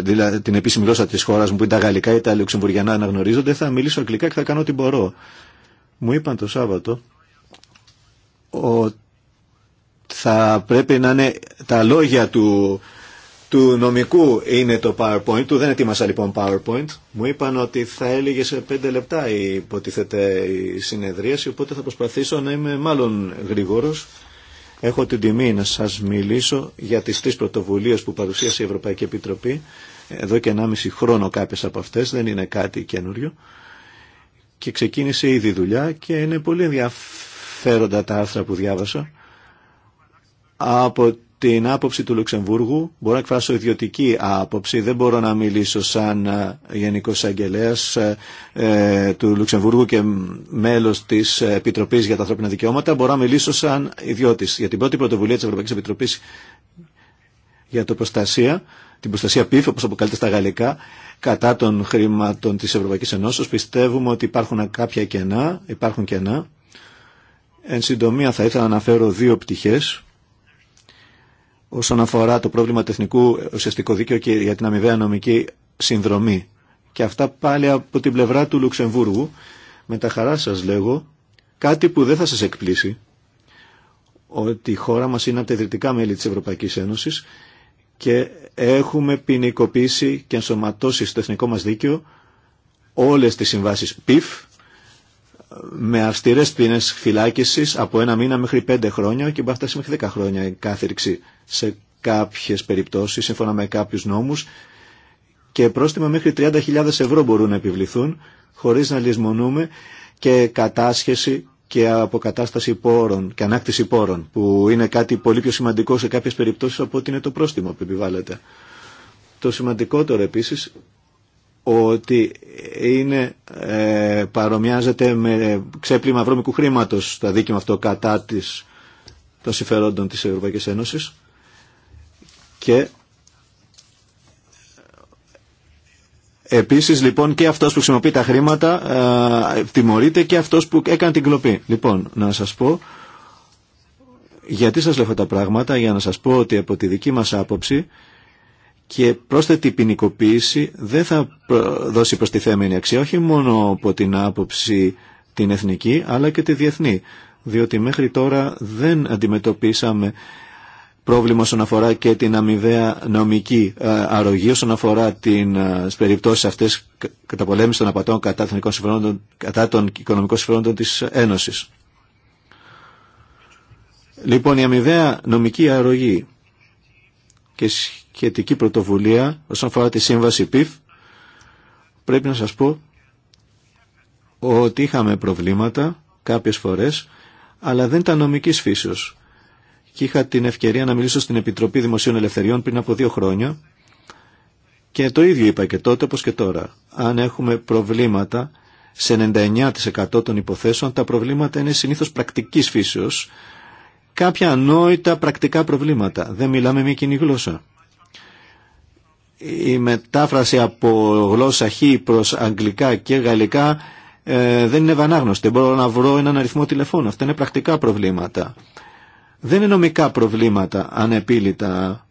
δηλαδή την επίσημη γλώσσα της χώρας μου που είναι τα γαλλικά ή τα λουξεμβουργιανά αναγνωρίζονται. Θα μιλήσω αγγλικά και θα κάνω ό,τι μπορώ. Μου είπαν το Σάββατο ότι θα πρέπει να είναι τα λόγια του του νομικού είναι το PowerPoint, του δεν ετοίμασα λοιπόν PowerPoint. Μου είπαν ότι θα έλεγε σε πέντε λεπτά η υποτίθεται η συνεδρίαση, οπότε θα προσπαθήσω να είμαι μάλλον γρήγορος. Έχω την τιμή να σας μιλήσω για τις τρεις πρωτοβουλίες που παρουσίασε η Ευρωπαϊκή Επιτροπή. Εδώ και 1,5 χρόνο κάποιες από αυτές, δεν είναι κάτι καινούριο. Και ξεκίνησε ήδη η δουλειά και είναι πολύ ενδιαφέροντα τα άρθρα που διάβασα από την άποψη του Λουξεμβούργου, μπορώ να εκφράσω ιδιωτική άποψη, δεν μπορώ να μιλήσω σαν ε, γενικό Αγγελέας ε, ε, του Λουξεμβούργου και μέλο τη επιτροπή για τα Ανθρώπινα Δικαιώματα, μπορώ να μιλήσω σαν ιδιώτη. Για την πρώτη πρωτοβουλία τη Ευρωπαϊκή Επιτροπή για το προστασία, την προστασία PIF, όπω αποκαλείται στα γαλλικά, κατά των χρήματων τη Ευρωπαϊκή Ενώσης πιστεύουμε ότι υπάρχουν κάποια κενά, υπάρχουν κενά. Εν συντομία θα ήθελα να αναφέρω δύο πτυχές όσον αφορά το πρόβλημα του εθνικού ουσιαστικού δίκαιου και για την αμοιβαία νομική συνδρομή. Και αυτά πάλι από την πλευρά του Λουξεμβούργου. Με τα χαρά σας λέγω κάτι που δεν θα σας εκπλήσει ότι η χώρα μας είναι από τα ιδρυτικά μέλη της Ευρωπαϊκής Ένωσης και έχουμε ποινικοποίησει και ενσωματώσει στο εθνικό μας δίκαιο όλες τις συμβάσεις PIF με αυστηρές πίνες φυλάκισης από ένα μήνα μέχρι πέντε χρόνια και μπορεί μέχρι δέκα χρόνια η κάθριξη σε κάποιες περιπτώσεις σύμφωνα με κάποιους νόμους και πρόστιμα μέχρι 30.000 ευρώ μπορούν να επιβληθούν χωρί να λησμονούμε και κατάσχεση και αποκατάσταση πόρων και ανάκτηση πόρων που είναι κάτι πολύ πιο σημαντικό σε κάποιε περιπτώσει από ότι είναι το πρόστιμο που επιβάλλεται. Το σημαντικότερο επίσης ότι είναι, ε, παρομοιάζεται με ξέπλυμα βρώμικου χρήματος το δίκημα αυτό κατά της, των συμφερόντων της Ευρωπαϊκής Ένωσης και Επίσης λοιπόν και αυτός που χρησιμοποιεί τα χρήματα ε, τιμωρείται και αυτός που έκανε την κλοπή. Λοιπόν, να σας πω γιατί σας λέω αυτά τα πράγματα, για να σας πω ότι από τη δική μας άποψη και πρόσθετη ποινικοποίηση δεν θα δώσει προστιθέμενη αξία όχι μόνο από την άποψη την εθνική αλλά και τη διεθνή διότι μέχρι τώρα δεν αντιμετωπίσαμε πρόβλημα όσον αφορά και την αμοιβαία νομική ε, αρρωγή όσον αφορά την ε, περιπτώσει αυτές καταπολέμηση των απατών κατά των, κατά των οικονομικών συμφερόντων της Ένωσης. Λοιπόν, η αμοιβαία νομική αρρωγή και σχετική πρωτοβουλία όσον αφορά τη σύμβαση PIF, πρέπει να σας πω ότι είχαμε προβλήματα κάποιες φορές, αλλά δεν ήταν νομικής φύσεως. Και είχα την ευκαιρία να μιλήσω στην Επιτροπή Δημοσίων Ελευθεριών πριν από δύο χρόνια και το ίδιο είπα και τότε όπως και τώρα. Αν έχουμε προβλήματα σε 99% των υποθέσεων, τα προβλήματα είναι συνήθως πρακτικής φύσεως κάποια ανόητα πρακτικά προβλήματα. Δεν μιλάμε μια κοινή γλώσσα. Η μετάφραση από γλώσσα χ προς αγγλικά και γαλλικά ε, δεν είναι βανάγνωστη. Δεν μπορώ να βρω έναν αριθμό τηλεφώνου. Αυτά είναι πρακτικά προβλήματα. Δεν είναι νομικά προβλήματα ανεπίλητα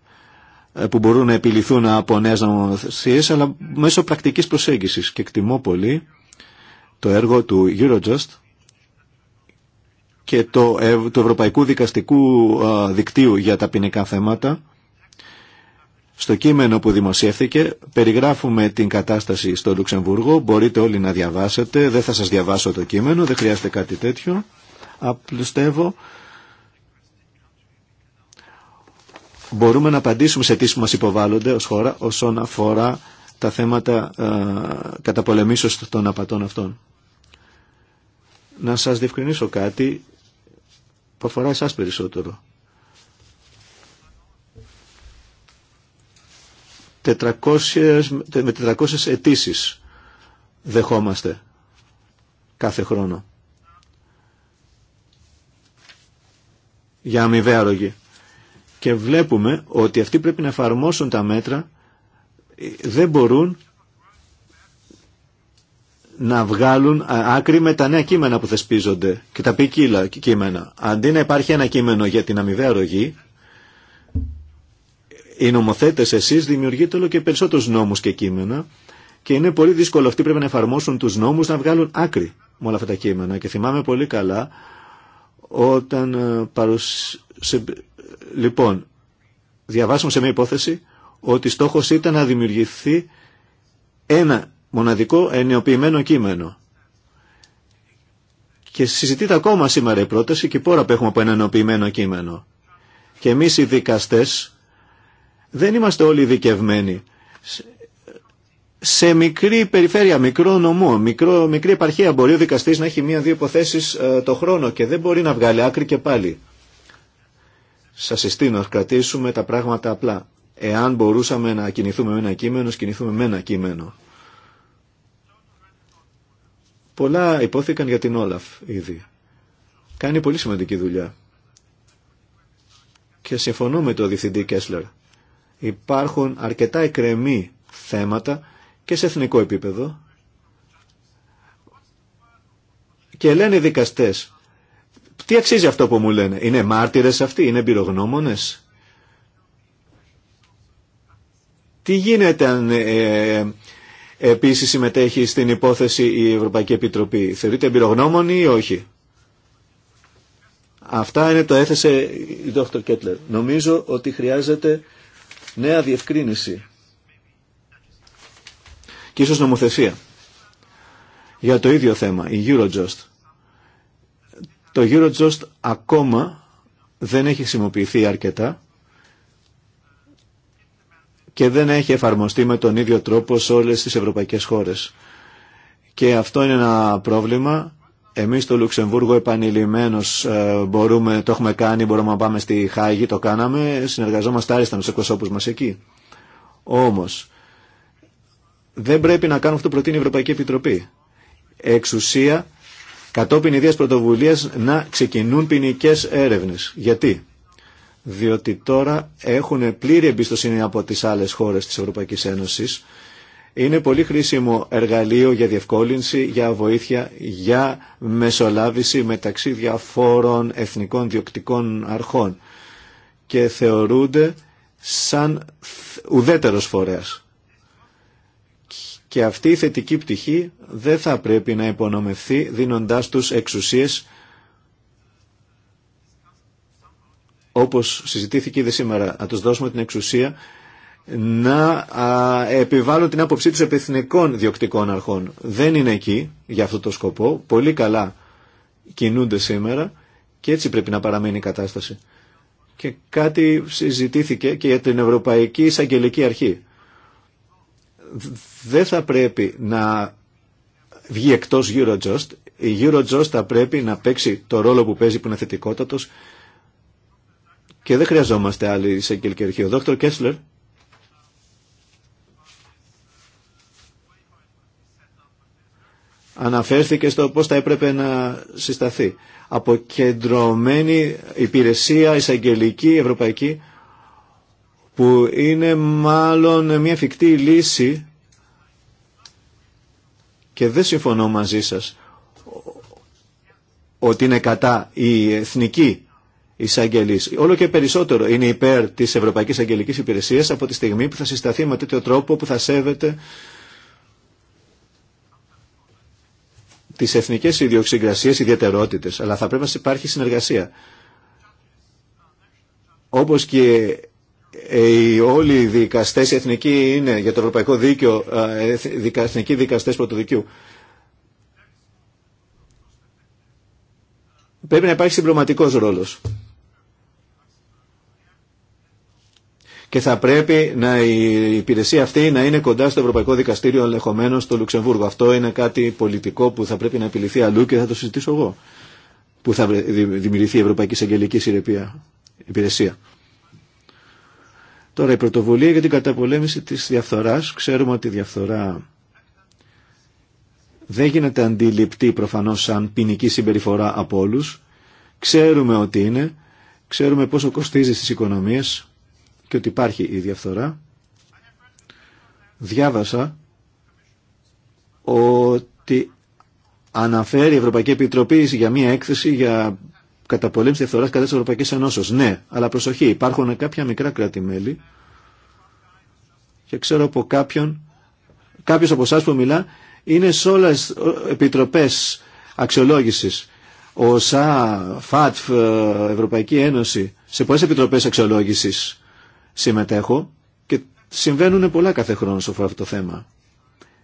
ε, που μπορούν να επιληθούν από νέες νομοθεσίες, αλλά μέσω πρακτικής προσέγγισης. Και εκτιμώ πολύ το έργο του Eurojust, και το, του Ευρωπαϊκού Δικαστικού Δικτύου για τα ποινικά θέματα. Στο κείμενο που δημοσιεύθηκε περιγράφουμε την κατάσταση στο Λουξεμβούργο. Μπορείτε όλοι να διαβάσετε. Δεν θα σας διαβάσω το κείμενο, δεν χρειάζεται κάτι τέτοιο. Απλουστεύω. Μπορούμε να απαντήσουμε σε τι μας υποβάλλονται ως χώρα όσον αφορά τα θέματα ε, καταπολεμήσεως των απατών αυτών. Να σας διευκρινίσω κάτι που αφορά εσάς περισσότερο. 400, με 400 αιτήσει δεχόμαστε κάθε χρόνο. Για αμοιβαία Και βλέπουμε ότι αυτοί πρέπει να εφαρμόσουν τα μέτρα ε, δεν μπορούν να βγάλουν άκρη με τα νέα κείμενα που θεσπίζονται και τα ποικίλα κείμενα. Αντί να υπάρχει ένα κείμενο για την αμοιβαία ρογή, οι νομοθέτε εσείς δημιουργείτε όλο και περισσότερου νόμους και κείμενα και είναι πολύ δύσκολο αυτοί πρέπει να εφαρμόσουν τους νόμους να βγάλουν άκρη με όλα αυτά τα κείμενα. Και θυμάμαι πολύ καλά όταν ε, παρουσ... Λοιπόν, διαβάσαμε σε μια υπόθεση ότι στόχος ήταν να δημιουργηθεί ένα μοναδικό ενιοποιημένο κείμενο. Και συζητείται ακόμα σήμερα η πρόταση και πόρα που έχουμε από ένα ενοποιημένο κείμενο. Και εμείς οι δικαστές δεν είμαστε όλοι δικευμένοι. Σε μικρή περιφέρεια, μικρό νομό, μικρό, μικρή επαρχία μπορεί ο δικαστής να έχει μία-δύο υποθέσεις ε, το χρόνο και δεν μπορεί να βγάλει άκρη και πάλι. Σας συστήνω, να κρατήσουμε τα πράγματα απλά. Εάν μπορούσαμε να κινηθούμε με ένα κείμενο, κινηθούμε με ένα κείμενο. Πολλά υπόθηκαν για την Όλαφ ήδη. Κάνει πολύ σημαντική δουλειά. Και συμφωνώ με τον Διευθυντή Κέσλερ. Υπάρχουν αρκετά εκρεμή θέματα και σε εθνικό επίπεδο. Και λένε οι δικαστές, τι αξίζει αυτό που μου λένε, είναι μάρτυρες αυτοί, είναι πυρογνώμονες. Τι γίνεται αν ε, ε, Επίση συμμετέχει στην υπόθεση η Ευρωπαϊκή Επιτροπή. Θεωρείται εμπειρογνώμονη ή όχι. Αυτά είναι το έθεσε η Δόκτωρ Κέτλερ. Νομίζω ότι χρειάζεται νέα διευκρίνηση και ίσως νομοθεσία για το ίδιο θέμα, η Eurojust. Το Eurojust ακόμα δεν έχει χρησιμοποιηθεί αρκετά και δεν έχει εφαρμοστεί με τον ίδιο τρόπο σε όλες τις ευρωπαϊκές χώρες. Και αυτό είναι ένα πρόβλημα. Εμείς στο Λουξεμβούργο επανειλημμένως ε, μπορούμε, το έχουμε κάνει, μπορούμε να πάμε στη Χάγη, το κάναμε, συνεργαζόμαστε άριστα με τους εκπροσώπους μας εκεί. Όμως, δεν πρέπει να κάνουμε αυτό που προτείνει η Ευρωπαϊκή Επιτροπή. Εξουσία κατόπιν ιδίας πρωτοβουλίας να ξεκινούν ποινικέ έρευνες. Γιατί? διότι τώρα έχουν πλήρη εμπιστοσύνη από τις άλλες χώρες της Ευρωπαϊκής Ένωσης. Είναι πολύ χρήσιμο εργαλείο για διευκόλυνση, για βοήθεια, για μεσολάβηση μεταξύ διαφόρων εθνικών διοκτικών αρχών και θεωρούνται σαν ουδέτερος φορέας. Και αυτή η θετική πτυχή δεν θα πρέπει να υπονομευθεί δίνοντάς τους εξουσίες όπως συζητήθηκε ήδη σήμερα, να τους δώσουμε την εξουσία να επιβάλλουν την άποψή τους επιθυνικών διοκτικών αρχών. Δεν είναι εκεί για αυτό το σκοπό. Πολύ καλά κινούνται σήμερα και έτσι πρέπει να παραμείνει η κατάσταση. Και κάτι συζητήθηκε και για την Ευρωπαϊκή Εισαγγελική Αρχή. Δεν θα πρέπει να βγει εκτός Eurojust. Η Eurojust θα πρέπει να παίξει το ρόλο που παίζει που είναι θετικότατος και δεν χρειαζόμαστε άλλη εισαγγελική αρχή. Ο Δόκτωρ Κέσλερ αναφέρθηκε στο πώς θα έπρεπε να συσταθεί. Αποκεντρωμένη υπηρεσία εισαγγελική ευρωπαϊκή που είναι μάλλον μια φικτή λύση και δεν συμφωνώ μαζί σας ότι είναι κατά η εθνική Όλο και περισσότερο είναι υπέρ της Ευρωπαϊκής Αγγελική Υπηρεσίας από τη στιγμή που θα συσταθεί με τέτοιο τρόπο που θα σέβεται τις εθνικές ιδιοξυγκρασίε ιδιαιτερότητε. Αλλά θα πρέπει να υπάρχει συνεργασία. Όπως και ε, οι όλοι οι δικαστές εθνικοί είναι για το Ευρωπαϊκό Δίκαιο ε, εθνικοί δικαστέ πρωτοδικίου. Πρέπει να υπάρχει συμπληρωματικό ρόλο. και θα πρέπει να, η υπηρεσία αυτή να είναι κοντά στο Ευρωπαϊκό Δικαστήριο ενδεχομένω στο Λουξεμβούργο. Αυτό είναι κάτι πολιτικό που θα πρέπει να επιληθεί αλλού και θα το συζητήσω εγώ. Που θα δημιουργηθεί η Ευρωπαϊκή Εισαγγελική Συρρεπία, Υπηρεσία. Τώρα η πρωτοβουλία για την καταπολέμηση της διαφθοράς. Ξέρουμε ότι η διαφθορά δεν γίνεται αντιληπτή προφανώς σαν ποινική συμπεριφορά από όλου. Ξέρουμε ότι είναι, ξέρουμε πόσο κοστίζει στις οικονομίες, και ότι υπάρχει η διαφθορά. Διάβασα ότι αναφέρει η Ευρωπαϊκή Επιτροπή για μία έκθεση για καταπολέμηση διαφθοράς κατά της Ευρωπαϊκής Ενώσεως. Ναι, αλλά προσοχή, υπάρχουν κάποια μικρά κράτη-μέλη και ξέρω από κάποιον, κάποιος από εσά που μιλά, είναι σε όλες επιτροπές αξιολόγησης. ΟΣΑ, ΦΑΤΦ, Ευρωπαϊκή Ένωση, σε πολλές επιτροπές αξιολόγησης συμμετέχω και συμβαίνουν πολλά κάθε χρόνο σε αυτό το θέμα.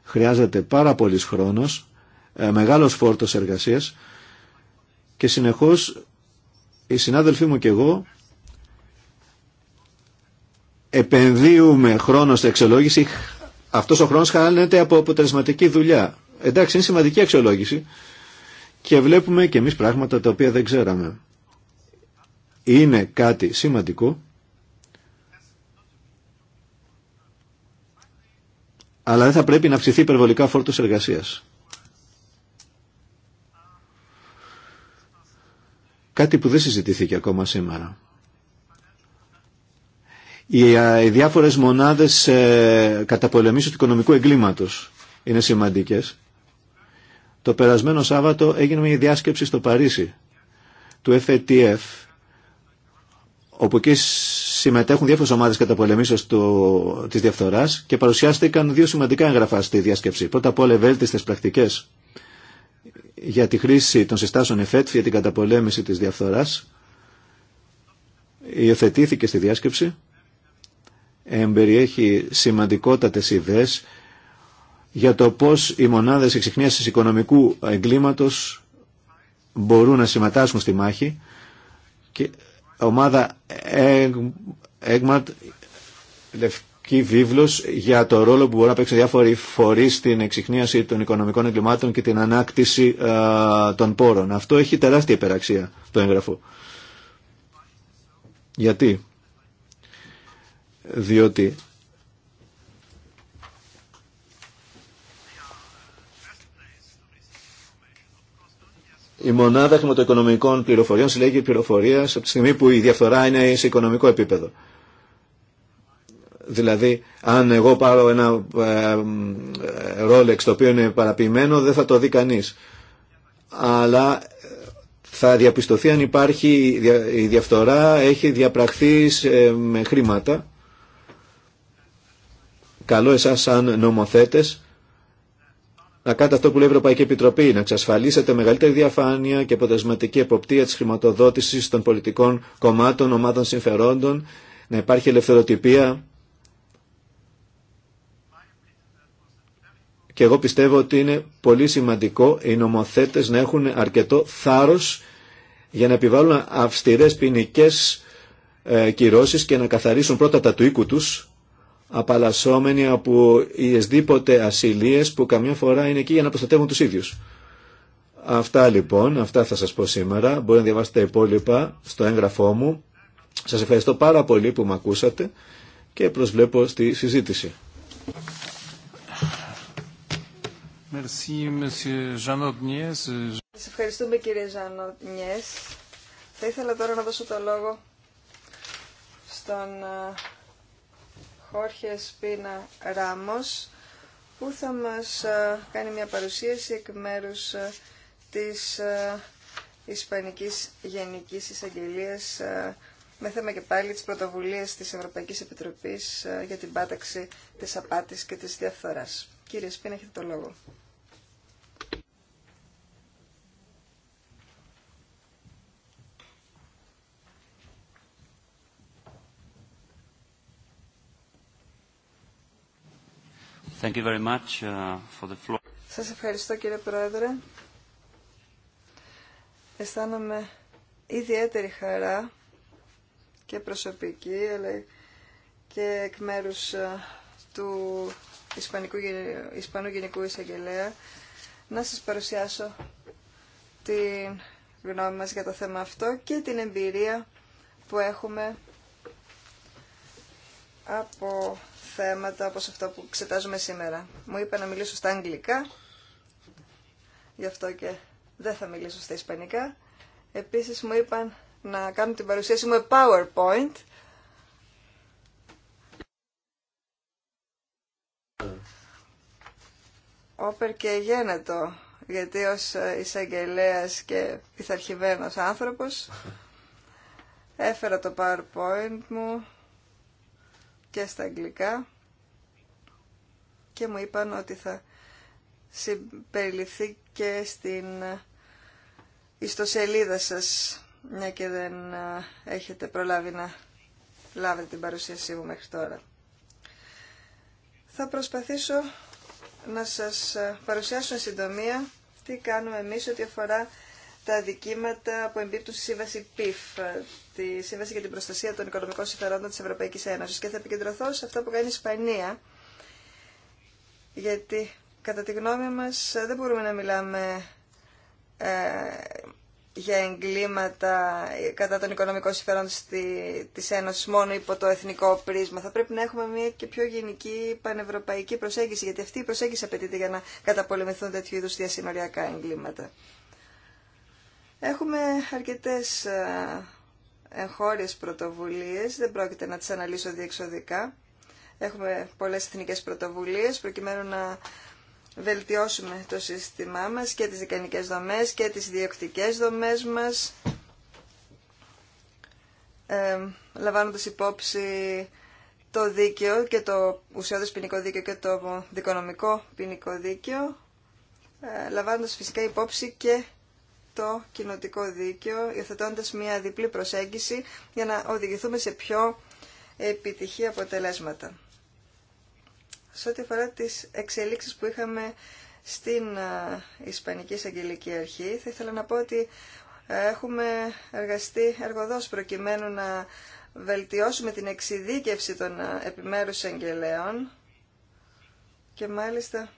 Χρειάζεται πάρα πολύ χρόνος, ε, μεγάλος φόρτος εργασίας και συνεχώς οι συνάδελφοί μου και εγώ επενδύουμε χρόνο στην αξιολόγηση, αυτός ο χρόνος χάνεται από αποτελεσματική δουλειά. Εντάξει, είναι σημαντική αξιολόγηση και βλέπουμε και εμείς πράγματα τα οποία δεν ξέραμε. Είναι κάτι σημαντικό αλλά δεν θα πρέπει να αυξηθεί υπερβολικά φόρτος εργασίας. Κάτι που δεν συζητηθήκε ακόμα σήμερα. Οι διάφορες μονάδες ε, καταπολεμήσεως του οικονομικού εγκλήματος είναι σημαντικές. Το περασμένο Σάββατο έγινε μια διάσκεψη στο Παρίσι του FETF όπου εκεί συμμετέχουν διάφορε ομάδε κατά πολεμήσεω τη διαφθορά και παρουσιάστηκαν δύο σημαντικά έγγραφα στη διάσκεψη. Πρώτα απ' όλα, ευέλτιστε πρακτικέ για τη χρήση των συστάσεων ΕΦΕΤ για την καταπολέμηση τη διαφθορά. Υιοθετήθηκε στη διάσκεψη. Εμπεριέχει σημαντικότατε ιδέε για το πώ οι μονάδε εξυχνίαση οικονομικού εγκλήματο μπορούν να συμμετάσχουν στη μάχη και ομάδα έγματ λευκή βίβλος για το ρόλο που μπορεί να παίξει διάφοροι φορεί στην εξυχνίαση των οικονομικών εγκλημάτων και την ανάκτηση ε, των πόρων. Αυτό έχει τεράστια υπεραξία το έγγραφο. Γιατί? Διότι Η μονάδα χρηματοοικονομικών πληροφοριών συλλέγει πληροφορία από τη στιγμή που η διαφθορά είναι σε οικονομικό επίπεδο. Δηλαδή, αν εγώ πάρω ένα ρόλεξ το οποίο είναι παραποιημένο, δεν θα το δει κανεί. Αλλά ε, θα διαπιστωθεί αν υπάρχει η διαφθορά, έχει διαπραχθεί με χρήματα. Καλό εσάς σαν νομοθέτες να κάνετε αυτό που λέει η Ευρωπαϊκή Επιτροπή, να εξασφαλίσετε μεγαλύτερη διαφάνεια και αποτελεσματική εποπτεία της χρηματοδότησης των πολιτικών κομμάτων, ομάδων συμφερόντων, να υπάρχει ελευθεροτυπία. Και εγώ πιστεύω ότι είναι πολύ σημαντικό οι νομοθέτες να έχουν αρκετό θάρρος για να επιβάλλουν αυστηρέ ποινικέ ε, κυρώσει και να καθαρίσουν πρώτα τα του οίκου του απαλλασσόμενοι από ιεσδήποτε ασυλίες που καμιά φορά είναι εκεί για να προστατεύουν τους ίδιους. Αυτά λοιπόν, αυτά θα σας πω σήμερα. Μπορείτε να διαβάσετε τα υπόλοιπα στο έγγραφό μου. Σας ευχαριστώ πάρα πολύ που με ακούσατε και προσβλέπω στη συζήτηση. Σας ευχαριστούμε κύριε Ζανοτνιές. Θα ήθελα τώρα να δώσω το λόγο στον ε, Χόρχε Σπίνα Ράμος που θα μας ε, κάνει μια παρουσίαση εκ μέρους ε, της ε, Ισπανικής Γενικής Εισαγγελίας με θέμα και πάλι τις πρωτοβουλίες της Ευρωπαϊκής Επιτροπής για την πάταξη της απάτης και της διαφθοράς. Κύριε Σπίνα, έχετε το λόγο. Thank uh, Σας ευχαριστώ κύριε Πρόεδρε. Αισθάνομαι ιδιαίτερη χαρά και προσωπική αλλά και εκ μέρους ε, του Ισπανικού, Ισπανού Γενικού Εισαγγελέα να σας παρουσιάσω την γνώμη μας για το θέμα αυτό και την εμπειρία που έχουμε από θέματα όπως αυτό που εξετάζουμε σήμερα. Μου είπε να μιλήσω στα αγγλικά, γι' αυτό και δεν θα μιλήσω στα ισπανικά. Επίσης μου είπαν να κάνω την παρουσίαση μου με PowerPoint. Όπερ και γένετο, γιατί ως εισαγγελέα και πειθαρχημένος άνθρωπος έφερα το PowerPoint μου και στα αγγλικά και μου είπαν ότι θα συμπεριληφθεί και στην ιστοσελίδα σας μια και δεν έχετε προλάβει να λάβετε την παρουσίασή μου μέχρι τώρα. Θα προσπαθήσω να σας παρουσιάσω συντομία τι κάνουμε εμείς ό,τι αφορά τα δικήματα που εμπίπτουν στη σύμβαση PIF, στη Σύμβαση για την Προστασία των Οικονομικών Συμφερόντων τη Ευρωπαϊκή Ένωση. και θα επικεντρωθώ σε αυτό που κάνει η Ισπανία, γιατί κατά τη γνώμη μα δεν μπορούμε να μιλάμε ε, για εγκλήματα κατά των οικονομικών συμφερόντων τη Ένωση μόνο υπό το εθνικό πρίσμα. Θα πρέπει να έχουμε μια και πιο γενική πανευρωπαϊκή προσέγγιση, γιατί αυτή η προσέγγιση απαιτείται για να καταπολεμηθούν τέτοιου είδου διασυνοριακά εγκλήματα. Έχουμε αρκετές ε, εγχώριες πρωτοβουλίες, δεν πρόκειται να τις αναλύσω διεξοδικά. Έχουμε πολλές εθνικές πρωτοβουλίες προκειμένου να βελτιώσουμε το σύστημά μας και τις δικανικές δομές και τις διοκτικές δομές μας, ε, λαμβάνοντας υπόψη το δίκαιο και το ουσιώδες ποινικό δίκαιο και το δικονομικό ποινικό δίκαιο, ε, λαμβάνοντας φυσικά υπόψη και το κοινοτικό δίκαιο, υιοθετώντα μια διπλή προσέγγιση για να οδηγηθούμε σε πιο επιτυχή αποτελέσματα. Σε ό,τι αφορά τις εξελίξεις που είχαμε στην Ισπανική Εισαγγελική Αρχή, θα ήθελα να πω ότι ε, έχουμε εργαστεί εργοδός προκειμένου να βελτιώσουμε την εξειδίκευση των επιμέρους εγγελέων και μάλιστα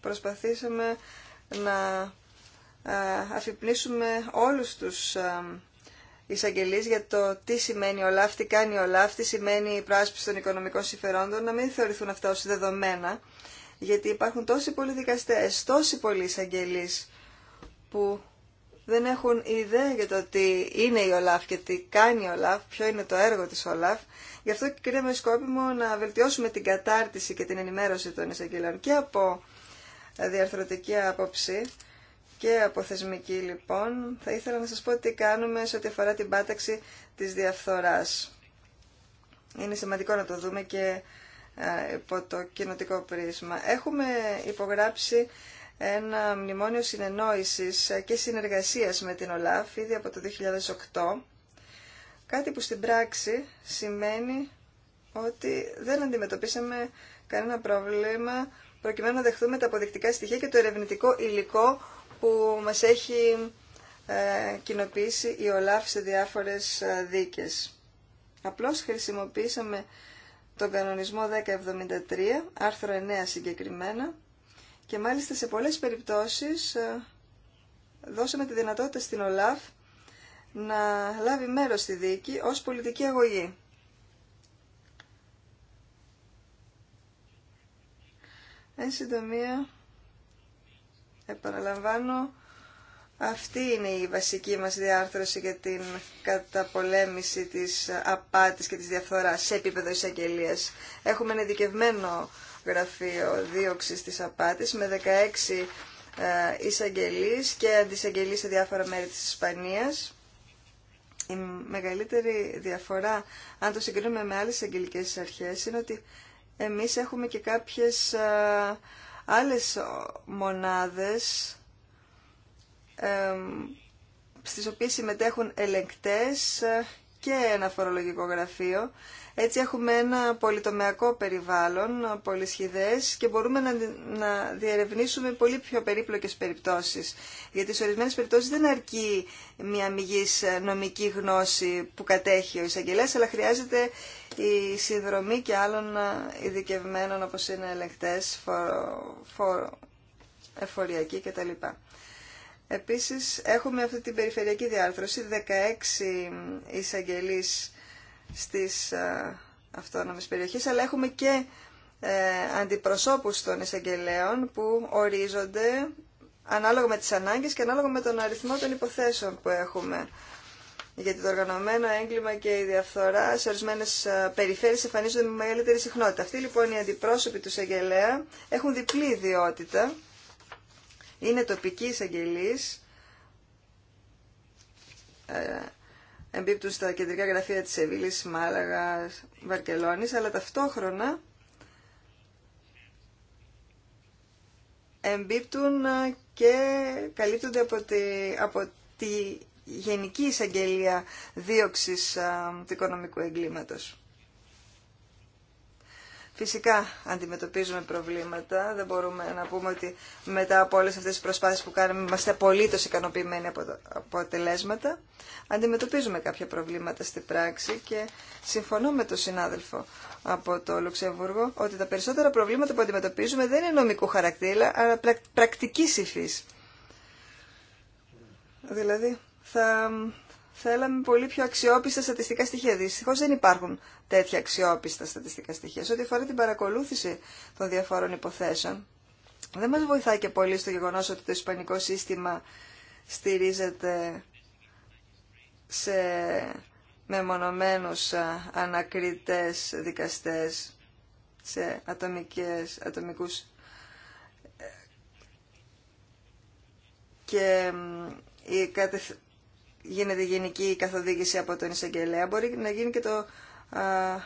προσπαθήσαμε να αφυπνίσουμε όλους τους εισαγγελεί για το τι σημαίνει ο ΛΑΦ, τι κάνει ο ΛΑΦ, τι σημαίνει η πράσπιση των οικονομικών συμφερόντων, να μην θεωρηθούν αυτά ως δεδομένα, γιατί υπάρχουν τόσοι πολλοί δικαστές, τόσοι πολλοί εισαγγελεί που δεν έχουν ιδέα για το τι είναι η ΟΛΑΦ και τι κάνει η ΟΛΑΦ, ποιο είναι το έργο της ΟΛΑΦ. Γι' αυτό και κρίναμε σκόπιμο να βελτιώσουμε την κατάρτιση και την ενημέρωση των εισαγγελών και από διαρθρωτική άποψη, και από θεσμική λοιπόν, θα ήθελα να σας πω τι κάνουμε σε ό,τι αφορά την πάταξη της διαφθοράς. Είναι σημαντικό να το δούμε και υπό το κοινοτικό πρίσμα. Έχουμε υπογράψει ένα μνημόνιο συνεννόησης και συνεργασίας με την ΟΛΑΦ ήδη από το 2008, κάτι που στην πράξη σημαίνει ότι δεν αντιμετωπίσαμε κανένα πρόβλημα προκειμένου να δεχθούμε τα αποδεικτικά στοιχεία και το ερευνητικό υλικό που μας έχει ε, κοινοποιήσει η ΟΛΑΦ σε διάφορες ε, δίκες. Απλώς χρησιμοποίησαμε τον κανονισμό 1073, άρθρο 9 συγκεκριμένα, και μάλιστα σε πολλές περιπτώσεις ε, δώσαμε τη δυνατότητα στην ΟΛΑΦ να λάβει μέρος στη δίκη ως πολιτική αγωγή. Εν συντομία, Επαναλαμβάνω, αυτή είναι η βασική μας διάρθρωση για την καταπολέμηση της απάτης και της διαφθοράς σε επίπεδο εισαγγελία. Έχουμε ένα ειδικευμένο γραφείο δίωξης της απάτης με 16 ε, εισαγγελείς και αντισαγγελείς σε διάφορα μέρη της Ισπανίας. Η μεγαλύτερη διαφορά, αν το συγκρίνουμε με άλλες αγγελικές αρχές, είναι ότι εμείς έχουμε και κάποιες ε, άλλες μονάδες στις οποίες συμμετέχουν ελεκτές και ένα φορολογικό γραφείο. Έτσι έχουμε ένα πολυτομεακό περιβάλλον, πολυσχηδές και μπορούμε να, να διερευνήσουμε πολύ πιο περίπλοκες περιπτώσεις. Γιατί σε ορισμένες περιπτώσεις δεν αρκεί μια μηγής νομική γνώση που κατέχει ο εισαγγελέας, αλλά χρειάζεται η συνδρομή και άλλων ειδικευμένων όπως είναι ελεγχτές, φορο, εφοριακοί κτλ. Επίσης έχουμε αυτή την περιφερειακή διάρθρωση, 16 εισαγγελείς στις α, ε, αυτόνομες περιοχές, αλλά έχουμε και ε, αντιπροσώπους των εισαγγελέων που ορίζονται ανάλογα με τις ανάγκες και ανάλογα με τον αριθμό των υποθέσεων που έχουμε. Γιατί το οργανωμένο έγκλημα και η διαφθορά σε ορισμένε περιφέρειε εμφανίζονται με μεγαλύτερη συχνότητα. Αυτοί λοιπόν οι αντιπρόσωποι του εισαγγελέα έχουν διπλή ιδιότητα είναι τοπική Ε, εμπίπτουν στα κεντρικά γραφεία της Σεβίλης, Μάλαγα, Βαρκελόνης, αλλά ταυτόχρονα εμπίπτουν ε, και καλύπτονται από τη, από τη Γενική Εισαγγελία Δίωξης ε, του Οικονομικού Εγκλήματος. Φυσικά αντιμετωπίζουμε προβλήματα, δεν μπορούμε να πούμε ότι μετά από όλες αυτές τις προσπάθειες που κάνουμε είμαστε απολύτω ικανοποιημένοι από τα αποτελέσματα. Αντιμετωπίζουμε κάποια προβλήματα στην πράξη και συμφωνώ με τον συνάδελφο από το Λουξεμβούργο ότι τα περισσότερα προβλήματα που αντιμετωπίζουμε δεν είναι νομικού χαρακτήρα, αλλά πρακτική υφή. Δηλαδή θα θέλαμε πολύ πιο αξιόπιστα στατιστικά στοιχεία. Δυστυχώ δεν υπάρχουν τέτοια αξιόπιστα στατιστικά στοιχεία. Σε ό,τι αφορά την παρακολούθηση των διαφόρων υποθέσεων, δεν μας βοηθάει και πολύ στο γεγονό ότι το ισπανικό σύστημα στηρίζεται σε μεμονωμένους ανακριτές δικαστές, σε ατομικές, ατομικούς ε, και η γίνεται γενική καθοδήγηση από τον εισαγγελέα, μπορεί να γίνει και το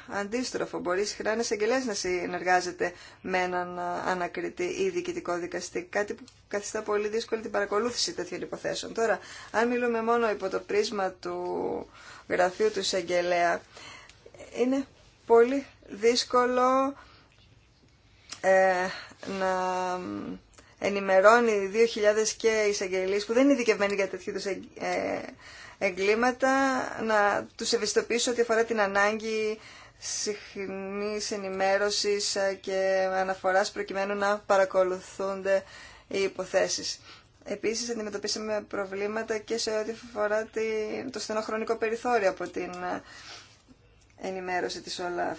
αντίστροφο. Μπορεί συχνά ένα εισαγγελέα να συνεργάζεται με έναν ανακριτή ή διοικητικό δικαστή. Κάτι που καθιστά πολύ δύσκολη την παρακολούθηση τέτοιων υποθέσεων. Τώρα, αν μιλούμε μόνο υπό το πρίσμα του γραφείου του εισαγγελέα, είναι πολύ δύσκολο ε, να ενημερώνει 2.000 και εισαγγελείς που δεν είναι ειδικευμένοι για τέτοιου ε, εγκλήματα, να τους ευαισθητοποιήσω ότι αφορά την ανάγκη συχνής ενημέρωσης ε, και αναφοράς προκειμένου να παρακολουθούνται οι υποθέσεις. Επίσης αντιμετωπίσαμε προβλήματα και σε ό,τι αφορά το στενό χρονικό περιθώριο από την ε, ενημέρωση της ΟΛΑΦ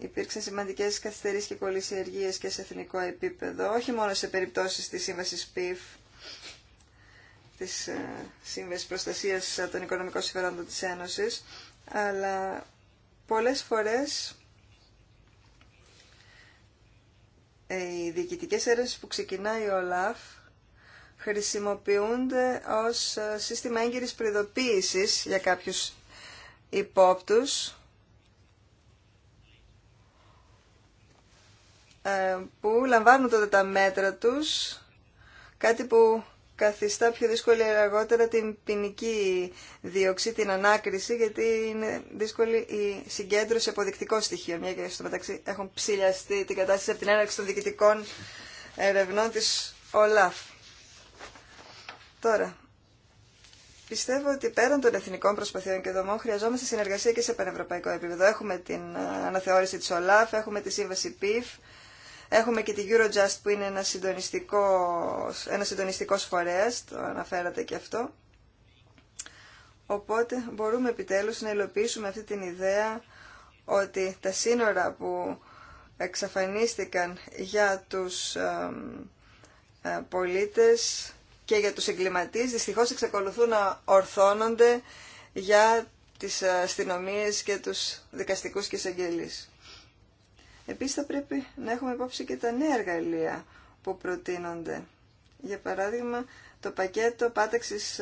υπήρξαν σημαντικές καθυστερήσεις και κολλησιεργίες και σε εθνικό επίπεδο, όχι μόνο σε περιπτώσεις της σύμβασης ΠΙΦ, της ε, Σύμβασης Προστασίας των Οικονομικών Συμφερόντων της Ένωσης, αλλά πολλές φορές ε, οι διοικητικές έρευνες που ξεκινάει ο ΛΑΦ χρησιμοποιούνται ως ε, σύστημα έγκυρης προειδοποίησης για κάποιους υπόπτους Ε, που λαμβάνουν τότε τα μέτρα τους, κάτι που καθιστά πιο δύσκολη αργότερα την ποινική δίωξη, την ανάκριση, γιατί είναι δύσκολη η συγκέντρωση αποδεικτικών στοιχείων, μια και στο μεταξύ έχουν ψηλιαστεί την κατάσταση από την έναρξη των διοικητικών ερευνών της ΟΛΑΦ. Τώρα, Πιστεύω ότι πέραν των εθνικών προσπαθειών και δομών χρειαζόμαστε συνεργασία και σε πανευρωπαϊκό επίπεδο. Έχουμε την ε, αναθεώρηση της ΟΛΑΦ, έχουμε τη σύμβαση ΠΙΦ, Έχουμε και τη Eurojust που είναι ένα συντονιστικό, ένα συντονιστικός φορέας, το αναφέρατε και αυτό. Οπότε μπορούμε επιτέλους να υλοποιήσουμε αυτή την ιδέα ότι τα σύνορα που εξαφανίστηκαν για τους ε, πολίτες και για τους εγκληματίες δυστυχώς εξακολουθούν να ορθώνονται για τις ε, αστυνομίε και τους δικαστικούς και εισαγγελίες. Επίσης θα πρέπει να έχουμε υπόψη και τα νέα εργαλεία που προτείνονται. Για παράδειγμα, το πακέτο πάταξης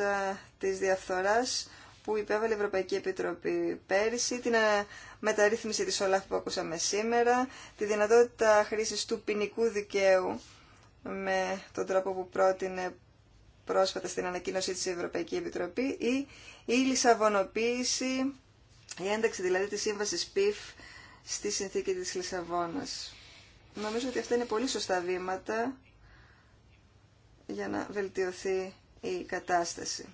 της διαφθοράς που υπέβαλε η Ευρωπαϊκή Επιτροπή πέρυσι, την μεταρρύθμιση της ΟΛΑΦ που ακούσαμε σήμερα, τη δυνατότητα χρήσης του ποινικού δικαίου με τον τρόπο που πρότεινε πρόσφατα στην ανακοίνωσή της Ευρωπαϊκή Επιτροπή ή η λισαβονοποίηση, η ένταξη δηλαδή της σύμβασης PIF στη συνθήκη της Λισαβόνας. Νομίζω ότι αυτά είναι πολύ σωστά βήματα για να βελτιωθεί η κατάσταση.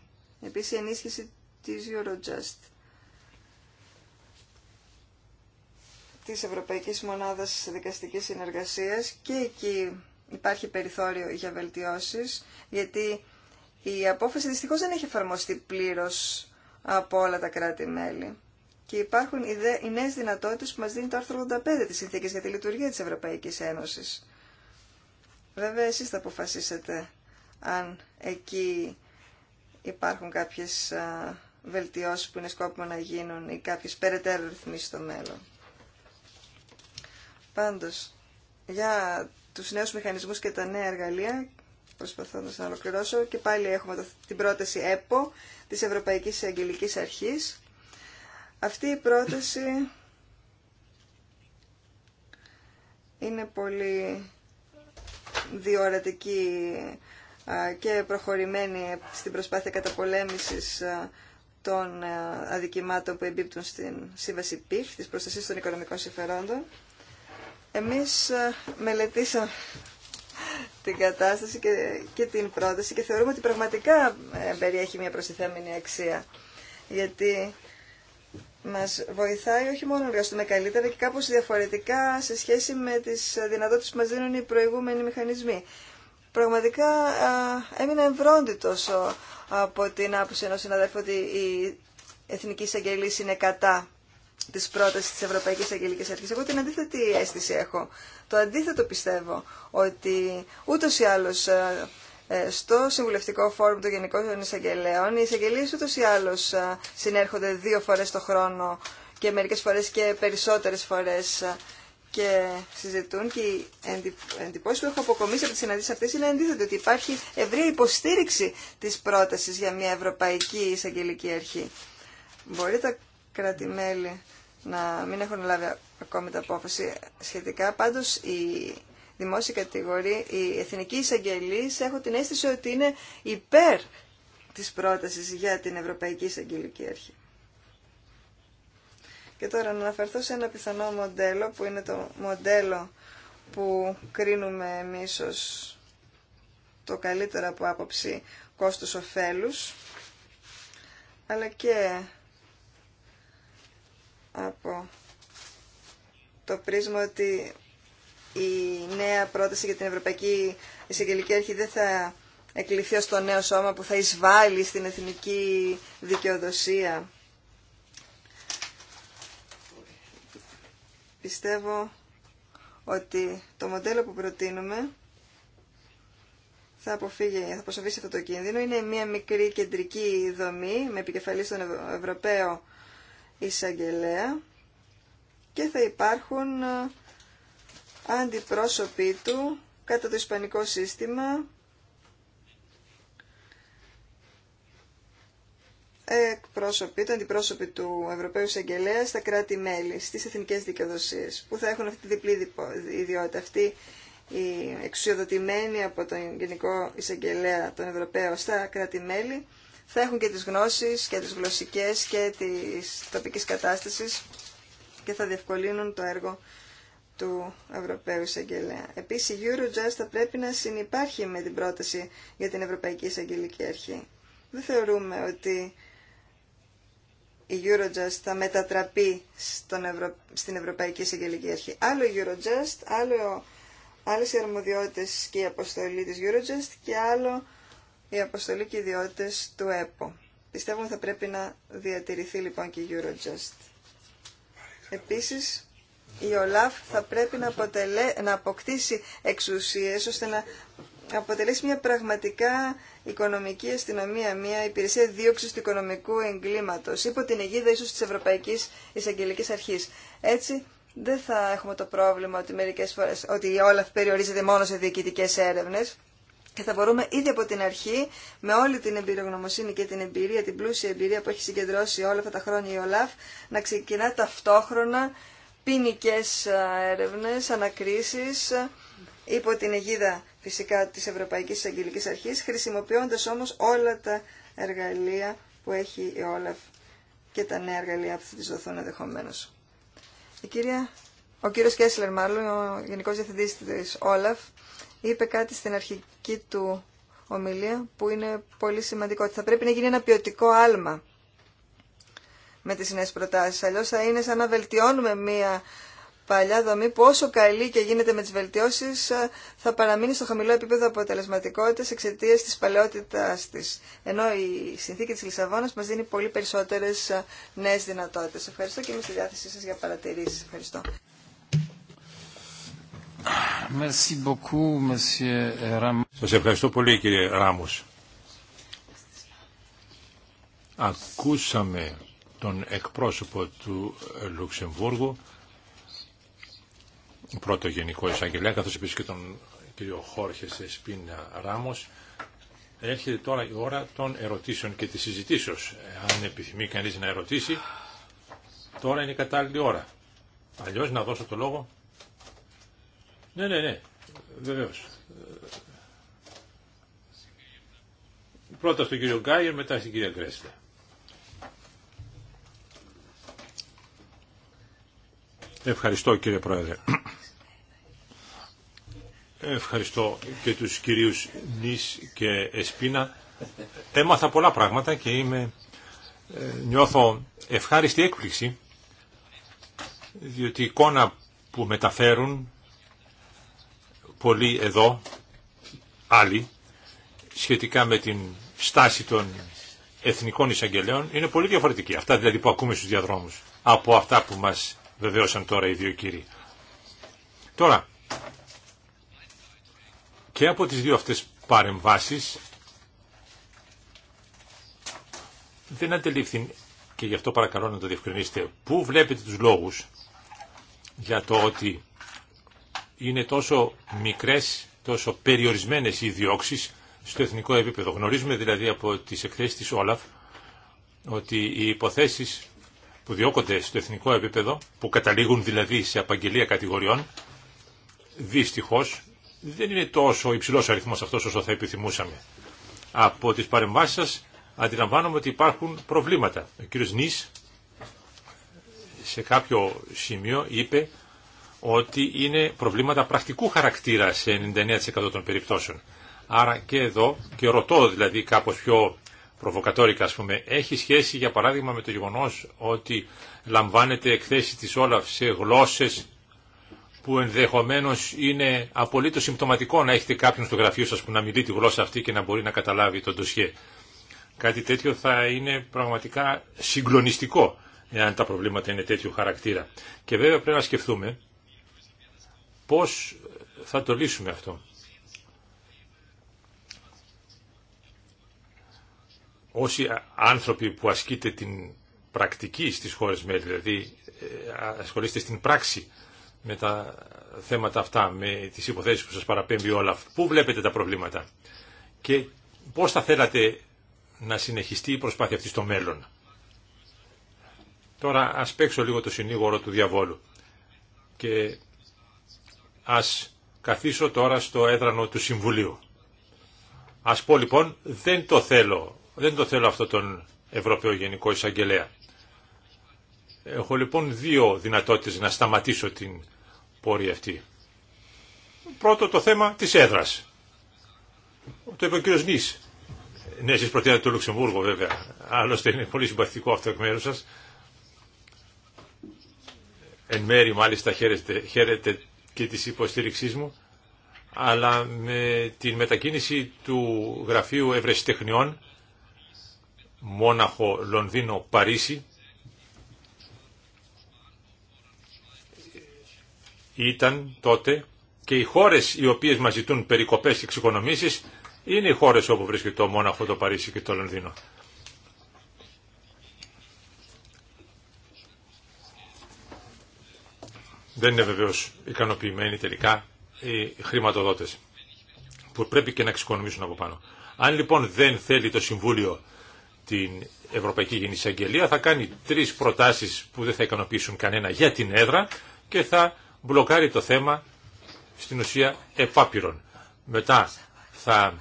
Επίσης η ενίσχυση της Eurojust, της Ευρωπαϊκής Μονάδας Δικαστικής Συνεργασίας και εκεί υπάρχει περιθώριο για βελτιώσεις, γιατί η απόφαση δυστυχώς δεν έχει εφαρμοστεί πλήρως από όλα τα κράτη-μέλη και υπάρχουν οι νέε δυνατότητε που μα δίνει το άρθρο 85 τη συνθήκη για τη λειτουργία τη Ευρωπαϊκή Ένωση. Βέβαια, εσεί θα αποφασίσετε αν εκεί υπάρχουν κάποιε βελτιώσει που είναι σκόπιμο να γίνουν ή κάποιε περαιτέρω ρυθμίσει στο μέλλον. Πάντω, για του νέου μηχανισμού και τα νέα εργαλεία, προσπαθώ να ολοκληρώσω, και πάλι έχουμε την πρόταση ΕΠΟ της Ευρωπαϊκής Αγγελική Αρχή αυτή η πρόταση είναι πολύ διορατική και προχωρημένη στην προσπάθεια καταπολέμησης των αδικημάτων που εμπίπτουν στην σύμβαση ΠΙΦ, της προστασίας των οικονομικών συμφερόντων. Εμείς μελετήσαμε την κατάσταση και, και την πρόταση και θεωρούμε ότι πραγματικά ε, περιέχει μια προστιθέμενη αξία. Γιατί μας βοηθάει όχι μόνο να εργαστούμε καλύτερα και κάπως διαφορετικά σε σχέση με τις δυνατότητες που μας δίνουν οι προηγούμενοι μηχανισμοί. Πραγματικά έμεινα εμβρόντιτος από την άποψη ενός συναδέλφου ότι η Εθνική Εισαγγελία είναι κατά τη πρόταση τη Ευρωπαϊκή Αγγελική Αρχή. Εγώ την αντίθετη αίσθηση έχω. Το αντίθετο πιστεύω ότι ούτω ή άλλω ε, στο συμβουλευτικό φόρουμ των Γενικών Εισαγγελέων, οι εισαγγελίε ούτω ή άλλω ε, συνέρχονται δύο φορέ το χρόνο και μερικέ φορέ και περισσότερε φορέ ε, και συζητούν και οι εντυπώσει που έχω αποκομίσει από τι συναντήσει αυτέ είναι αντίθετο ότι υπάρχει ευρεία υποστήριξη τη πρόταση για μια Ευρωπαϊκή Εισαγγελική Αρχή. Μπορεί τα κράτη-μέλη να μην έχουν λάβει ακόμη την απόφαση σχετικά. Πάντως η δημόσια κατηγορία, η εθνική εισαγγελείς έχω την αίσθηση ότι είναι υπέρ της πρότασης για την Ευρωπαϊκή Εισαγγελική Αρχή. Και τώρα να αναφερθώ σε ένα πιθανό μοντέλο που είναι το μοντέλο που κρίνουμε εμείς ως το καλύτερο από άποψη κόστος κόστος-οφέλους αλλά και από το πρίσμα ότι η νέα πρόταση για την Ευρωπαϊκή Εισαγγελική Αρχή δεν θα εκλειφθεί ως το νέο σώμα που θα εισβάλλει στην εθνική δικαιοδοσία. Πιστεύω ότι το μοντέλο που προτείνουμε θα αποφύγει, θα αυτό το κίνδυνο. Είναι μια μικρή κεντρική δομή με επικεφαλή στον Ευρωπαίο Εισαγγελέα και θα υπάρχουν αντιπρόσωποι του κατά το ισπανικό σύστημα εκπρόσωποι, το αντιπρόσωποι του Ευρωπαίου Εισαγγελέα στα κράτη-μέλη, στις εθνικές δικαιοδοσίες, που θα έχουν αυτή τη διπλή ιδιότητα, αυτή η εξουσιοδοτημένη από τον Γενικό Εισαγγελέα τον Ευρωπαίο στα κράτη-μέλη, θα έχουν και τις γνώσεις και τις γλωσσικές και τις τοπικής κατάστασης και θα διευκολύνουν το έργο του Ευρωπαίου Εισαγγελέα. Επίσης, η Eurojust θα πρέπει να συνεπάρχει με την πρόταση για την Ευρωπαϊκή Εισαγγελική Αρχή. Δεν θεωρούμε ότι η Eurojust θα μετατραπεί στον στην Ευρωπαϊκή Εισαγγελική Αρχή. Άλλο η Eurojust, άλλο... άλλες οι αρμοδιότητες και η αποστολή τη Eurojust και άλλο η αποστολή και οι του ΕΠΟ. Πιστεύουμε θα πρέπει να διατηρηθεί λοιπόν και η Eurojust. Επίσης, η ΟΛΑΦ θα πρέπει να, αποτελέ, να αποκτήσει εξουσίες ώστε να αποτελέσει μια πραγματικά οικονομική αστυνομία, μια υπηρεσία δίωξη του οικονομικού εγκλήματο, υπό την αιγίδα ίσω τη Ευρωπαϊκή Εισαγγελική Αρχή. Έτσι, δεν θα έχουμε το πρόβλημα ότι μερικέ φορέ ότι η Όλαφ περιορίζεται μόνο σε διοικητικέ έρευνε και θα μπορούμε ήδη από την αρχή, με όλη την εμπειρογνωμοσύνη και την εμπειρία, την πλούσια εμπειρία που έχει συγκεντρώσει όλα αυτά τα χρόνια η ΟΛΑΦ, να ξεκινά ταυτόχρονα ποινικέ έρευνε, ανακρίσεις ε, υπό την αιγίδα φυσικά της Ευρωπαϊκής Αγγελικής Αρχής, χρησιμοποιώντας όμως όλα τα εργαλεία που έχει η Όλαφ και τα νέα εργαλεία που θα της δοθούν ενδεχομένω. ο κύριος Κέσλερ μάλλον, ο Γενικός Διευθυντής της Όλαφ, είπε κάτι στην αρχική του ομιλία που είναι πολύ σημαντικό, ότι θα πρέπει να γίνει ένα ποιοτικό άλμα με τις νέες προτάσεις. Αλλιώς θα είναι σαν να βελτιώνουμε μία παλιά δομή που όσο καλή και γίνεται με τις βελτιώσεις ε, θα παραμείνει στο χαμηλό επίπεδο αποτελεσματικότητας εξαιτία της παλαιότητάς της. Ενώ η συνθήκη της Λισαβόνας μας δίνει πολύ περισσότερες ε, νέες δυνατότητες. Ευχαριστώ και είμαι στη διάθεσή σας για παρατηρήσεις. Ευχαριστώ. Ε, σας ευχαριστώ πολύ κύριε Ράμος. Ακούσαμε τον εκπρόσωπο του Λουξεμβούργου, πρώτο γενικό εισαγγελέα, καθώς επίσης και τον κύριο Χόρχε Σπίνα Ράμος. Έρχεται τώρα η ώρα των ερωτήσεων και της συζητήσεως. Αν επιθυμεί κανείς να ερωτήσει, τώρα είναι η κατάλληλη ώρα. Αλλιώς να δώσω το λόγο. Ναι, ναι, ναι, βεβαίως. Πρώτα στον κύριο Γκάιερ, μετά στην κυρία Γκρέσλε. Ευχαριστώ κύριε Πρόεδρε. Ευχαριστώ και τους κυρίους Νίς και Εσπίνα. Έμαθα πολλά πράγματα και είμαι, ε, νιώθω ευχάριστη έκπληξη διότι η εικόνα που μεταφέρουν πολλοί εδώ, άλλοι, σχετικά με την στάση των εθνικών εισαγγελέων είναι πολύ διαφορετική. Αυτά δηλαδή που ακούμε στους διαδρόμους από αυτά που μας βεβαίωσαν τώρα οι δύο κύριοι. Τώρα, και από τις δύο αυτές παρεμβάσεις δεν αντελήφθη και γι' αυτό παρακαλώ να το διευκρινίσετε. Πού βλέπετε τους λόγους για το ότι είναι τόσο μικρές, τόσο περιορισμένες οι διώξει στο εθνικό επίπεδο. Γνωρίζουμε δηλαδή από τις εκθέσεις της Όλαφ ότι οι υποθέσεις που διώκονται στο εθνικό επίπεδο, που καταλήγουν δηλαδή σε απαγγελία κατηγοριών, δυστυχώς δεν είναι τόσο υψηλός αριθμό αριθμός αυτός όσο θα επιθυμούσαμε. Από τις παρεμβάσεις σας αντιλαμβάνομαι ότι υπάρχουν προβλήματα. Ο κύριος Νης σε κάποιο σημείο είπε ότι είναι προβλήματα πρακτικού χαρακτήρα σε 99% των περιπτώσεων. Άρα και εδώ, και ρωτώ δηλαδή κάπως πιο προβοκατόρικα ας πούμε, έχει σχέση για παράδειγμα με το γεγονός ότι λαμβάνεται εκθέσει της Όλαφ σε γλώσσες που ενδεχομένως είναι απολύτως συμπτωματικό να έχετε κάποιον στο γραφείο σας που να μιλεί τη γλώσσα αυτή και να μπορεί να καταλάβει το ντοσιέ. Κάτι τέτοιο θα είναι πραγματικά συγκλονιστικό εάν τα προβλήματα είναι τέτοιου χαρακτήρα. Και βέβαια πρέπει να σκεφτούμε πώς θα το λύσουμε αυτό. όσοι άνθρωποι που ασκείτε την πρακτική στις χώρες μέλη, δηλαδή ε, ασχολείστε στην πράξη με τα θέματα αυτά, με τις υποθέσεις που σας παραπέμπει όλα αυτά, πού βλέπετε τα προβλήματα και πώς θα θέλατε να συνεχιστεί η προσπάθεια αυτή στο μέλλον. Τώρα ας παίξω λίγο το συνήγορο του διαβόλου και ας καθίσω τώρα στο έδρανο του Συμβουλίου. Ας πω λοιπόν, δεν το θέλω δεν το θέλω αυτό τον Ευρωπαίο Γενικό Εισαγγελέα. Έχω λοιπόν δύο δυνατότητες να σταματήσω την πορεία αυτή. Πρώτο το θέμα της έδρας. Το είπε ο κύριος Νης. Ναι, εσείς προτείνατε το Λουξεμβούργο βέβαια. Άλλωστε είναι πολύ συμπαθητικό αυτό εκ μέρους σας. Εν μέρη μάλιστα χαίρετε, χαίρετε και της υποστήριξής μου. Αλλά με την μετακίνηση του Γραφείου Ευρεσιτεχνιών Μόναχο, Λονδίνο, Παρίσι ήταν τότε και οι χώρες οι οποίες μας ζητούν περικοπές και εξοικονομήσεις είναι οι χώρες όπου βρίσκεται το Μόναχο, το Παρίσι και το Λονδίνο. Δεν είναι βεβαίως ικανοποιημένοι τελικά οι χρηματοδότες που πρέπει και να εξοικονομήσουν από πάνω. Αν λοιπόν δεν θέλει το Συμβούλιο την Ευρωπαϊκή Γενική Αγγελία θα κάνει τρεις προτάσεις που δεν θα ικανοποιήσουν κανένα για την έδρα και θα μπλοκάρει το θέμα στην ουσία επάπειρον. Μετά θα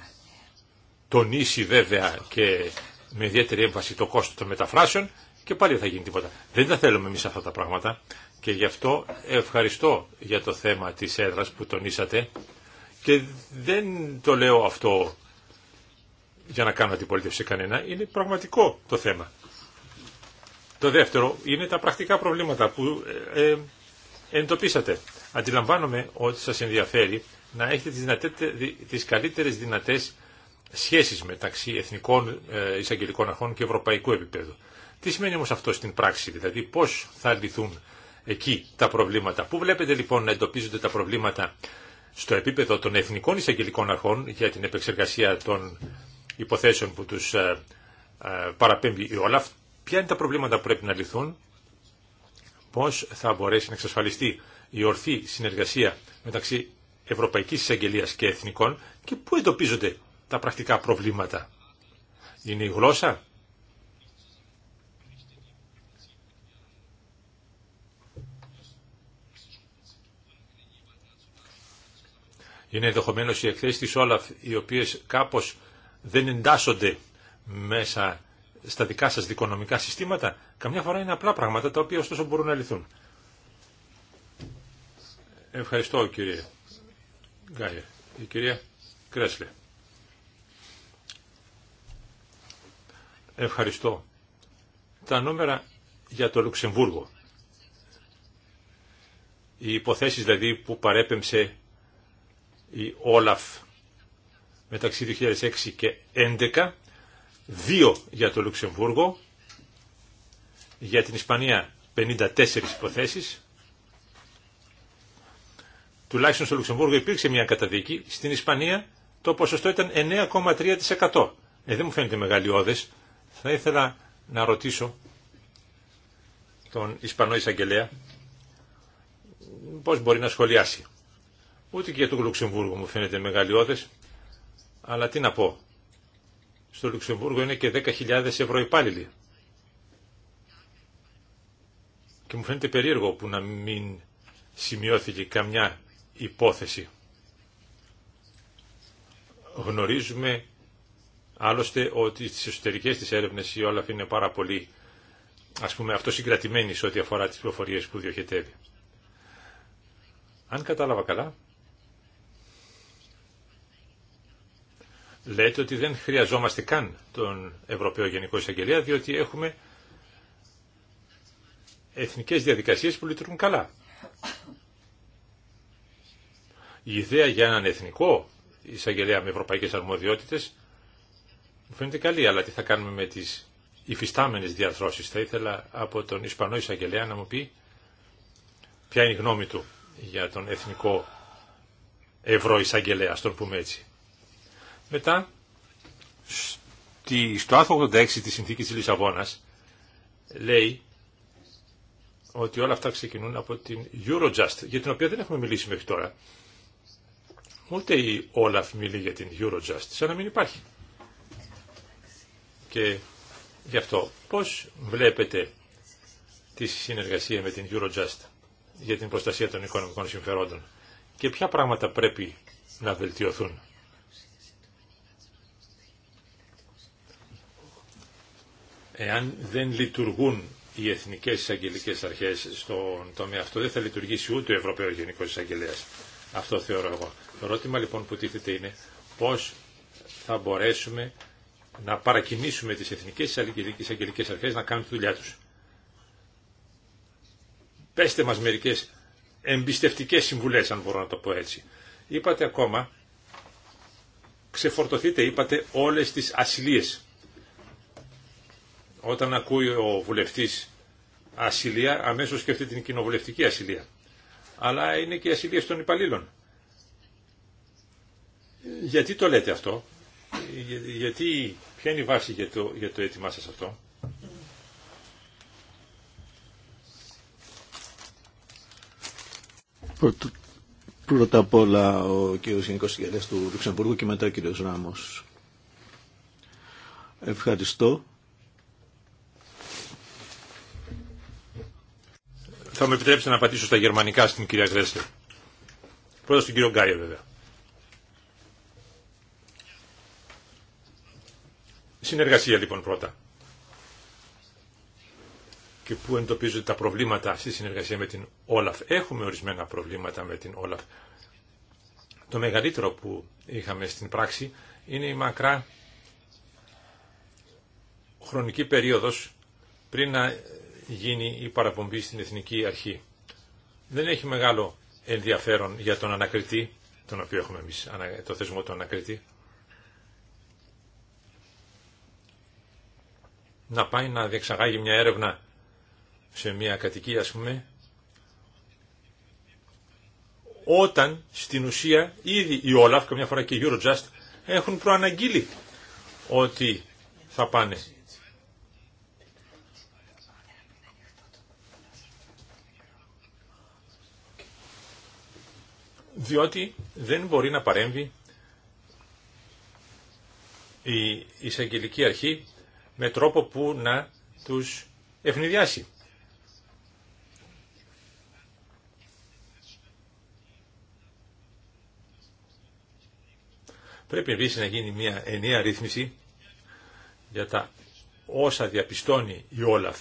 τονίσει βέβαια και με ιδιαίτερη έμφαση το κόστο των μεταφράσεων και πάλι δεν θα γίνει τίποτα. Δεν τα θέλουμε εμεί αυτά τα πράγματα και γι' αυτό ευχαριστώ για το θέμα της έδρας που τονίσατε και δεν το λέω αυτό για να κάνουν αντιπολίτευση κανένα. Είναι πραγματικό το θέμα. Το δεύτερο είναι τα πρακτικά προβλήματα που ε, ε, εντοπίσατε. Αντιλαμβάνομαι ότι σας ενδιαφέρει να έχετε τις, καλύτερε τις καλύτερες δυνατές σχέσεις μεταξύ εθνικών ε, εισαγγελικών αρχών και ευρωπαϊκού επίπεδου. Τι σημαίνει όμως αυτό στην πράξη, δηλαδή πώς θα λυθούν εκεί τα προβλήματα. Πού βλέπετε λοιπόν να εντοπίζονται τα προβλήματα στο επίπεδο των εθνικών εισαγγελικών αρχών για την επεξεργασία των υποθέσεων που τους ε, ε, παραπέμπει η Όλαφ, ποια είναι τα προβλήματα που πρέπει να λυθούν, πώς θα μπορέσει να εξασφαλιστεί η ορθή συνεργασία μεταξύ Ευρωπαϊκής εισαγγελία και Εθνικών και πού εντοπίζονται τα πρακτικά προβλήματα. Είναι η γλώσσα. Είναι ενδεχομένω οι εκθέσει τη Όλαφ οι οποίε κάπω δεν εντάσσονται μέσα στα δικά σας δικονομικά συστήματα. Καμιά φορά είναι απλά πράγματα τα οποία ωστόσο μπορούν να λυθούν. Ευχαριστώ κύριε Γκάιερ. Η κυρία Κρέσλε. Ευχαριστώ. Τα νούμερα για το Λουξεμβούργο. Οι υποθέσεις δηλαδή που παρέπεμψε η Όλαφ μεταξύ 2006 και 2011, δύο για το Λουξεμβούργο, για την Ισπανία 54 υποθέσεις. Τουλάχιστον στο Λουξεμβούργο υπήρξε μια καταδίκη, στην Ισπανία το ποσοστό ήταν 9,3%. Ε, δεν μου φαίνεται μεγαλειώδες. Θα ήθελα να ρωτήσω τον Ισπανό εισαγγελέα πώς μπορεί να σχολιάσει. Ούτε και για το Λουξεμβούργο μου φαίνεται μεγαλειώδες. Αλλά τι να πω. Στο Λουξεμβούργο είναι και 10.000 ευρώ υπάλληλοι. Και μου φαίνεται περίεργο που να μην σημειώθηκε καμιά υπόθεση. Γνωρίζουμε άλλωστε ότι στις εσωτερικές της έρευνες η Όλαφ είναι πάρα πολύ ας πούμε αυτοσυγκρατημένη σε ό,τι αφορά τις πληροφορίες που διοχετεύει. Αν κατάλαβα καλά, λέτε ότι δεν χρειαζόμαστε καν τον Ευρωπαίο Γενικό Εισαγγελέα διότι έχουμε εθνικές διαδικασίες που λειτουργούν καλά. Η ιδέα για έναν εθνικό εισαγγελέα με ευρωπαϊκές αρμοδιότητες μου φαίνεται καλή, αλλά τι θα κάνουμε με τις υφιστάμενες διαρθρώσεις. Θα ήθελα από τον Ισπανό εισαγγελέα να μου πει ποια είναι η γνώμη του για τον εθνικό ευρωεισαγγελέα, στον πούμε έτσι. Μετά, στο άρθρο 86 της Συνθήκης της Λισαβόνας λέει ότι όλα αυτά ξεκινούν από την Eurojust, για την οποία δεν έχουμε μιλήσει μέχρι τώρα. Ούτε η Όλαφ μιλεί για την Eurojust, σαν να μην υπάρχει. Και γι' αυτό, πώς βλέπετε τη συνεργασία με την Eurojust για την προστασία των οικονομικών συμφερόντων και ποια πράγματα πρέπει να βελτιωθούν. Εάν δεν λειτουργούν οι εθνικές εισαγγελικές αρχές στον τομέα αυτό, δεν θα λειτουργήσει ούτε ο Ευρωπαίος Γενικός Εισαγγελέας. Αυτό θεωρώ εγώ. Το ερώτημα λοιπόν που τίθεται είναι πώς θα μπορέσουμε να παρακινήσουμε τις εθνικές εισαγγελικές αρχές να κάνουν τη δουλειά τους. Πέστε μας μερικές εμπιστευτικές συμβουλές, αν μπορώ να το πω έτσι. Είπατε ακόμα, ξεφορτωθείτε, είπατε, όλες τις ασυλίες. Όταν ακούει ο βουλευτής ασυλία, αμέσως σκέφτεται την κοινοβουλευτική ασυλία. Αλλά είναι και η ασυλίες των υπαλλήλων. Γιατί το λέτε αυτό, γιατί, ποια είναι η βάση για το, για το έτοιμά σας αυτό. Πρώτα απ' όλα ο κ. Γενικό Συγγελέα του Λουξεμβούργου και μετά ο κ. Ράμος. Ευχαριστώ. θα μου επιτρέψετε να πατήσω στα γερμανικά στην κυρία Γκρέσλερ. Πρώτα στον κύριο Γκάιερ βέβαια. Συνεργασία λοιπόν πρώτα. Και πού εντοπίζονται τα προβλήματα στη συνεργασία με την Όλαφ. Έχουμε ορισμένα προβλήματα με την Όλαφ. Το μεγαλύτερο που είχαμε στην πράξη είναι η μακρά χρονική περίοδος πριν να γίνει η παραπομπή στην Εθνική Αρχή. Δεν έχει μεγάλο ενδιαφέρον για τον ανακριτή, τον οποίο έχουμε εμείς, το θεσμό του ανακριτή, να πάει να διεξαγάγει μια έρευνα σε μια κατοικία, ας πούμε, όταν στην ουσία ήδη η Όλαφ, καμιά φορά και η Eurojust, έχουν προαναγγείλει ότι θα πάνε διότι δεν μπορεί να παρέμβει η εισαγγελική αρχή με τρόπο που να τους ευνηδιάσει. Πρέπει επίσης να γίνει μια ενιαία ρύθμιση για τα όσα διαπιστώνει η Όλαφ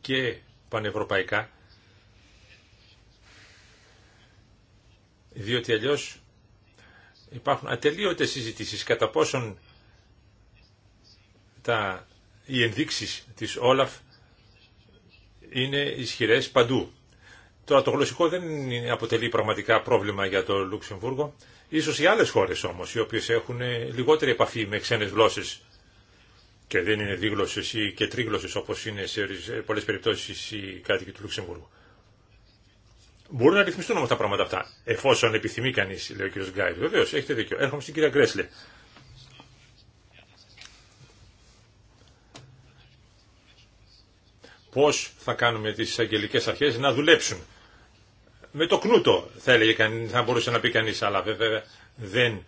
και πανευρωπαϊκά διότι αλλιώς υπάρχουν ατελείωτες συζητήσεις κατά πόσον τα, οι ενδείξεις της Όλαφ είναι ισχυρές παντού. Τώρα το γλωσσικό δεν αποτελεί πραγματικά πρόβλημα για το Λουξεμβούργο. Ίσως οι άλλες χώρες όμως, οι οποίες έχουν λιγότερη επαφή με ξένες γλώσσες και δεν είναι δίγλωσσες ή και τρίγλωσσες όπως είναι σε πολλές περιπτώσεις οι κάτοικοι του Λουξεμβούργου. Μπορούν να ρυθμιστούν όμω τα πράγματα αυτά, εφόσον επιθυμεί κανεί, λέει ο κ. Γκάιρ. Βεβαίω, έχετε δίκιο. Έρχομαι στην κυρία Γκρέσλε. Πώ θα κάνουμε τι αγγελικέ αρχέ να δουλέψουν. Με το κνούτο, θα, έλεγε, θα μπορούσε να πει κανεί, αλλά βέβαια δεν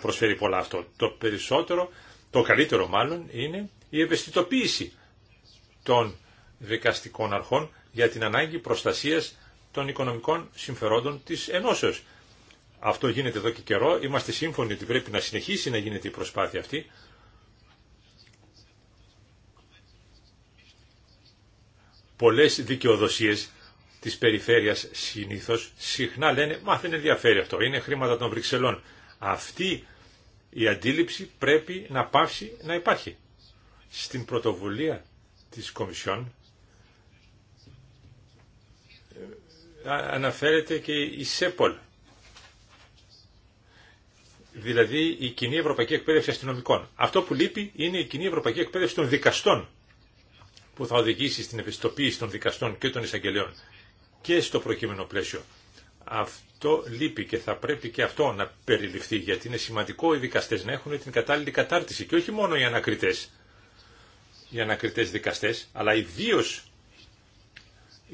προσφέρει πολλά αυτό. Το περισσότερο, το καλύτερο μάλλον, είναι η ευαισθητοποίηση των δικαστικών αρχών για την ανάγκη προστασίας των οικονομικών συμφερόντων της Ενώσεως. Αυτό γίνεται εδώ και καιρό. Είμαστε σύμφωνοι ότι πρέπει να συνεχίσει να γίνεται η προσπάθεια αυτή. Πολλές δικαιοδοσίες της περιφέρειας συνήθως συχνά λένε «Μα δεν ενδιαφέρει αυτό, είναι χρήματα των Βρυξελών». Αυτή η αντίληψη πρέπει να πάψει να υπάρχει. Στην πρωτοβουλία της Κομισιόν αναφέρεται και η ΣΕΠΟΛ. Δηλαδή η κοινή ευρωπαϊκή εκπαίδευση αστυνομικών. Αυτό που λείπει είναι η κοινή ευρωπαϊκή εκπαίδευση των δικαστών που θα οδηγήσει στην επιστοποίηση των δικαστών και των εισαγγελέων και στο προκείμενο πλαίσιο. Αυτό λείπει και θα πρέπει και αυτό να περιληφθεί γιατί είναι σημαντικό οι δικαστές να έχουν την κατάλληλη κατάρτιση και όχι μόνο οι ανακριτές. Οι δικαστές αλλά ιδίω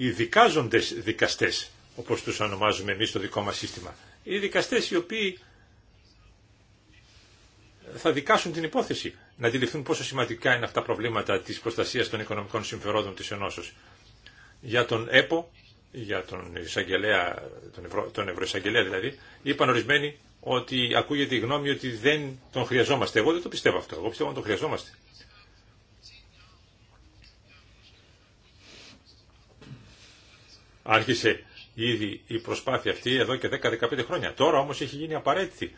οι δικάζοντες δικαστές, όπως τους ονομάζουμε εμείς στο δικό μας σύστημα. Οι δικαστές οι οποίοι θα δικάσουν την υπόθεση, να αντιληφθούν πόσο σημαντικά είναι αυτά τα προβλήματα της προστασίας των οικονομικών συμφερόντων της Ενώσεως. Για τον ΕΠΟ, για τον, εισαγγελέα, τον, Ευρω... τον Ευρωεισαγγελέα δηλαδή, είπαν ορισμένοι ότι ακούγεται η γνώμη ότι δεν τον χρειαζόμαστε. Εγώ δεν το πιστεύω αυτό. Εγώ πιστεύω ότι τον χρειαζόμαστε. Άρχισε ήδη η προσπάθεια αυτή εδώ και 10-15 χρόνια. Τώρα όμως έχει γίνει απαραίτητη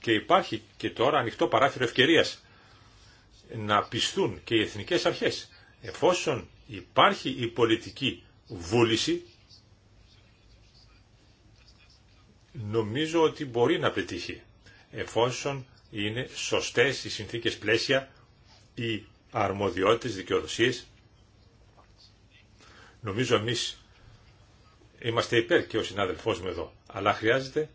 και υπάρχει και τώρα ανοιχτό παράθυρο ευκαιρίας να πιστούν και οι εθνικές αρχές. Εφόσον υπάρχει η πολιτική βούληση, νομίζω ότι μπορεί να πετύχει. Εφόσον είναι σωστές οι συνθήκες πλαίσια, οι αρμοδιότητες, δικαιοδοσίες. Νομίζω εμείς Είμαστε υπέρ και ο συνάδελφός μου εδώ. Αλλά χρειάζεται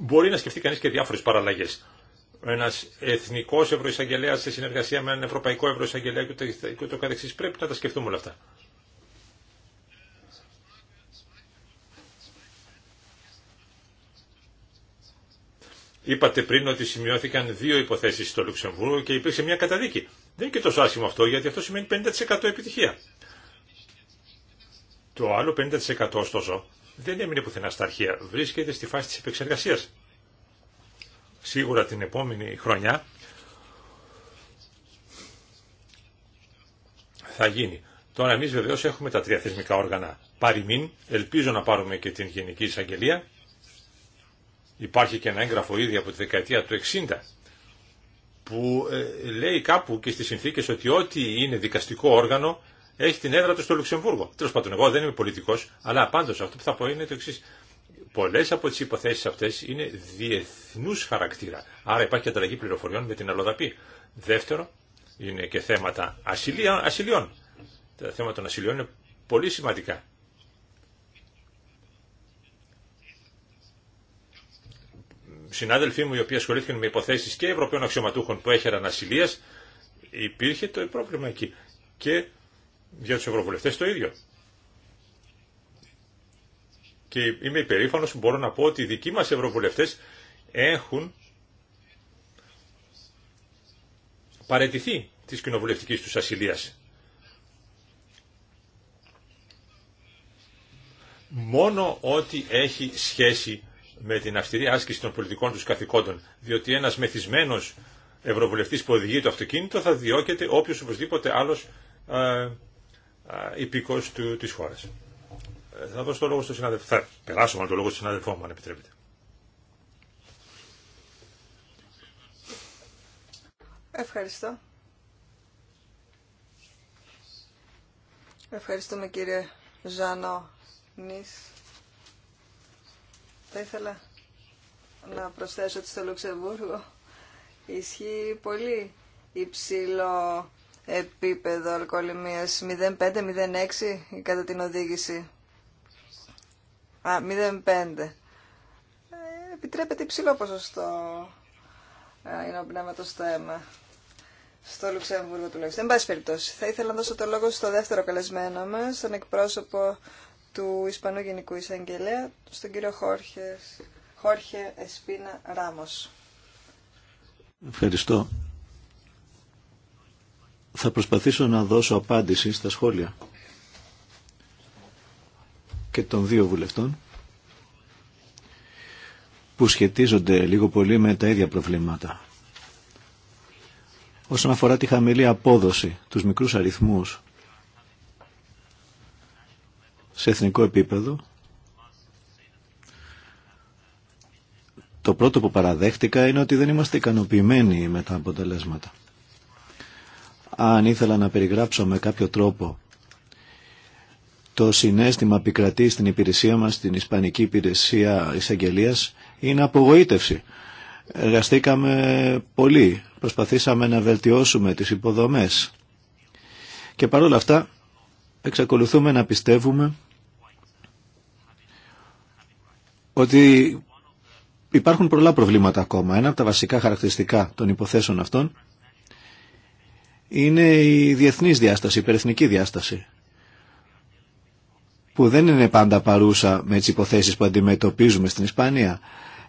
μπορεί να σκεφτεί κανεί και διάφορε παραλλαγέ. Ένα εθνικό ευρωεισαγγελέα σε συνεργασία με έναν ευρωπαϊκό ευρωεισαγγελέα και ούτω καθεξή. Πρέπει να τα σκεφτούμε όλα αυτά. Είπατε πριν ότι σημειώθηκαν δύο υποθέσεις στο Λουξεμβούργο και υπήρξε μια καταδίκη. Δεν είναι και τόσο άσχημο αυτό γιατί αυτό σημαίνει 50% επιτυχία. Το άλλο 50% ωστόσο δεν έμεινε πουθενά στα αρχεία. Βρίσκεται στη φάση της επεξεργασίας. Σίγουρα την επόμενη χρονιά θα γίνει. Τώρα εμείς βεβαίως έχουμε τα τρία θεσμικά όργανα. Πάρει μην, ελπίζω να πάρουμε και την Γενική Εισαγγελία Υπάρχει και ένα έγγραφο ήδη από τη δεκαετία του 60 που ε, λέει κάπου και στις συνθήκες ότι ό,τι είναι δικαστικό όργανο έχει την έδρα του στο Λουξεμβούργο. Τέλο πάντων, εγώ δεν είμαι πολιτικό, αλλά πάντω αυτό που θα πω είναι το εξή. Πολλέ από τι υποθέσει αυτέ είναι διεθνού χαρακτήρα. Άρα υπάρχει ανταλλαγή πληροφοριών με την αλλοδαπή. Δεύτερο, είναι και θέματα ασυλίων. Τα θέματα των ασυλίων είναι πολύ σημαντικά. συνάδελφοί μου οι οποίοι ασχολήθηκαν με υποθέσει και Ευρωπαίων αξιωματούχων που έχεραν ασυλία, υπήρχε το πρόβλημα εκεί. Και για του ευρωβουλευτές το ίδιο. Και είμαι υπερήφανο που μπορώ να πω ότι οι δικοί μα ευρωβουλευτές έχουν παρετηθεί τη κοινοβουλευτική του ασυλία. Μόνο ό,τι έχει σχέση με την αυστηρή άσκηση των πολιτικών του καθηκόντων, διότι ένας μεθυσμένο ευρωβουλευτή που οδηγεί το αυτοκίνητο θα διώκεται οποιο οπωσδήποτε άλλος ε, ε υπήκος χώρα. της χώρας. Ε, θα δώσω το λόγο στο συνάδελφο. Θα περάσω το λόγο στο συνάδελφό μου, αν επιτρέπετε. Ευχαριστώ. Ευχαριστούμε κύριε Ζανό θα ήθελα να προσθέσω ότι στο Λουξεμβούργο ισχύει πολύ υψηλό επίπεδο αλκοολημίας 0,5-0,6 κατά την οδήγηση. Α, 0,5. Ε, επιτρέπεται υψηλό ποσοστό είναι το στο αίμα. Στο Λουξεμβούργο τουλάχιστον. Εν πάση περιπτώσει, θα ήθελα να δώσω το λόγο στο δεύτερο καλεσμένο μας, στον εκπρόσωπο του Ισπανού Γενικού Εισαγγελέα, στον κύριο Χόρχε Εσπίνα Ράμος. Ευχαριστώ. Θα προσπαθήσω να δώσω απάντηση στα σχόλια και των δύο βουλευτών που σχετίζονται λίγο πολύ με τα ίδια προβλήματα. Όσον αφορά τη χαμηλή απόδοση, τους μικρούς αριθμούς σε εθνικό επίπεδο το πρώτο που παραδέχτηκα είναι ότι δεν είμαστε ικανοποιημένοι με τα αποτελέσματα. Αν ήθελα να περιγράψω με κάποιο τρόπο το συνέστημα που στην υπηρεσία μας, στην Ισπανική Υπηρεσία εισαγγελία είναι απογοήτευση. Εργαστήκαμε πολύ, προσπαθήσαμε να βελτιώσουμε τις υποδομές. Και παρόλα αυτά εξακολουθούμε να πιστεύουμε ότι υπάρχουν πολλά προβλήματα ακόμα. Ένα από τα βασικά χαρακτηριστικά των υποθέσεων αυτών είναι η διεθνής διάσταση, η υπερεθνική διάσταση που δεν είναι πάντα παρούσα με τις υποθέσεις που αντιμετωπίζουμε στην Ισπανία.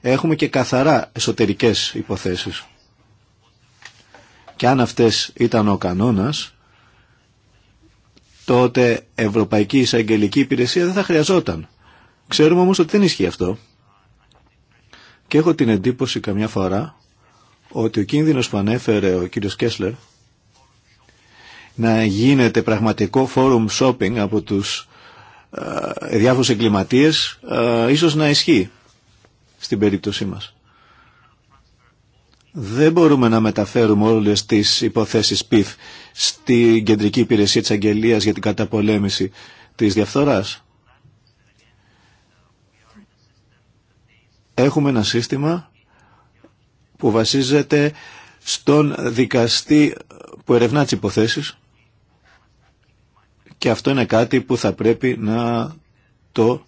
Έχουμε και καθαρά εσωτερικές υποθέσεις. Και αν αυτές ήταν ο κανόνας, τότε Ευρωπαϊκή Εισαγγελική Υπηρεσία δεν θα χρειαζόταν. Ξέρουμε όμως ότι δεν ισχύει αυτό. Και έχω την εντύπωση καμιά φορά ότι ο κίνδυνος που ανέφερε ο κύριος Κέσλερ να γίνεται πραγματικό φόρουμ shopping από τους ε, διάφορους εγκληματίες ε, ίσως να ισχύει στην περίπτωσή μας. Δεν μπορούμε να μεταφέρουμε όλες τις υποθέσεις πιφ στην Κεντρική Υπηρεσία της Αγγελίας για την καταπολέμηση της διαφθοράς. Έχουμε ένα σύστημα που βασίζεται στον δικαστή που ερευνά τις υποθέσεις και αυτό είναι κάτι που θα πρέπει να το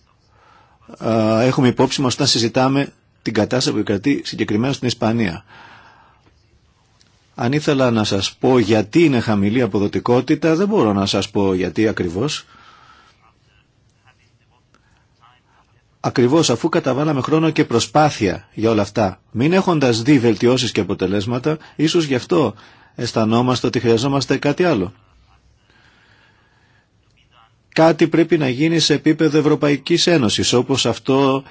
έχουμε υπόψη μας όταν συζητάμε την κατάσταση που κρατεί συγκεκριμένα στην Ισπανία. Αν ήθελα να σας πω γιατί είναι χαμηλή αποδοτικότητα, δεν μπορώ να σας πω γιατί ακριβώς. Ακριβώς αφού καταβάλαμε χρόνο και προσπάθεια για όλα αυτά, μην έχοντας δει βελτιώσεις και αποτελέσματα, ίσως γι' αυτό αισθανόμαστε ότι χρειαζόμαστε κάτι άλλο. Κάτι πρέπει να γίνει σε επίπεδο Ευρωπαϊκής Ένωσης, όπως αυτό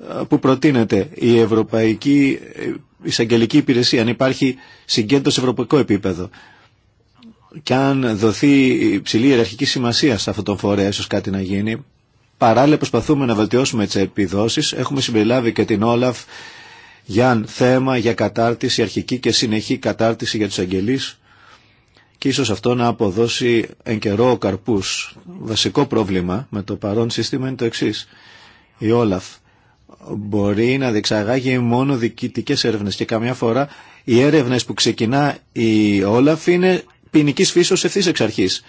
ε, που προτείνεται. Η Ευρωπαϊκή εισαγγελική υπηρεσία, αν υπάρχει συγκέντρωση σε ευρωπαϊκό επίπεδο και αν δοθεί υψηλή ιεραρχική σημασία σε αυτόν τον φορέα, ίσω κάτι να γίνει. Παράλληλα προσπαθούμε να βελτιώσουμε τι επιδόσεις. Έχουμε συμπεριλάβει και την Όλαφ για θέμα για κατάρτιση, αρχική και συνεχή κατάρτιση για του αγγελεί. και ίσως αυτό να αποδώσει εν καιρό καρπούς. Βασικό πρόβλημα με το παρόν σύστημα είναι το εξή. Η Όλαφ μπορεί να διεξαγάγει μόνο διοικητικές έρευνες και καμιά φορά οι έρευνες που ξεκινά η Όλαφ είναι ποινική φύσεως ευθύ εξ αρχής.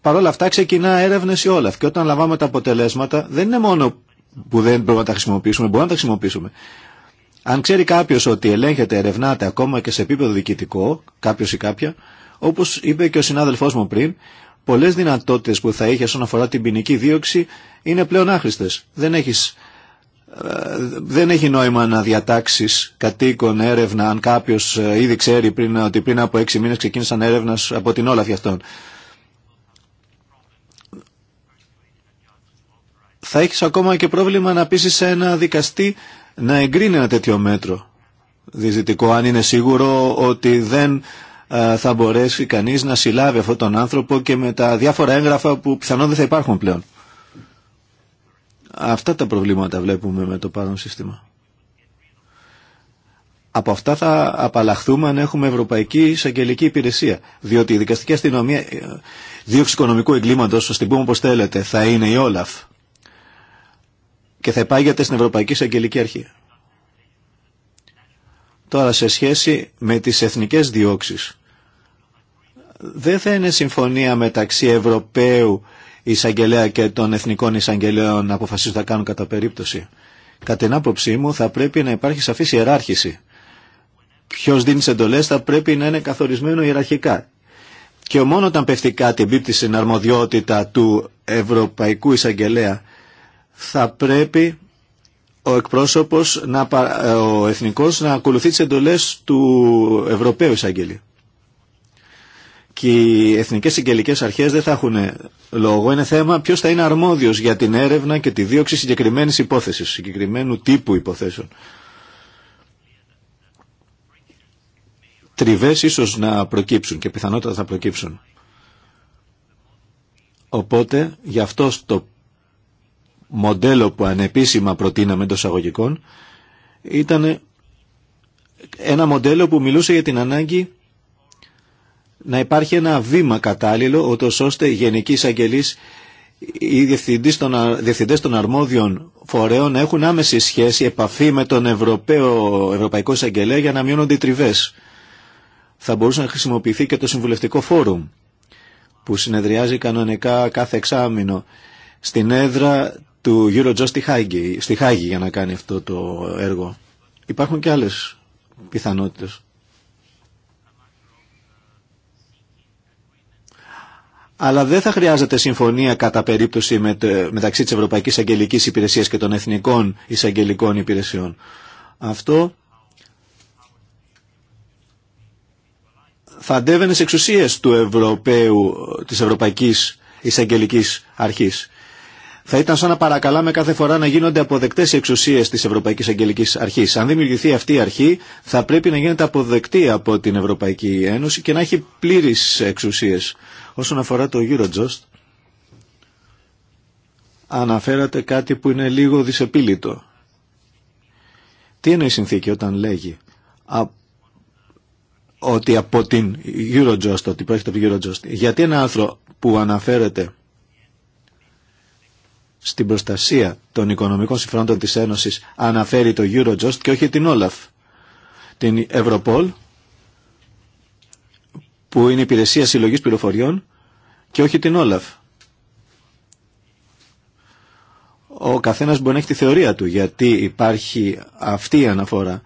Παρ' όλα αυτά ξεκινά έρευνες η Όλαφ και όταν λαμβάνουμε τα αποτελέσματα δεν είναι μόνο που δεν μπορούμε να τα χρησιμοποιήσουμε, μπορούμε να τα χρησιμοποιήσουμε. Αν ξέρει κάποιο ότι ελέγχεται, ερευνάται ακόμα και σε επίπεδο διοικητικό, κάποιο ή κάποια, όπω είπε και ο συνάδελφό μου πριν, πολλέ δυνατότητε που θα είχε όσον αφορά την ποινική δίωξη είναι πλέον Δεν έχει ε, δεν έχει νόημα να διατάξει κατοίκων έρευνα αν κάποιο ε, ήδη ξέρει πριν, ότι πριν από έξι μήνε ξεκίνησαν έρευνα από την όλα αυτών. Θα έχει ακόμα και πρόβλημα να πείσει ένα δικαστή να εγκρίνει ένα τέτοιο μέτρο διζητικό, αν είναι σίγουρο ότι δεν ε, θα μπορέσει κανείς να συλλάβει αυτόν τον άνθρωπο και με τα διάφορα έγγραφα που πιθανόν δεν θα υπάρχουν πλέον. Αυτά τα προβλήματα βλέπουμε με το παρόν σύστημα. Από αυτά θα απαλλαχθούμε αν έχουμε Ευρωπαϊκή Εισαγγελική Υπηρεσία. Διότι η δικαστική αστυνομία ε, δίωξη οικονομικού εγκλήματο, α την πούμε όπω θέλετε, θα είναι η Όλαφ και θα υπάγεται στην Ευρωπαϊκή Εισαγγελική Αρχή. Τώρα σε σχέση με τις εθνικές διώξεις. Δεν θα είναι συμφωνία μεταξύ Ευρωπαίου εισαγγελέα και των εθνικών εισαγγελέων να αποφασίζουν να κάνουν κατά περίπτωση. Κατά την άποψή μου θα πρέπει να υπάρχει σαφής ιεράρχηση. Ποιο δίνει εντολέ θα πρέπει να είναι καθορισμένο ιεραρχικά. Και μόνο όταν πέφτει κάτι εμπίπτει στην αρμοδιότητα του Ευρωπαϊκού Εισαγγελέα θα πρέπει ο εκπρόσωπος, να, ε, ο εθνικός, να ακολουθεί τις εντολές του Ευρωπαίου Εισαγγελίου και οι εθνικές συγκελικές αρχές δεν θα έχουν λόγο. Είναι θέμα ποιος θα είναι αρμόδιος για την έρευνα και τη δίωξη συγκεκριμένης υπόθεσης, συγκεκριμένου τύπου υποθέσεων. Τριβές ίσως να προκύψουν και πιθανότατα θα προκύψουν. Οπότε, γι' αυτό το μοντέλο που ανεπίσημα προτείναμε εντό αγωγικών ήταν ένα μοντέλο που μιλούσε για την ανάγκη να υπάρχει ένα βήμα κατάλληλο, ώστε οι γενικοί εισαγγελείς οι διευθυντές των αρμόδιων φορέων έχουν άμεση σχέση, επαφή με τον Ευρωπαίο, Ευρωπαϊκό Εισαγγελέα για να μειώνονται οι τριβές. Θα μπορούσε να χρησιμοποιηθεί και το Συμβουλευτικό Φόρουμ που συνεδριάζει κανονικά κάθε εξάμεινο στην έδρα του Eurojust στη Χάγη, στη Χάγη για να κάνει αυτό το έργο. Υπάρχουν και άλλες πιθανότητες. αλλά δεν θα χρειάζεται συμφωνία κατά περίπτωση μεταξύ της Ευρωπαϊκής Αγγελικής Υπηρεσίας και των Εθνικών Εισαγγελικών Υπηρεσιών. Αυτό θα αντέβαινε σε εξουσίες του Ευρωπαίου, της Ευρωπαϊκής Εισαγγελικής Αρχής. Θα ήταν σαν να παρακαλάμε κάθε φορά να γίνονται αποδεκτές οι εξουσίες της Ευρωπαϊκής Αγγελικής Αρχής. Αν δημιουργηθεί αυτή η αρχή θα πρέπει να γίνεται αποδεκτή από την Ευρωπαϊκή Ένωση και να έχει πλήρεις εξουσίες. Όσον αφορά το Eurojust, αναφέρατε κάτι που είναι λίγο δυσεπίλητο. Τι είναι η συνθήκη όταν λέγει α, ότι από την Eurojust, ότι υπάρχει από Eurojust. Γιατί ένα άρθρο που αναφέρεται στην προστασία των οικονομικών συμφερόντων της Ένωσης αναφέρει το Eurojust και όχι την OLAF, Την Ευρωπόλ που είναι υπηρεσία συλλογή πληροφοριών και όχι την Όλαφ. Ο καθένας μπορεί να έχει τη θεωρία του γιατί υπάρχει αυτή η αναφορά.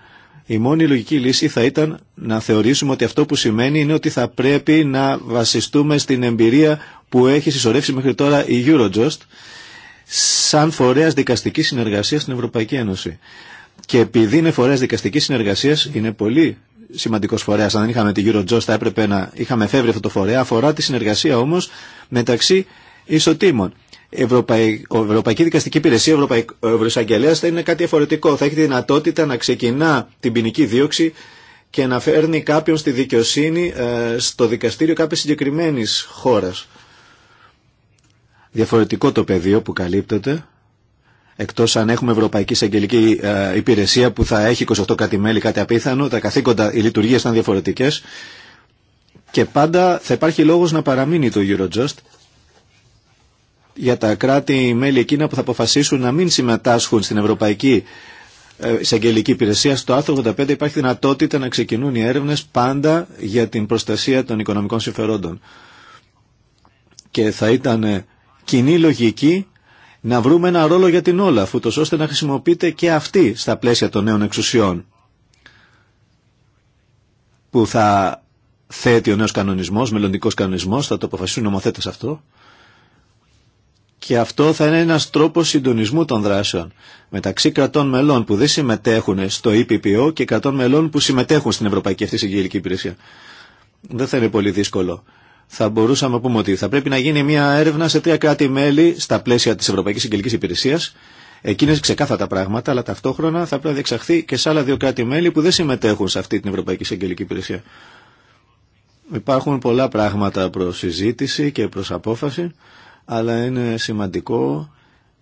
Η μόνη λογική λύση θα ήταν να θεωρήσουμε ότι αυτό που σημαίνει είναι ότι θα πρέπει να βασιστούμε στην εμπειρία που έχει συσσωρεύσει μέχρι τώρα η Eurojust σαν φορέας δικαστικής συνεργασίας στην Ευρωπαϊκή Ένωση. Και επειδή είναι φορέας δικαστικής συνεργασίας είναι πολύ Σημαντικό φορέα, Αν δεν είχαμε τη Eurojust θα έπρεπε να είχαμε φεύγει αυτό το φορέα. Αφορά τη συνεργασία όμως μεταξύ ισοτήμων. Η Ευρωπαϊκή Δικαστική Υπηρεσία, Ευρωπαϊ... ο Ευρωεισαγγελέα θα είναι κάτι διαφορετικό. Θα έχει τη δυνατότητα να ξεκινά την ποινική δίωξη και να φέρνει κάποιον στη δικαιοσύνη ε, στο δικαστήριο κάποια συγκεκριμένη χώρα. Διαφορετικό το πεδίο που καλύπτεται Εκτός αν έχουμε Ευρωπαϊκή ε, Υπηρεσία που θα έχει 28 κάτι μέλη, κάτι απίθανο, τα καθήκοντα, οι λειτουργίες ήταν διαφορετικές και πάντα θα υπάρχει λόγος να παραμείνει το Eurojust για τα κράτη-μέλη εκείνα που θα αποφασίσουν να μην συμμετάσχουν στην Ευρωπαϊκή ε, Εισαγγελική Υπηρεσία. Στο άρθρο 85 υπάρχει δυνατότητα να ξεκινούν οι έρευνες πάντα για την προστασία των οικονομικών συμφερόντων. Και θα ήταν ε, κοινή λογική να βρούμε ένα ρόλο για την όλα, αφού ώστε να χρησιμοποιείται και αυτή στα πλαίσια των νέων εξουσιών που θα θέτει ο νέος κανονισμός, μελλοντικός κανονισμός, θα το αποφασίσουν οι νομοθέτες αυτό. Και αυτό θα είναι ένας τρόπος συντονισμού των δράσεων μεταξύ κρατών μελών που δεν συμμετέχουν στο EPPO και κρατών μελών που συμμετέχουν στην Ευρωπαϊκή αυτή Υπηρεσία. Δεν θα είναι πολύ δύσκολο θα μπορούσαμε να πούμε ότι θα πρέπει να γίνει μια έρευνα σε τρία κράτη-μέλη στα πλαίσια τη Ευρωπαϊκή Συγγελική Υπηρεσία. Εκείνε ξεκάθαρα τα πράγματα, αλλά ταυτόχρονα θα πρέπει να διεξαχθεί και σε άλλα δύο κράτη-μέλη που δεν συμμετέχουν σε αυτή την Ευρωπαϊκή Συγγελική Υπηρεσία. Υπάρχουν πολλά πράγματα προ συζήτηση και προ απόφαση, αλλά είναι σημαντικό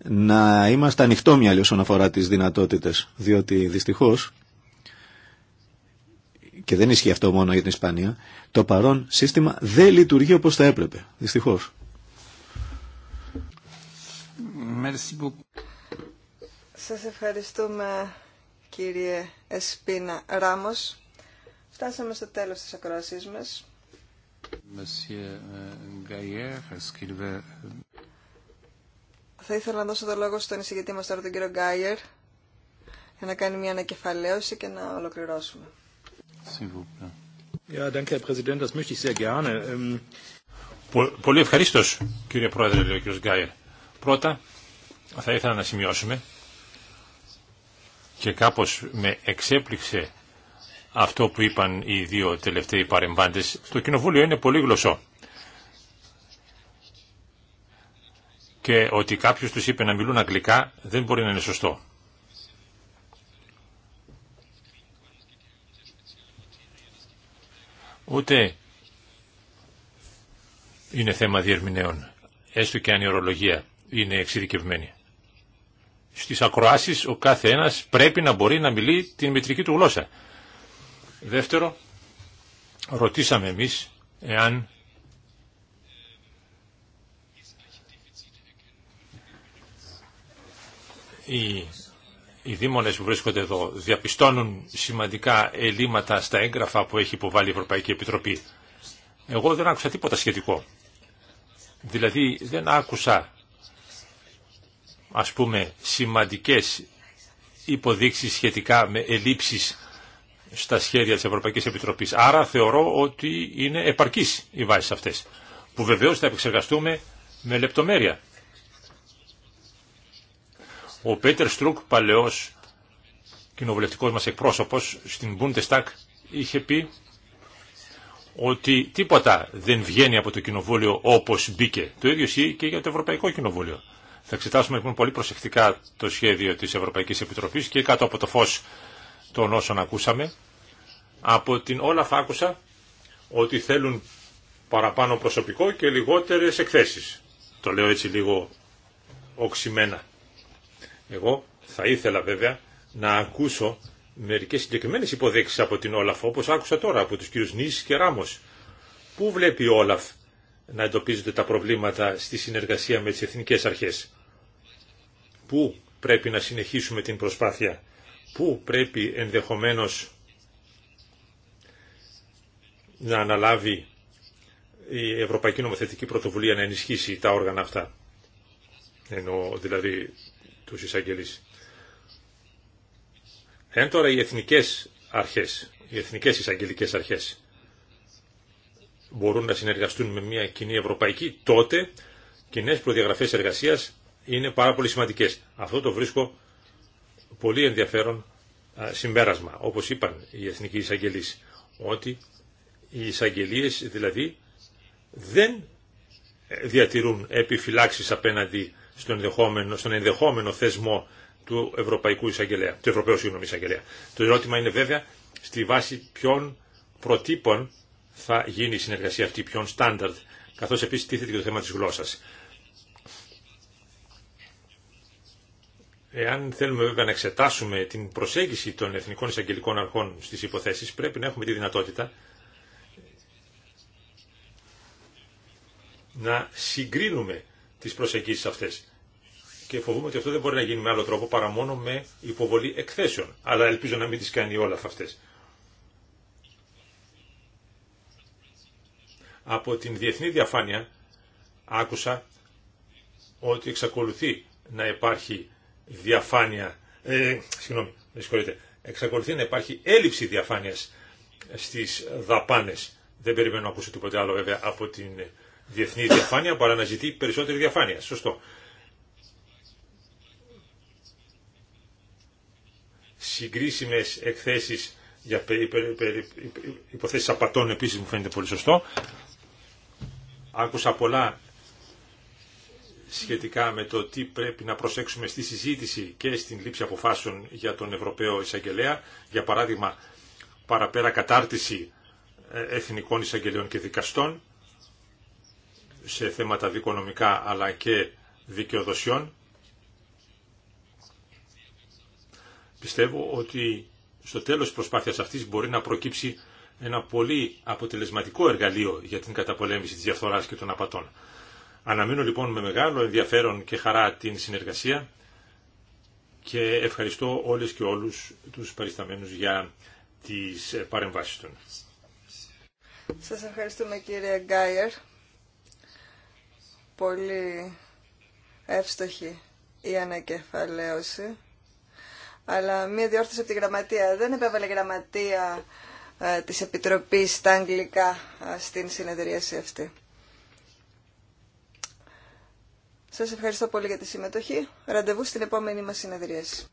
να είμαστε ανοιχτόμυαλοι όσον αφορά τι δυνατότητε, διότι δυστυχώ και δεν ισχύει αυτό μόνο για την Ισπανία, το παρόν σύστημα δεν λειτουργεί όπως θα έπρεπε, δυστυχώς. Σας ευχαριστούμε κύριε Εσπίνα Ράμος. Φτάσαμε στο τέλος της ακρόασής μας. Ε, θα ήθελα να δώσω το λόγο στον εισηγητή μας τώρα, τον κύριο Γκάιερ, για να κάνει μια ανακεφαλαίωση και να ολοκληρώσουμε. Ähm, πολύ ευχαρίστω, κύριε Πρόεδρε, λέει ο Γκάιερ. Πρώτα, θα ήθελα να σημειώσουμε και κάπως με εξέπληξε αυτό που είπαν οι δύο τελευταίοι παρεμβάντες. Το κοινοβούλιο είναι πολύ γλωσσό. Και ότι κάποιος τους είπε να μιλούν αγγλικά δεν μπορεί να είναι σωστό. ούτε είναι θέμα διερμηνέων, έστω και αν η ορολογία είναι εξειδικευμένη. Στις ακροάσεις ο κάθε ένας πρέπει να μπορεί να μιλεί την μητρική του γλώσσα. Δεύτερο, ρωτήσαμε εμείς εάν ...η οι δήμονες που βρίσκονται εδώ διαπιστώνουν σημαντικά ελλείμματα στα έγγραφα που έχει υποβάλει η Ευρωπαϊκή Επιτροπή. Εγώ δεν άκουσα τίποτα σχετικό. Δηλαδή δεν άκουσα ας πούμε σημαντικές υποδείξεις σχετικά με ελλείψεις στα σχέδια της Ευρωπαϊκής Επιτροπής. Άρα θεωρώ ότι είναι επαρκής οι βάσεις αυτές, που βεβαίως θα επεξεργαστούμε με λεπτομέρεια. Ο Πέτερ Στρουκ, παλαιός κοινοβουλευτικός μας εκπρόσωπος στην Bundestag, είχε πει ότι τίποτα δεν βγαίνει από το κοινοβούλιο όπως μπήκε. Το ίδιο ισχύει και για το Ευρωπαϊκό Κοινοβούλιο. Θα εξετάσουμε λοιπόν, πολύ προσεκτικά το σχέδιο της Ευρωπαϊκής Επιτροπής και κάτω από το φως των όσων ακούσαμε. Από την όλα άκουσα ότι θέλουν παραπάνω προσωπικό και λιγότερες εκθέσεις. Το λέω έτσι λίγο οξυμένα. Εγώ θα ήθελα βέβαια να ακούσω μερικές συγκεκριμένες υποδείξεις από την Όλαφ, όπως άκουσα τώρα από τους κύριους Νίσης και Ράμος. Πού βλέπει η Όλαφ να εντοπίζονται τα προβλήματα στη συνεργασία με τις εθνικές αρχές. Πού πρέπει να συνεχίσουμε την προσπάθεια. Πού πρέπει ενδεχομένως να αναλάβει η Ευρωπαϊκή Νομοθετική Πρωτοβουλία να ενισχύσει τα όργανα αυτά. Ενώ δηλαδή τους εισαγγελείς. Εάν τώρα οι εθνικές αρχές, οι εθνικές εισαγγελικές αρχές μπορούν να συνεργαστούν με μια κοινή ευρωπαϊκή, τότε κοινέ προδιαγραφές εργασίας είναι πάρα πολύ σημαντικές. Αυτό το βρίσκω πολύ ενδιαφέρον συμπέρασμα, όπως είπαν οι εθνικοί εισαγγελείς, ότι οι εισαγγελίε δηλαδή δεν διατηρούν επιφυλάξεις απέναντι στον ενδεχόμενο, στον ενδεχόμενο θεσμό του Ευρωπαϊκού Εισαγγελέα, του Ευρωπαίου συγγνώμη, Εισαγγελέα. Το ερώτημα είναι βέβαια στη βάση ποιων προτύπων θα γίνει η συνεργασία αυτή, ποιον στάνταρτ, καθώς επίσης τίθεται και το θέμα της γλώσσας. Εάν θέλουμε βέβαια να εξετάσουμε την προσέγγιση των εθνικών εισαγγελικών αρχών στις υποθέσεις, πρέπει να έχουμε τη δυνατότητα να συγκρίνουμε τις προσεγγίσεις αυτές. Και φοβούμαι ότι αυτό δεν μπορεί να γίνει με άλλο τρόπο παρά μόνο με υποβολή εκθέσεων. Αλλά ελπίζω να μην τις κάνει όλα αυτές. Από την διεθνή διαφάνεια άκουσα ότι εξακολουθεί να υπάρχει διαφάνεια, ε, συγγνώμη, με εξακολουθεί να υπάρχει έλλειψη διαφάνειας στις δαπάνες. Δεν περιμένω να ακούσω τίποτε άλλο βέβαια από την διεθνή διαφάνεια παρά να ζητεί περισσότερη διαφάνεια. Σωστό. Συγκρίσιμες εκθέσεις για υποθέσεις απατών επίσης μου φαίνεται πολύ σωστό. Άκουσα πολλά σχετικά με το τι πρέπει να προσέξουμε στη συζήτηση και στην λήψη αποφάσεων για τον Ευρωπαίο Εισαγγελέα. Για παράδειγμα, παραπέρα κατάρτιση ε, εθνικών εισαγγελίων και δικαστών σε θέματα δικονομικά αλλά και δικαιοδοσιών. Πιστεύω ότι στο τέλος της προσπάθειας αυτής μπορεί να προκύψει ένα πολύ αποτελεσματικό εργαλείο για την καταπολέμηση της διαφθοράς και των απατών. Αναμείνω λοιπόν με μεγάλο ενδιαφέρον και χαρά την συνεργασία και ευχαριστώ όλες και όλους τους παρισταμένους για τις παρεμβάσεις των. Σας ευχαριστούμε κύριε Γκάιερ πολύ εύστοχη η ανακεφαλαίωση. Αλλά μία διόρθωση από τη γραμματεία. Δεν επέβαλε γραμματεία ε, της Επιτροπής στα αγγλικά ε, στην συνεδρίαση αυτή. Σας ευχαριστώ πολύ για τη συμμετοχή. Ραντεβού στην επόμενη μας συνεδρίαση.